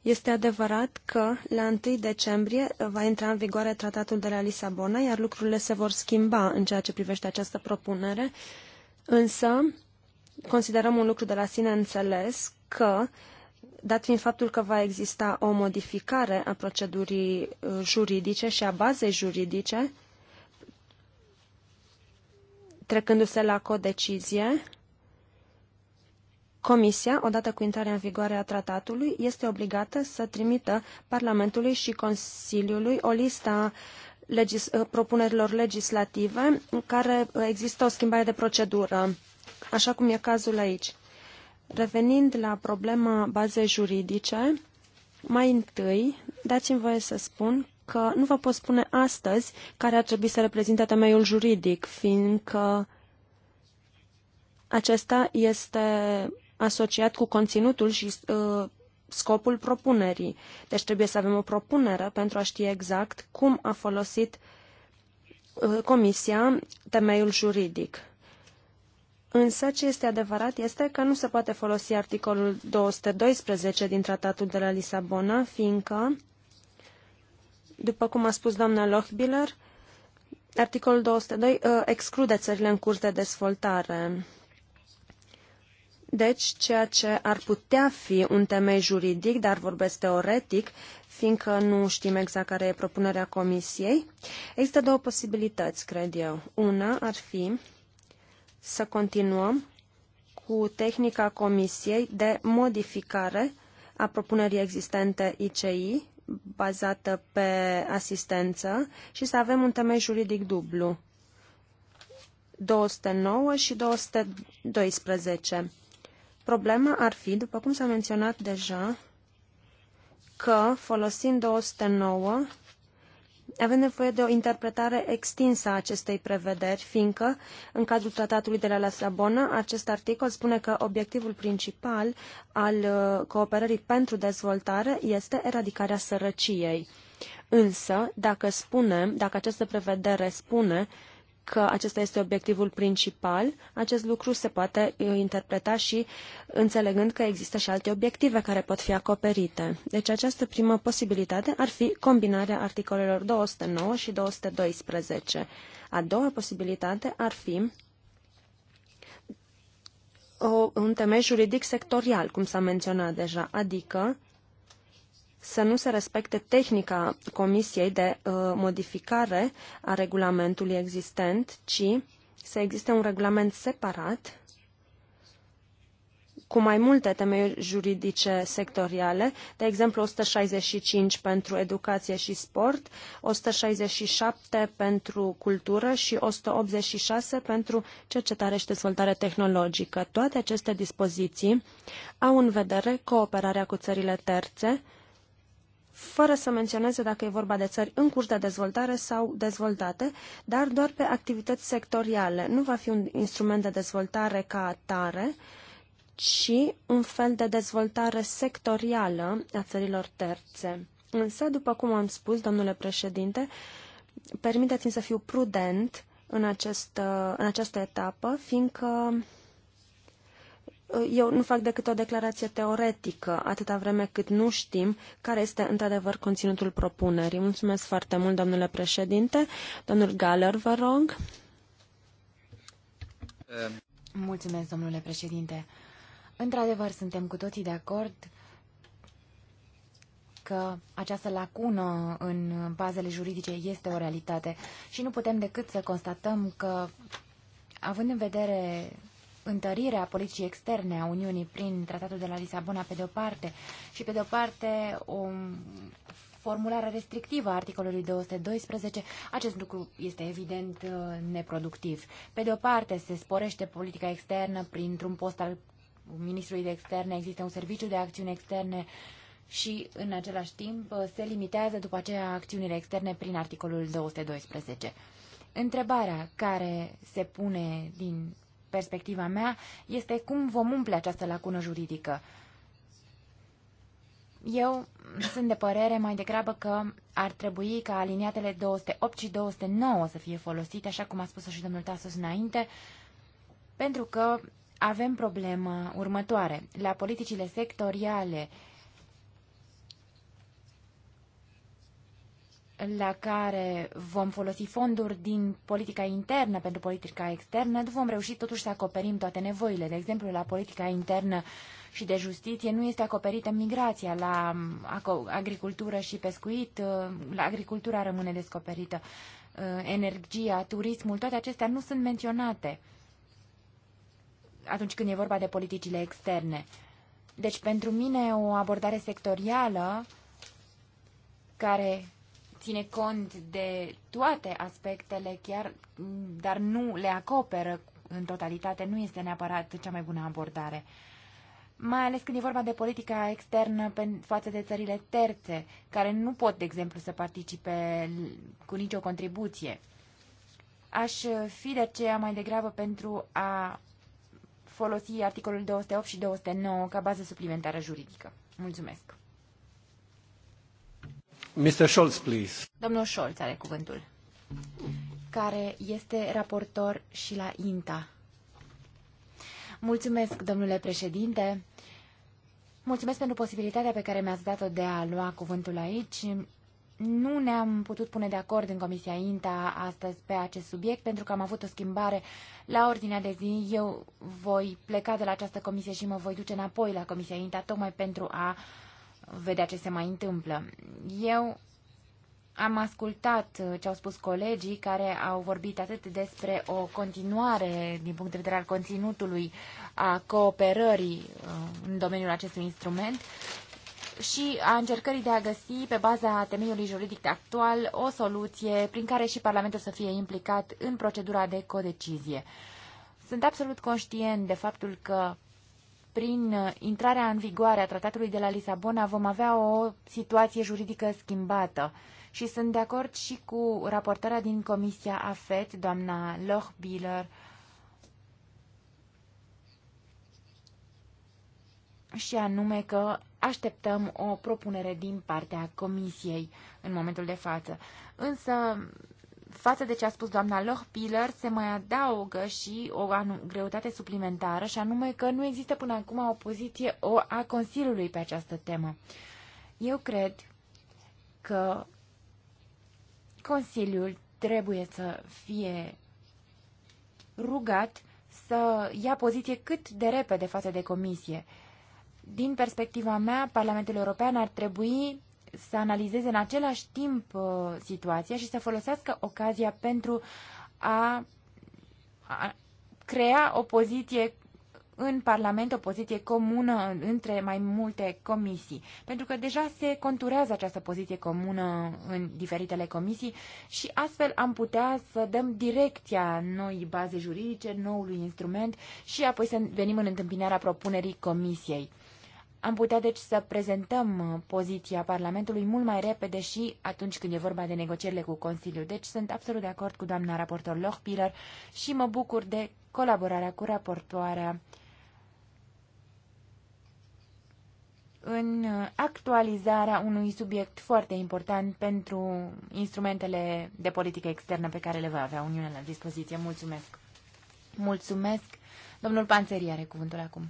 Este adevărat că la 1 decembrie va intra în vigoare tratatul de la Lisabona, iar lucrurile se vor schimba în ceea ce privește această propunere, însă considerăm un lucru de la sine înțeles că, dat fiind faptul că va exista o modificare a procedurii uh, juridice și a bazei juridice, trecându-se la codecizie, Comisia, odată cu intrarea în vigoare a tratatului, este obligată să trimită Parlamentului și Consiliului o listă a legis uh, propunerilor legislative în care uh, există o schimbare de procedură, așa cum e cazul aici. Revenind la problema bazei juridice, mai întâi, dați-mi voie să spun că nu vă pot spune astăzi care ar trebui să reprezinte temeiul juridic, fiindcă acesta este asociat cu conținutul și uh, scopul propunerii. Deci trebuie să avem o propunere pentru a ști exact cum a folosit uh, Comisia temeiul juridic. Însă ce este adevărat este că nu se poate folosi articolul 212 din Tratatul de la Lisabona, fiindcă, după cum a spus doamna Lochbiller, articolul 202 uh, exclude țările în curs de dezvoltare. Deci, ceea ce ar putea fi un temei juridic, dar vorbesc teoretic, fiindcă nu știm exact care e propunerea comisiei, există două posibilități, cred eu. Una ar fi să continuăm cu tehnica comisiei de modificare a propunerii existente ICI, bazată pe asistență, și să avem un temei juridic dublu, 209 și 212. Problema ar fi, după cum s-a menționat deja, că folosind 209 avem nevoie de o interpretare extinsă a acestei prevederi, fiindcă, în cadrul tratatului de la Lisabona, acest articol spune că obiectivul principal al uh, cooperării pentru dezvoltare este eradicarea sărăciei. Însă, dacă spunem, dacă această prevedere spune că acesta este obiectivul principal, acest lucru se poate uh, interpreta și înțelegând că există și alte obiective care pot fi acoperite. Deci această primă posibilitate ar fi combinarea articolelor 209 și 212. A doua posibilitate ar fi o, un temei juridic sectorial, cum s-a menționat deja, adică să nu se respecte tehnica Comisiei de uh, modificare a regulamentului existent, ci să existe un regulament separat cu mai multe temeiuri juridice sectoriale, de exemplu 165 pentru educație și sport, 167 pentru cultură și 186 pentru cercetare și dezvoltare tehnologică. Toate aceste dispoziții au în vedere cooperarea cu țările terțe, fără să menționeze dacă e vorba de țări în curs de dezvoltare sau dezvoltate, dar doar pe activități sectoriale. Nu va fi un instrument de dezvoltare ca atare, ci un fel de dezvoltare sectorială a țărilor terțe. Însă, după cum am spus, domnule președinte, permiteți-mi să fiu prudent în, acest, în această etapă, fiindcă eu nu fac decât o declarație teoretică, atâta vreme cât nu știm care este într-adevăr conținutul propunerii. Mulțumesc foarte mult, domnule președinte. Domnul Galler, vă rog. Mulțumesc, domnule președinte. Într-adevăr, suntem cu toții de acord că această lacună în bazele juridice este o realitate și nu putem decât să constatăm că, având în vedere întărirea politicii externe a Uniunii prin tratatul de la Lisabona pe de o parte și pe de o parte o formulare restrictivă a articolului 212, acest lucru este evident uh, neproductiv. Pe de o parte se sporește politica externă printr-un post al ministrului de externe, există un serviciu de acțiuni externe și în același timp uh, se limitează după aceea acțiunile externe prin articolul 212. Întrebarea care se pune din perspectiva mea, este cum vom umple această lacună juridică. Eu sunt de părere mai degrabă că ar trebui ca aliniatele 208 și 209 să fie folosite, așa cum a spus și domnul Tasos înainte, pentru că avem problema următoare. La politicile sectoriale uh, la care vom folosi fonduri din politica internă pentru politica externă, vom reuși totuși să acoperim toate nevoile. De exemplu, la politica internă și de justiție nu este acoperită migrația, la agricultură și pescuit, uh, la agricultura rămâne descoperită, uh, energia, turismul, toate acestea nu sunt menționate atunci când e vorba de politicile externe. Deci, pentru mine, o abordare sectorială care ține cont de toate aspectele chiar, dar nu le acoperă în totalitate, nu este neapărat cea mai bună abordare. Mai ales când e vorba de politica externă față de țările terțe, care nu pot, de exemplu, să participe cu nicio contribuție. Aș fi de aceea mai degrabă pentru a folosi articolul 208 și 209 ca bază suplimentară juridică. Mulțumesc! Mr. Scholz, please. Domnul Scholz are cuvântul, care este raportor și la INTA. Mulțumesc, domnule președinte. Mulțumesc pentru posibilitatea pe care mi-ați dat-o de a lua cuvântul aici. Nu ne-am putut pune de acord în Comisia INTA astăzi pe acest subiect pentru că am avut o schimbare la ordinea de zi. Eu voi pleca de la această comisie și mă voi duce înapoi la Comisia INTA tocmai pentru a uh, vedea ce se mai întâmplă. Eu am ascultat uh, ce au spus colegii care au vorbit atât despre o continuare din punct de vedere al conținutului a cooperării uh, în domeniul acestui instrument și a încercării de a găsi, pe baza temeiului juridic actual, o soluție prin care și Parlamentul să fie implicat în procedura de codecizie. Sunt absolut conștient de faptul că prin uh, intrarea în vigoare a tratatului de la Lisabona vom avea o situație juridică schimbată. Și sunt de acord și cu raportarea din Comisia AFET, doamna Lochbiller, și anume că așteptăm o propunere din partea Comisiei în momentul de față. Însă față de ce a spus doamna Lochpiller, se mai adaugă și o greutate suplimentară, și anume că nu există până acum o poziție a Consiliului pe această temă. Eu cred că Consiliul trebuie să fie rugat să ia poziție cât de repede față de Comisie. Din perspectiva mea, Parlamentul European ar trebui să analizeze în același timp uh, situația și să folosească ocazia pentru a, a crea o poziție în Parlament, o poziție comună între mai multe comisii. Pentru că deja se conturează această poziție comună în diferitele comisii și astfel am putea să dăm direcția noii baze juridice, noului instrument și apoi să venim în întâmpinarea propunerii comisiei. Am putea deci să prezentăm uh, poziția Parlamentului mult mai repede și atunci când e vorba de negocierile cu Consiliul. Deci sunt absolut de acord cu doamna raportor Lochpiller și mă bucur de colaborarea cu raportoarea în uh, actualizarea unui subiect foarte important pentru instrumentele de politică externă pe care le va avea Uniunea la dispoziție. Mulțumesc! Mulțumesc! Domnul Panțeri are cuvântul acum.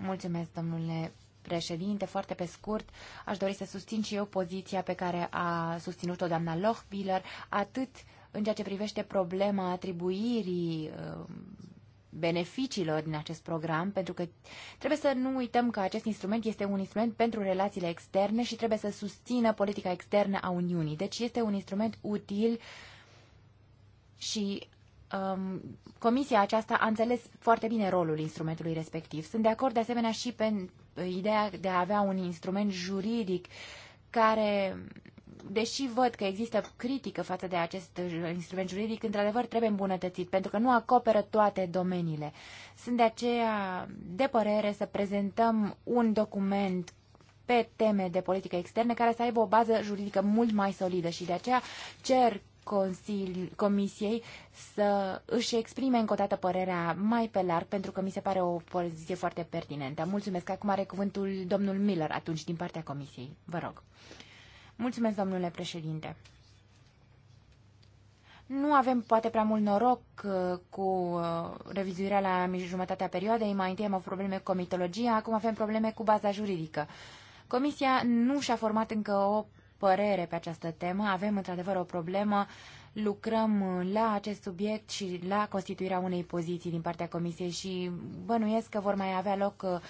Mulțumesc, domnule președinte. Foarte pe scurt, aș dori să susțin și eu poziția pe care a susținut-o doamna Lochbiller, atât în ceea ce privește problema atribuirii uh, beneficiilor din acest program, pentru că trebuie să nu uităm că acest instrument este un instrument pentru relațiile externe și trebuie să susțină politica externă a Uniunii. Deci este un instrument util și um, comisia aceasta a înțeles foarte bine rolul instrumentului respectiv. Sunt de acord de asemenea și pe ideea de a avea un instrument juridic care deși văd că există critică față de acest instrument juridic, într-adevăr trebuie îmbunătățit, pentru că nu acoperă toate domeniile. Sunt de aceea de părere să prezentăm un document pe teme de politică externă care să aibă o bază juridică mult mai solidă și de aceea cer Consili, Comisiei să își exprime încă o dată părerea mai pe larg, pentru că mi se pare o poziție foarte pertinentă. Mulțumesc. Acum are cuvântul domnul Miller atunci din partea Comisiei. Vă rog. Mulțumesc, domnule președinte. Nu avem poate prea mult noroc uh, cu uh, revizuirea la jumătatea perioadei. Mai întâi am avut probleme cu comitologia, acum avem probleme cu baza juridică. Comisia nu și-a format încă o părere pe această temă. Avem într-adevăr o problemă. Lucrăm la acest subiect și la constituirea unei poziții din partea Comisiei și bănuiesc că vor mai avea loc uh,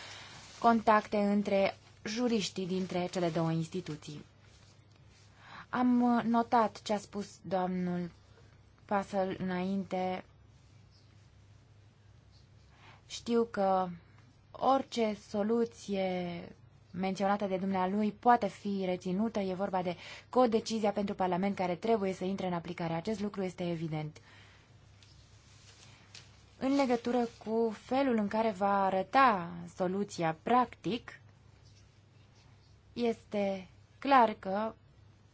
contacte între juriștii dintre cele două instituții. Am uh, notat ce a spus domnul Pasăl înainte. Știu că orice soluție menționată de dumnealui poate fi reținută. E vorba de codecizia pentru Parlament care trebuie să intre în aplicare. Acest lucru este evident. În legătură cu felul în care va arăta soluția practic, este clar că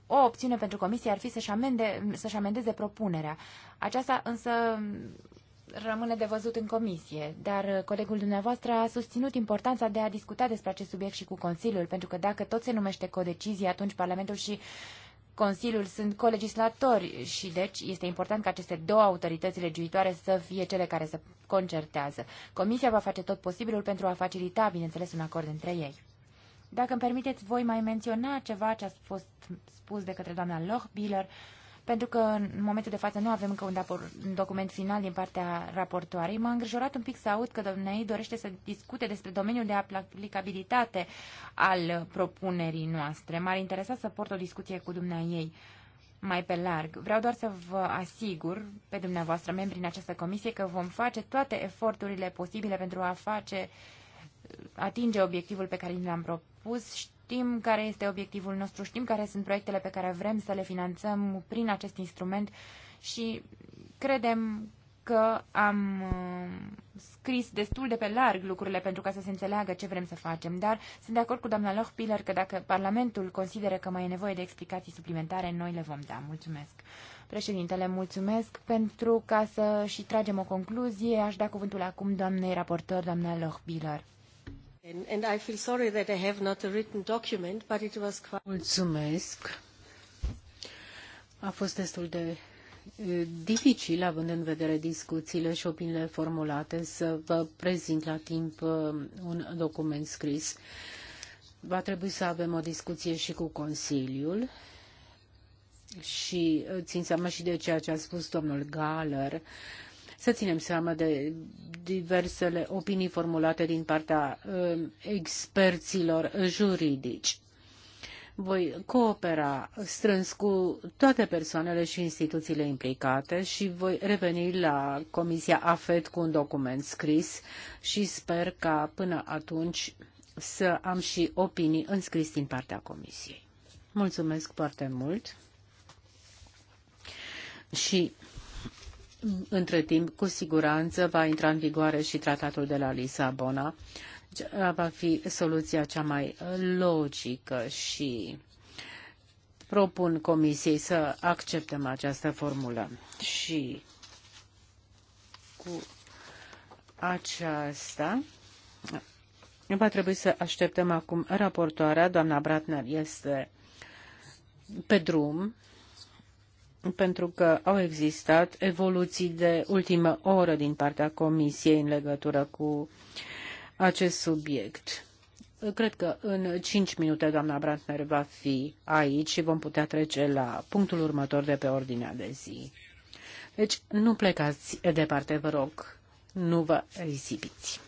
o opțiune pentru comisie ar fi să-și amende, să amendeze propunerea. Aceasta însă rămâne de văzut în comisie, dar uh, colegul dumneavoastră a susținut importanța de a discuta despre acest subiect și cu Consiliul, pentru că dacă tot se numește codecizie, atunci Parlamentul și Consiliul sunt colegislatori și deci este important ca aceste două autorități legiuitoare să fie cele care să concertează. Comisia va face tot posibilul pentru a facilita, bineînțeles, un acord între ei. Dacă îmi permiteți, voi mai menționa ceva ce a fost spus de către doamna Lochbiller, pentru că în momentul de față nu avem încă un, un document final din partea raportoarei. M-a îngrijorat un pic să aud că ei dorește să discute despre domeniul de aplicabilitate al propunerii noastre. M-ar interesa să port o discuție cu dumnea ei mai pe larg. Vreau doar să vă asigur pe dumneavoastră, membrii în această comisie, că vom face toate eforturile posibile pentru a face atinge obiectivul pe care l-am propus știm care este obiectivul nostru, știm care sunt proiectele pe care vrem să le finanțăm prin acest instrument și credem că am uh, scris destul de pe larg lucrurile pentru ca să se înțeleagă ce vrem să facem, dar sunt de acord cu doamna Lochpiller că dacă Parlamentul consideră că mai e nevoie de explicații suplimentare, noi le vom da. Mulțumesc. Președintele, mulțumesc pentru ca să și tragem o concluzie. Aș da cuvântul acum doamnei raportor, doamna Lochbiller. Mulțumesc. A fost destul de dificil, având în vedere discuțiile și opiniile formulate, să vă prezint la timp un document scris. Va trebui să avem o discuție și cu Consiliul și țin seama și de ceea ce a spus domnul Galer, să ținem seama de diversele opinii formulate din partea um, experților juridici. Voi coopera strâns cu toate persoanele și instituțiile implicate și voi reveni la Comisia AFET cu un document scris și sper ca până atunci să am și opinii înscris din partea Comisiei. Mulțumesc foarte mult și între timp, cu siguranță, va intra în vigoare și tratatul de la Lisabona. Deci, va fi soluția cea mai logică și propun Comisiei să acceptăm această formulă. Și cu aceasta va trebui să așteptăm acum raportoarea. Doamna Bratner este pe drum pentru că au existat evoluții de ultimă oră din partea Comisiei în legătură cu acest subiect. Cred că în 5 minute doamna Brantner va fi aici și vom putea trece la punctul următor de pe ordinea de zi. Deci nu plecați departe, vă rog, nu vă risipiți.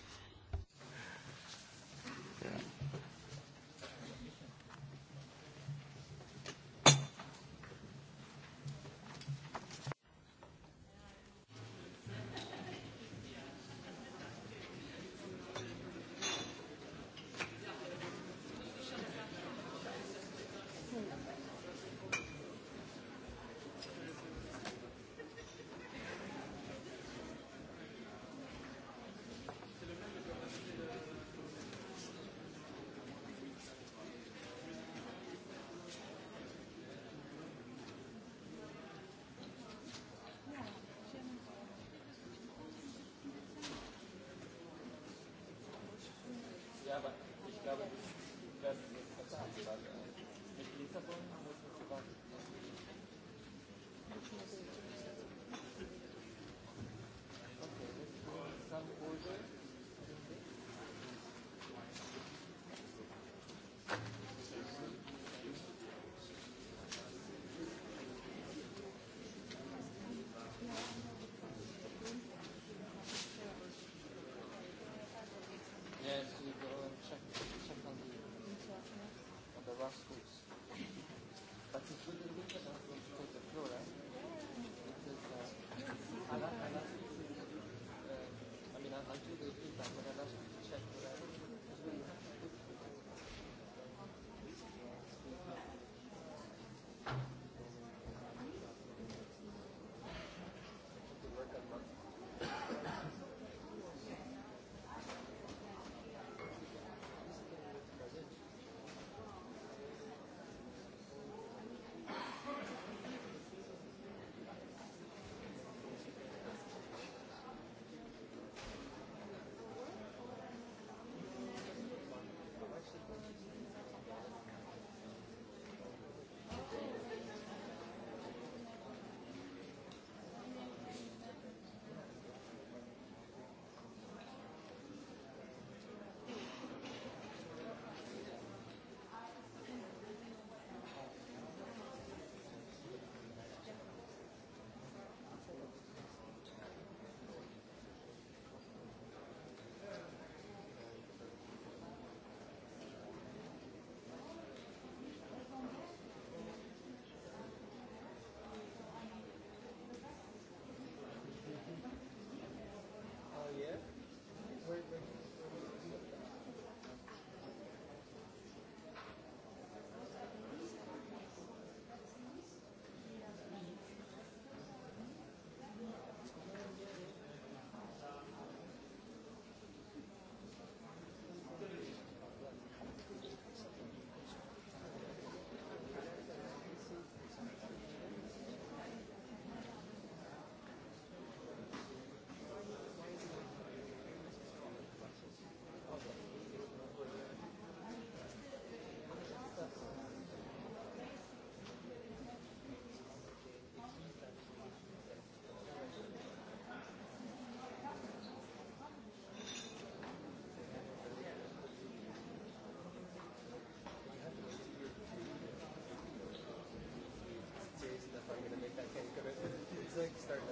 Thank you, Starter.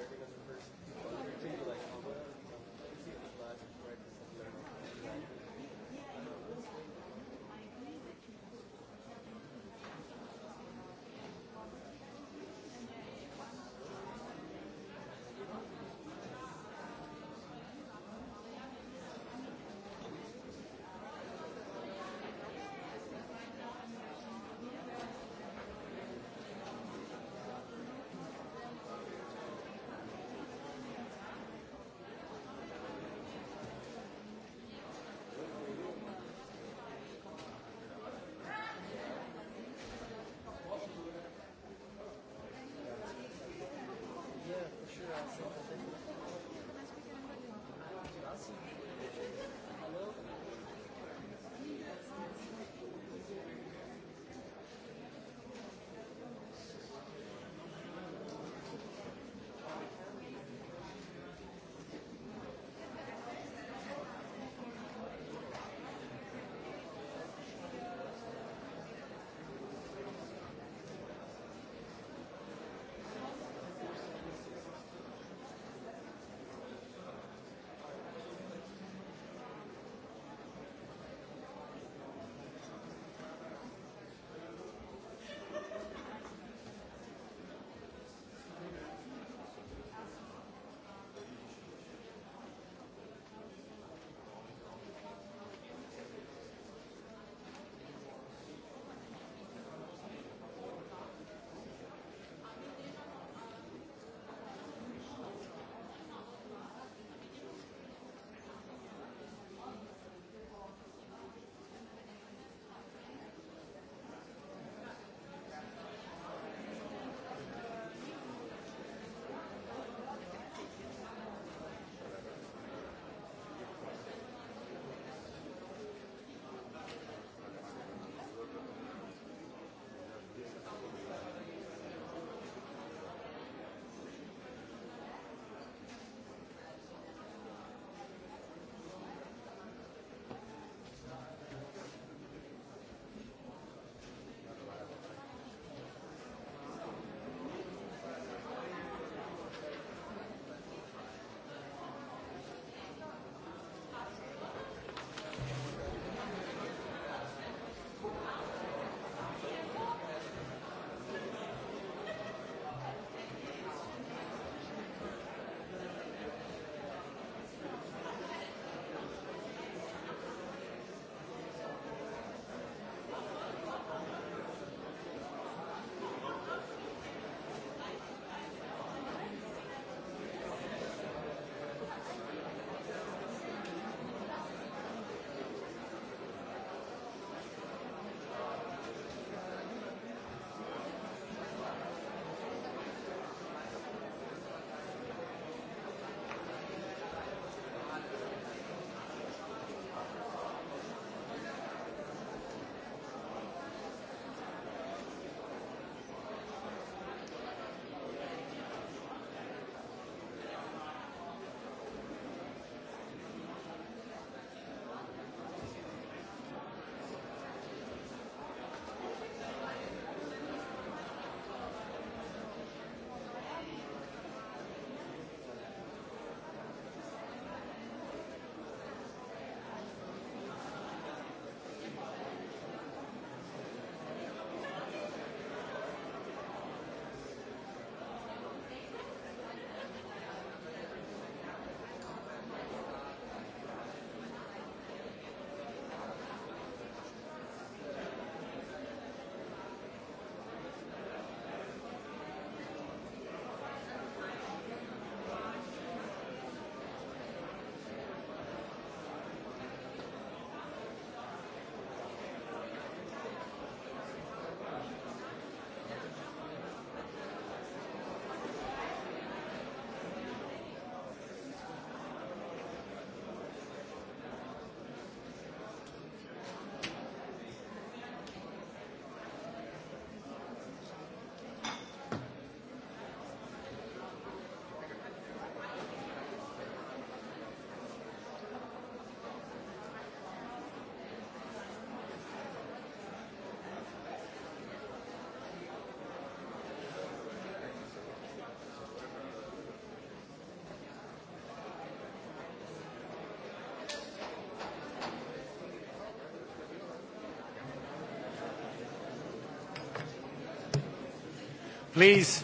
Please,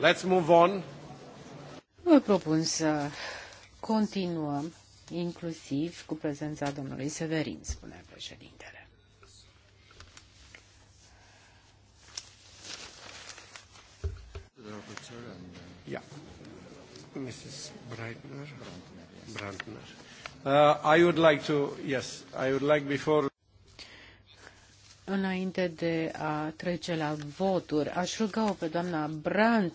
let's move on. Vă propun să continuăm, inclusiv cu prezența domnului Severin, spune președintele. Yeah. Mrs. Breitner. Brandner. Uh, I would like to, yes, I would like before Înainte de a trece la voturi, aș ruga-o pe doamna Brand,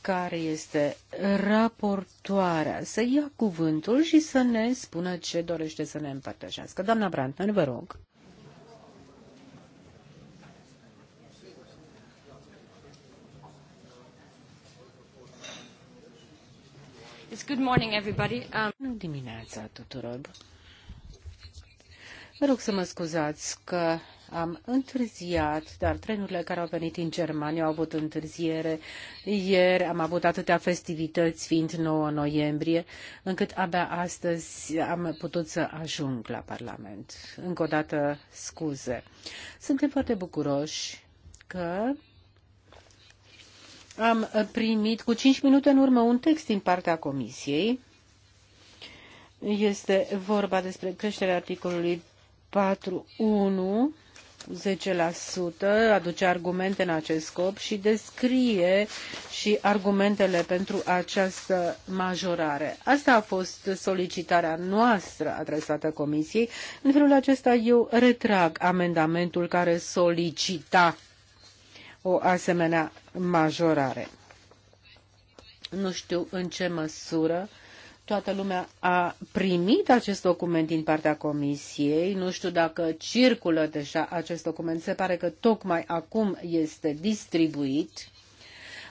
care este raportoarea, să ia cuvântul și să ne spună ce dorește să ne împărtășească. Doamna ne vă rog. Good morning, everybody. Um... Dimineața tuturor. Vă rog să mă scuzați că am întârziat, dar trenurile care au venit din Germania au avut întârziere. Ieri am avut atâtea festivități, fiind 9 noiembrie, încât abia astăzi am putut să ajung la Parlament. Încă o dată scuze. Suntem foarte bucuroși că am primit cu 5 minute în urmă un text din partea Comisiei. Este vorba despre creșterea articolului 4.1 10%, aduce argumente în acest scop și descrie și argumentele pentru această majorare. Asta a fost solicitarea noastră adresată Comisiei. În felul acesta eu retrag amendamentul care solicita o asemenea majorare. Nu știu în ce măsură Toată lumea a primit acest document din partea comisiei. Nu știu dacă circulă deja acest document. Se pare că tocmai acum este distribuit.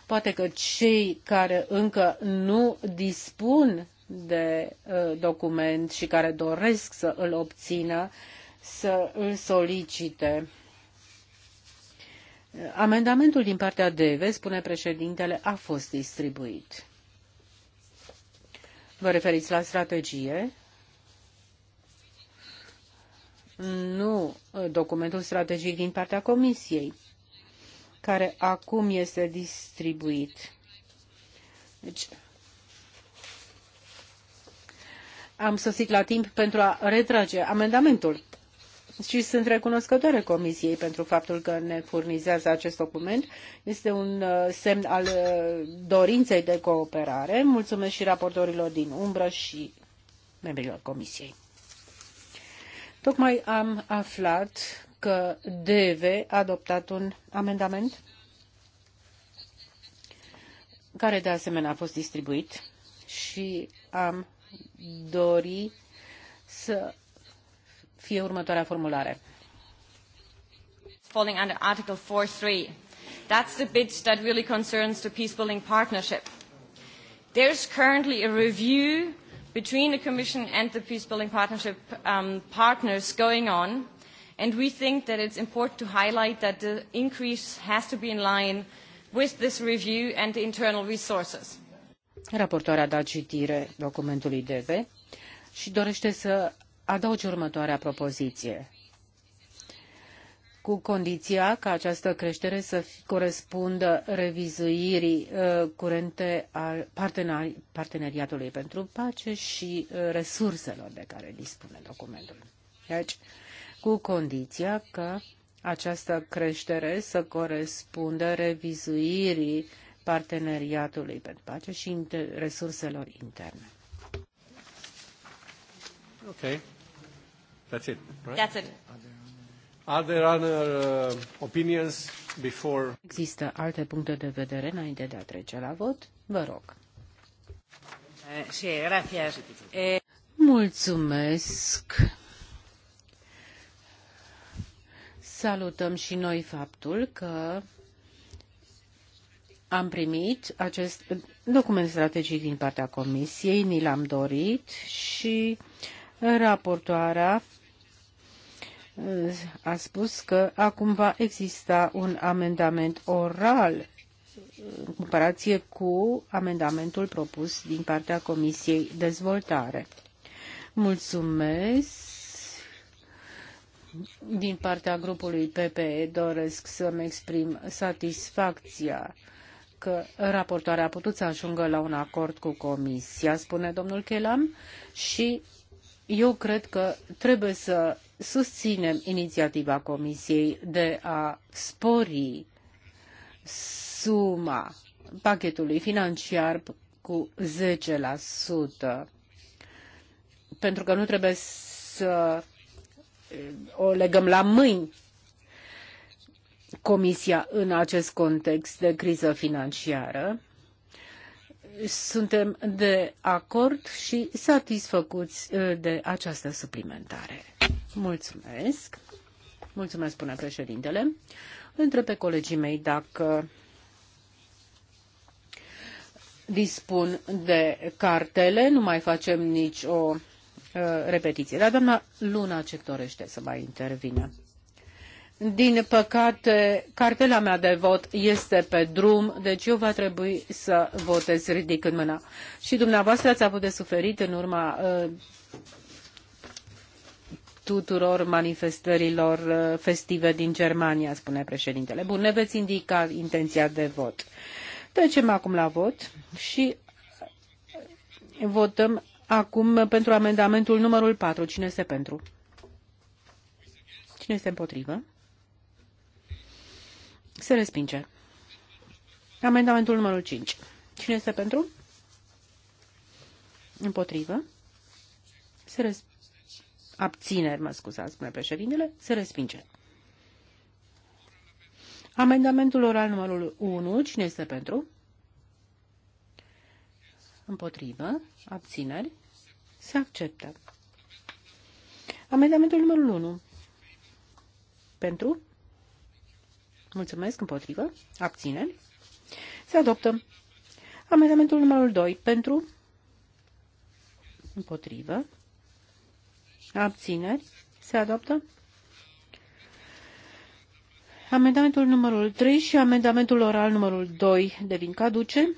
Poate că cei care încă nu dispun de uh, document și care doresc să îl obțină să îl solicite. Amendamentul din partea DV, spune președintele, a fost distribuit. Vă referiți la strategie? Nu documentul strategic din partea Comisiei, care acum este distribuit. Deci, am sosit la timp pentru a retrage amendamentul și sunt recunoscătoare Comisiei pentru faptul că ne furnizează acest document. Este un uh, semn al uh, dorinței de cooperare. Mulțumesc și raportorilor din umbră și membrilor Comisiei. Tocmai am aflat că DV a adoptat un amendament care de asemenea a fost distribuit și am dori să fie următoarea formulare. Falling under Article 4.3. That's the bit that really concerns the Peacebuilding building partnership. There's currently a review between the Commission and the Peacebuilding partnership um, partners going on. And we think that it's important to highlight that the increase has to be in line with this review and the internal resources. Raportoarea a dat citire documentului DV și dorește să adaugi următoarea propoziție cu condiția ca această creștere să corespundă revizuirii uh, curente a parteneri parteneriatului pentru pace și uh, resurselor de care dispune documentul. Deci, cu condiția ca această creștere să corespundă revizuirii parteneriatului pentru pace și inter resurselor interne. Okay. That's it, right? That's it. Are there other uh, opinions before... Există alte puncte de vedere înainte de a trece la vot? Vă rog. Eh, eh, Mulțumesc. Salutăm și noi faptul că am primit acest document strategic din partea Comisiei, ni l-am dorit și uh, Raportoarea eh, a spus că acum va exista un amendament oral în comparație cu amendamentul propus din partea Comisiei Dezvoltare. Mulțumesc. Din partea grupului PPE doresc să-mi exprim satisfacția că raportoarea a putut să ajungă la un acord cu Comisia, spune domnul Chelam, și eu cred că trebuie să susținem inițiativa Comisiei de a spori suma pachetului financiar cu 10%, pentru că nu trebuie să eh, o legăm la mâini Comisia în acest context de criză financiară suntem de acord și satisfăcuți uh, de această suplimentare. Mulțumesc. Mulțumesc, spune președintele. Întreb pe colegii mei dacă dispun de cartele, nu mai facem nici o uh, repetiție. Dar doamna Luna ce dorește să mai intervină. Din păcate, cartela mea de vot este pe drum, deci eu va trebui să votez ridicând mâna. Și dumneavoastră ați avut de suferit în urma uh, tuturor manifestărilor uh, festive din Germania, spune președintele. Bun, ne veți indica intenția de vot. Trecem acum la vot și votăm acum pentru amendamentul numărul 4. Cine este pentru? Cine este împotrivă? Se respinge. Amendamentul numărul 5. Cine este pentru? Împotrivă. Se res... Abțineri, mă scuzați, spune președintele. Se respinge. Amendamentul oral numărul 1. Cine este pentru? Împotrivă. Abțineri. Se acceptă. Amendamentul numărul 1. Pentru? Mulțumesc. Împotrivă. Abțineri. Se adoptă. Amendamentul numărul 2. Pentru. Împotrivă. Abțineri. Se adoptă. Amendamentul numărul 3 și amendamentul oral numărul 2 devin caduce.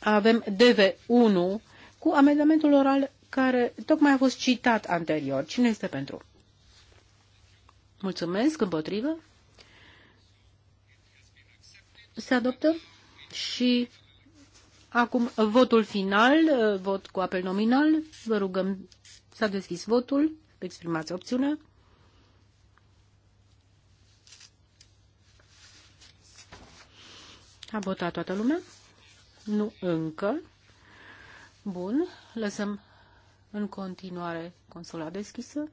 Avem DV1 cu amendamentul oral care tocmai a fost citat anterior. Cine este pentru? Mulțumesc. Împotrivă se adoptă și acum votul final, vot cu apel nominal. Vă rugăm, s-a deschis votul, exprimați opțiunea. A votat toată lumea? Nu încă. Bun, lăsăm în continuare consola deschisă.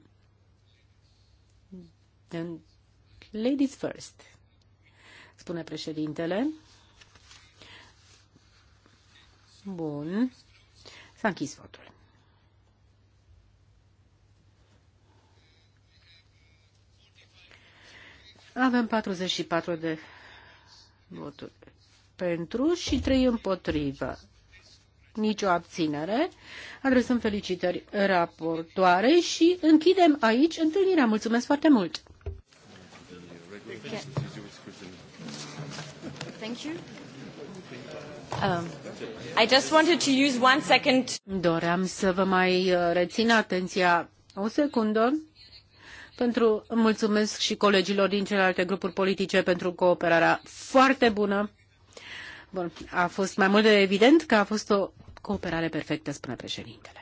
Then, ladies first spune președintele. Bun. S-a închis votul. Avem 44 de voturi pentru și 3 împotrivă. Nicio abținere. Adresăm felicitări raportoare și închidem aici întâlnirea. Mulțumesc foarte mult! Okay. Thank you. Um, I just wanted to use one second. Doream să vă mai uh, rețin atenția o secundă pentru mulțumesc și colegilor din celelalte grupuri politice pentru cooperarea foarte bună. Bun, a fost mai mult de evident că a fost o cooperare perfectă, spune președintele.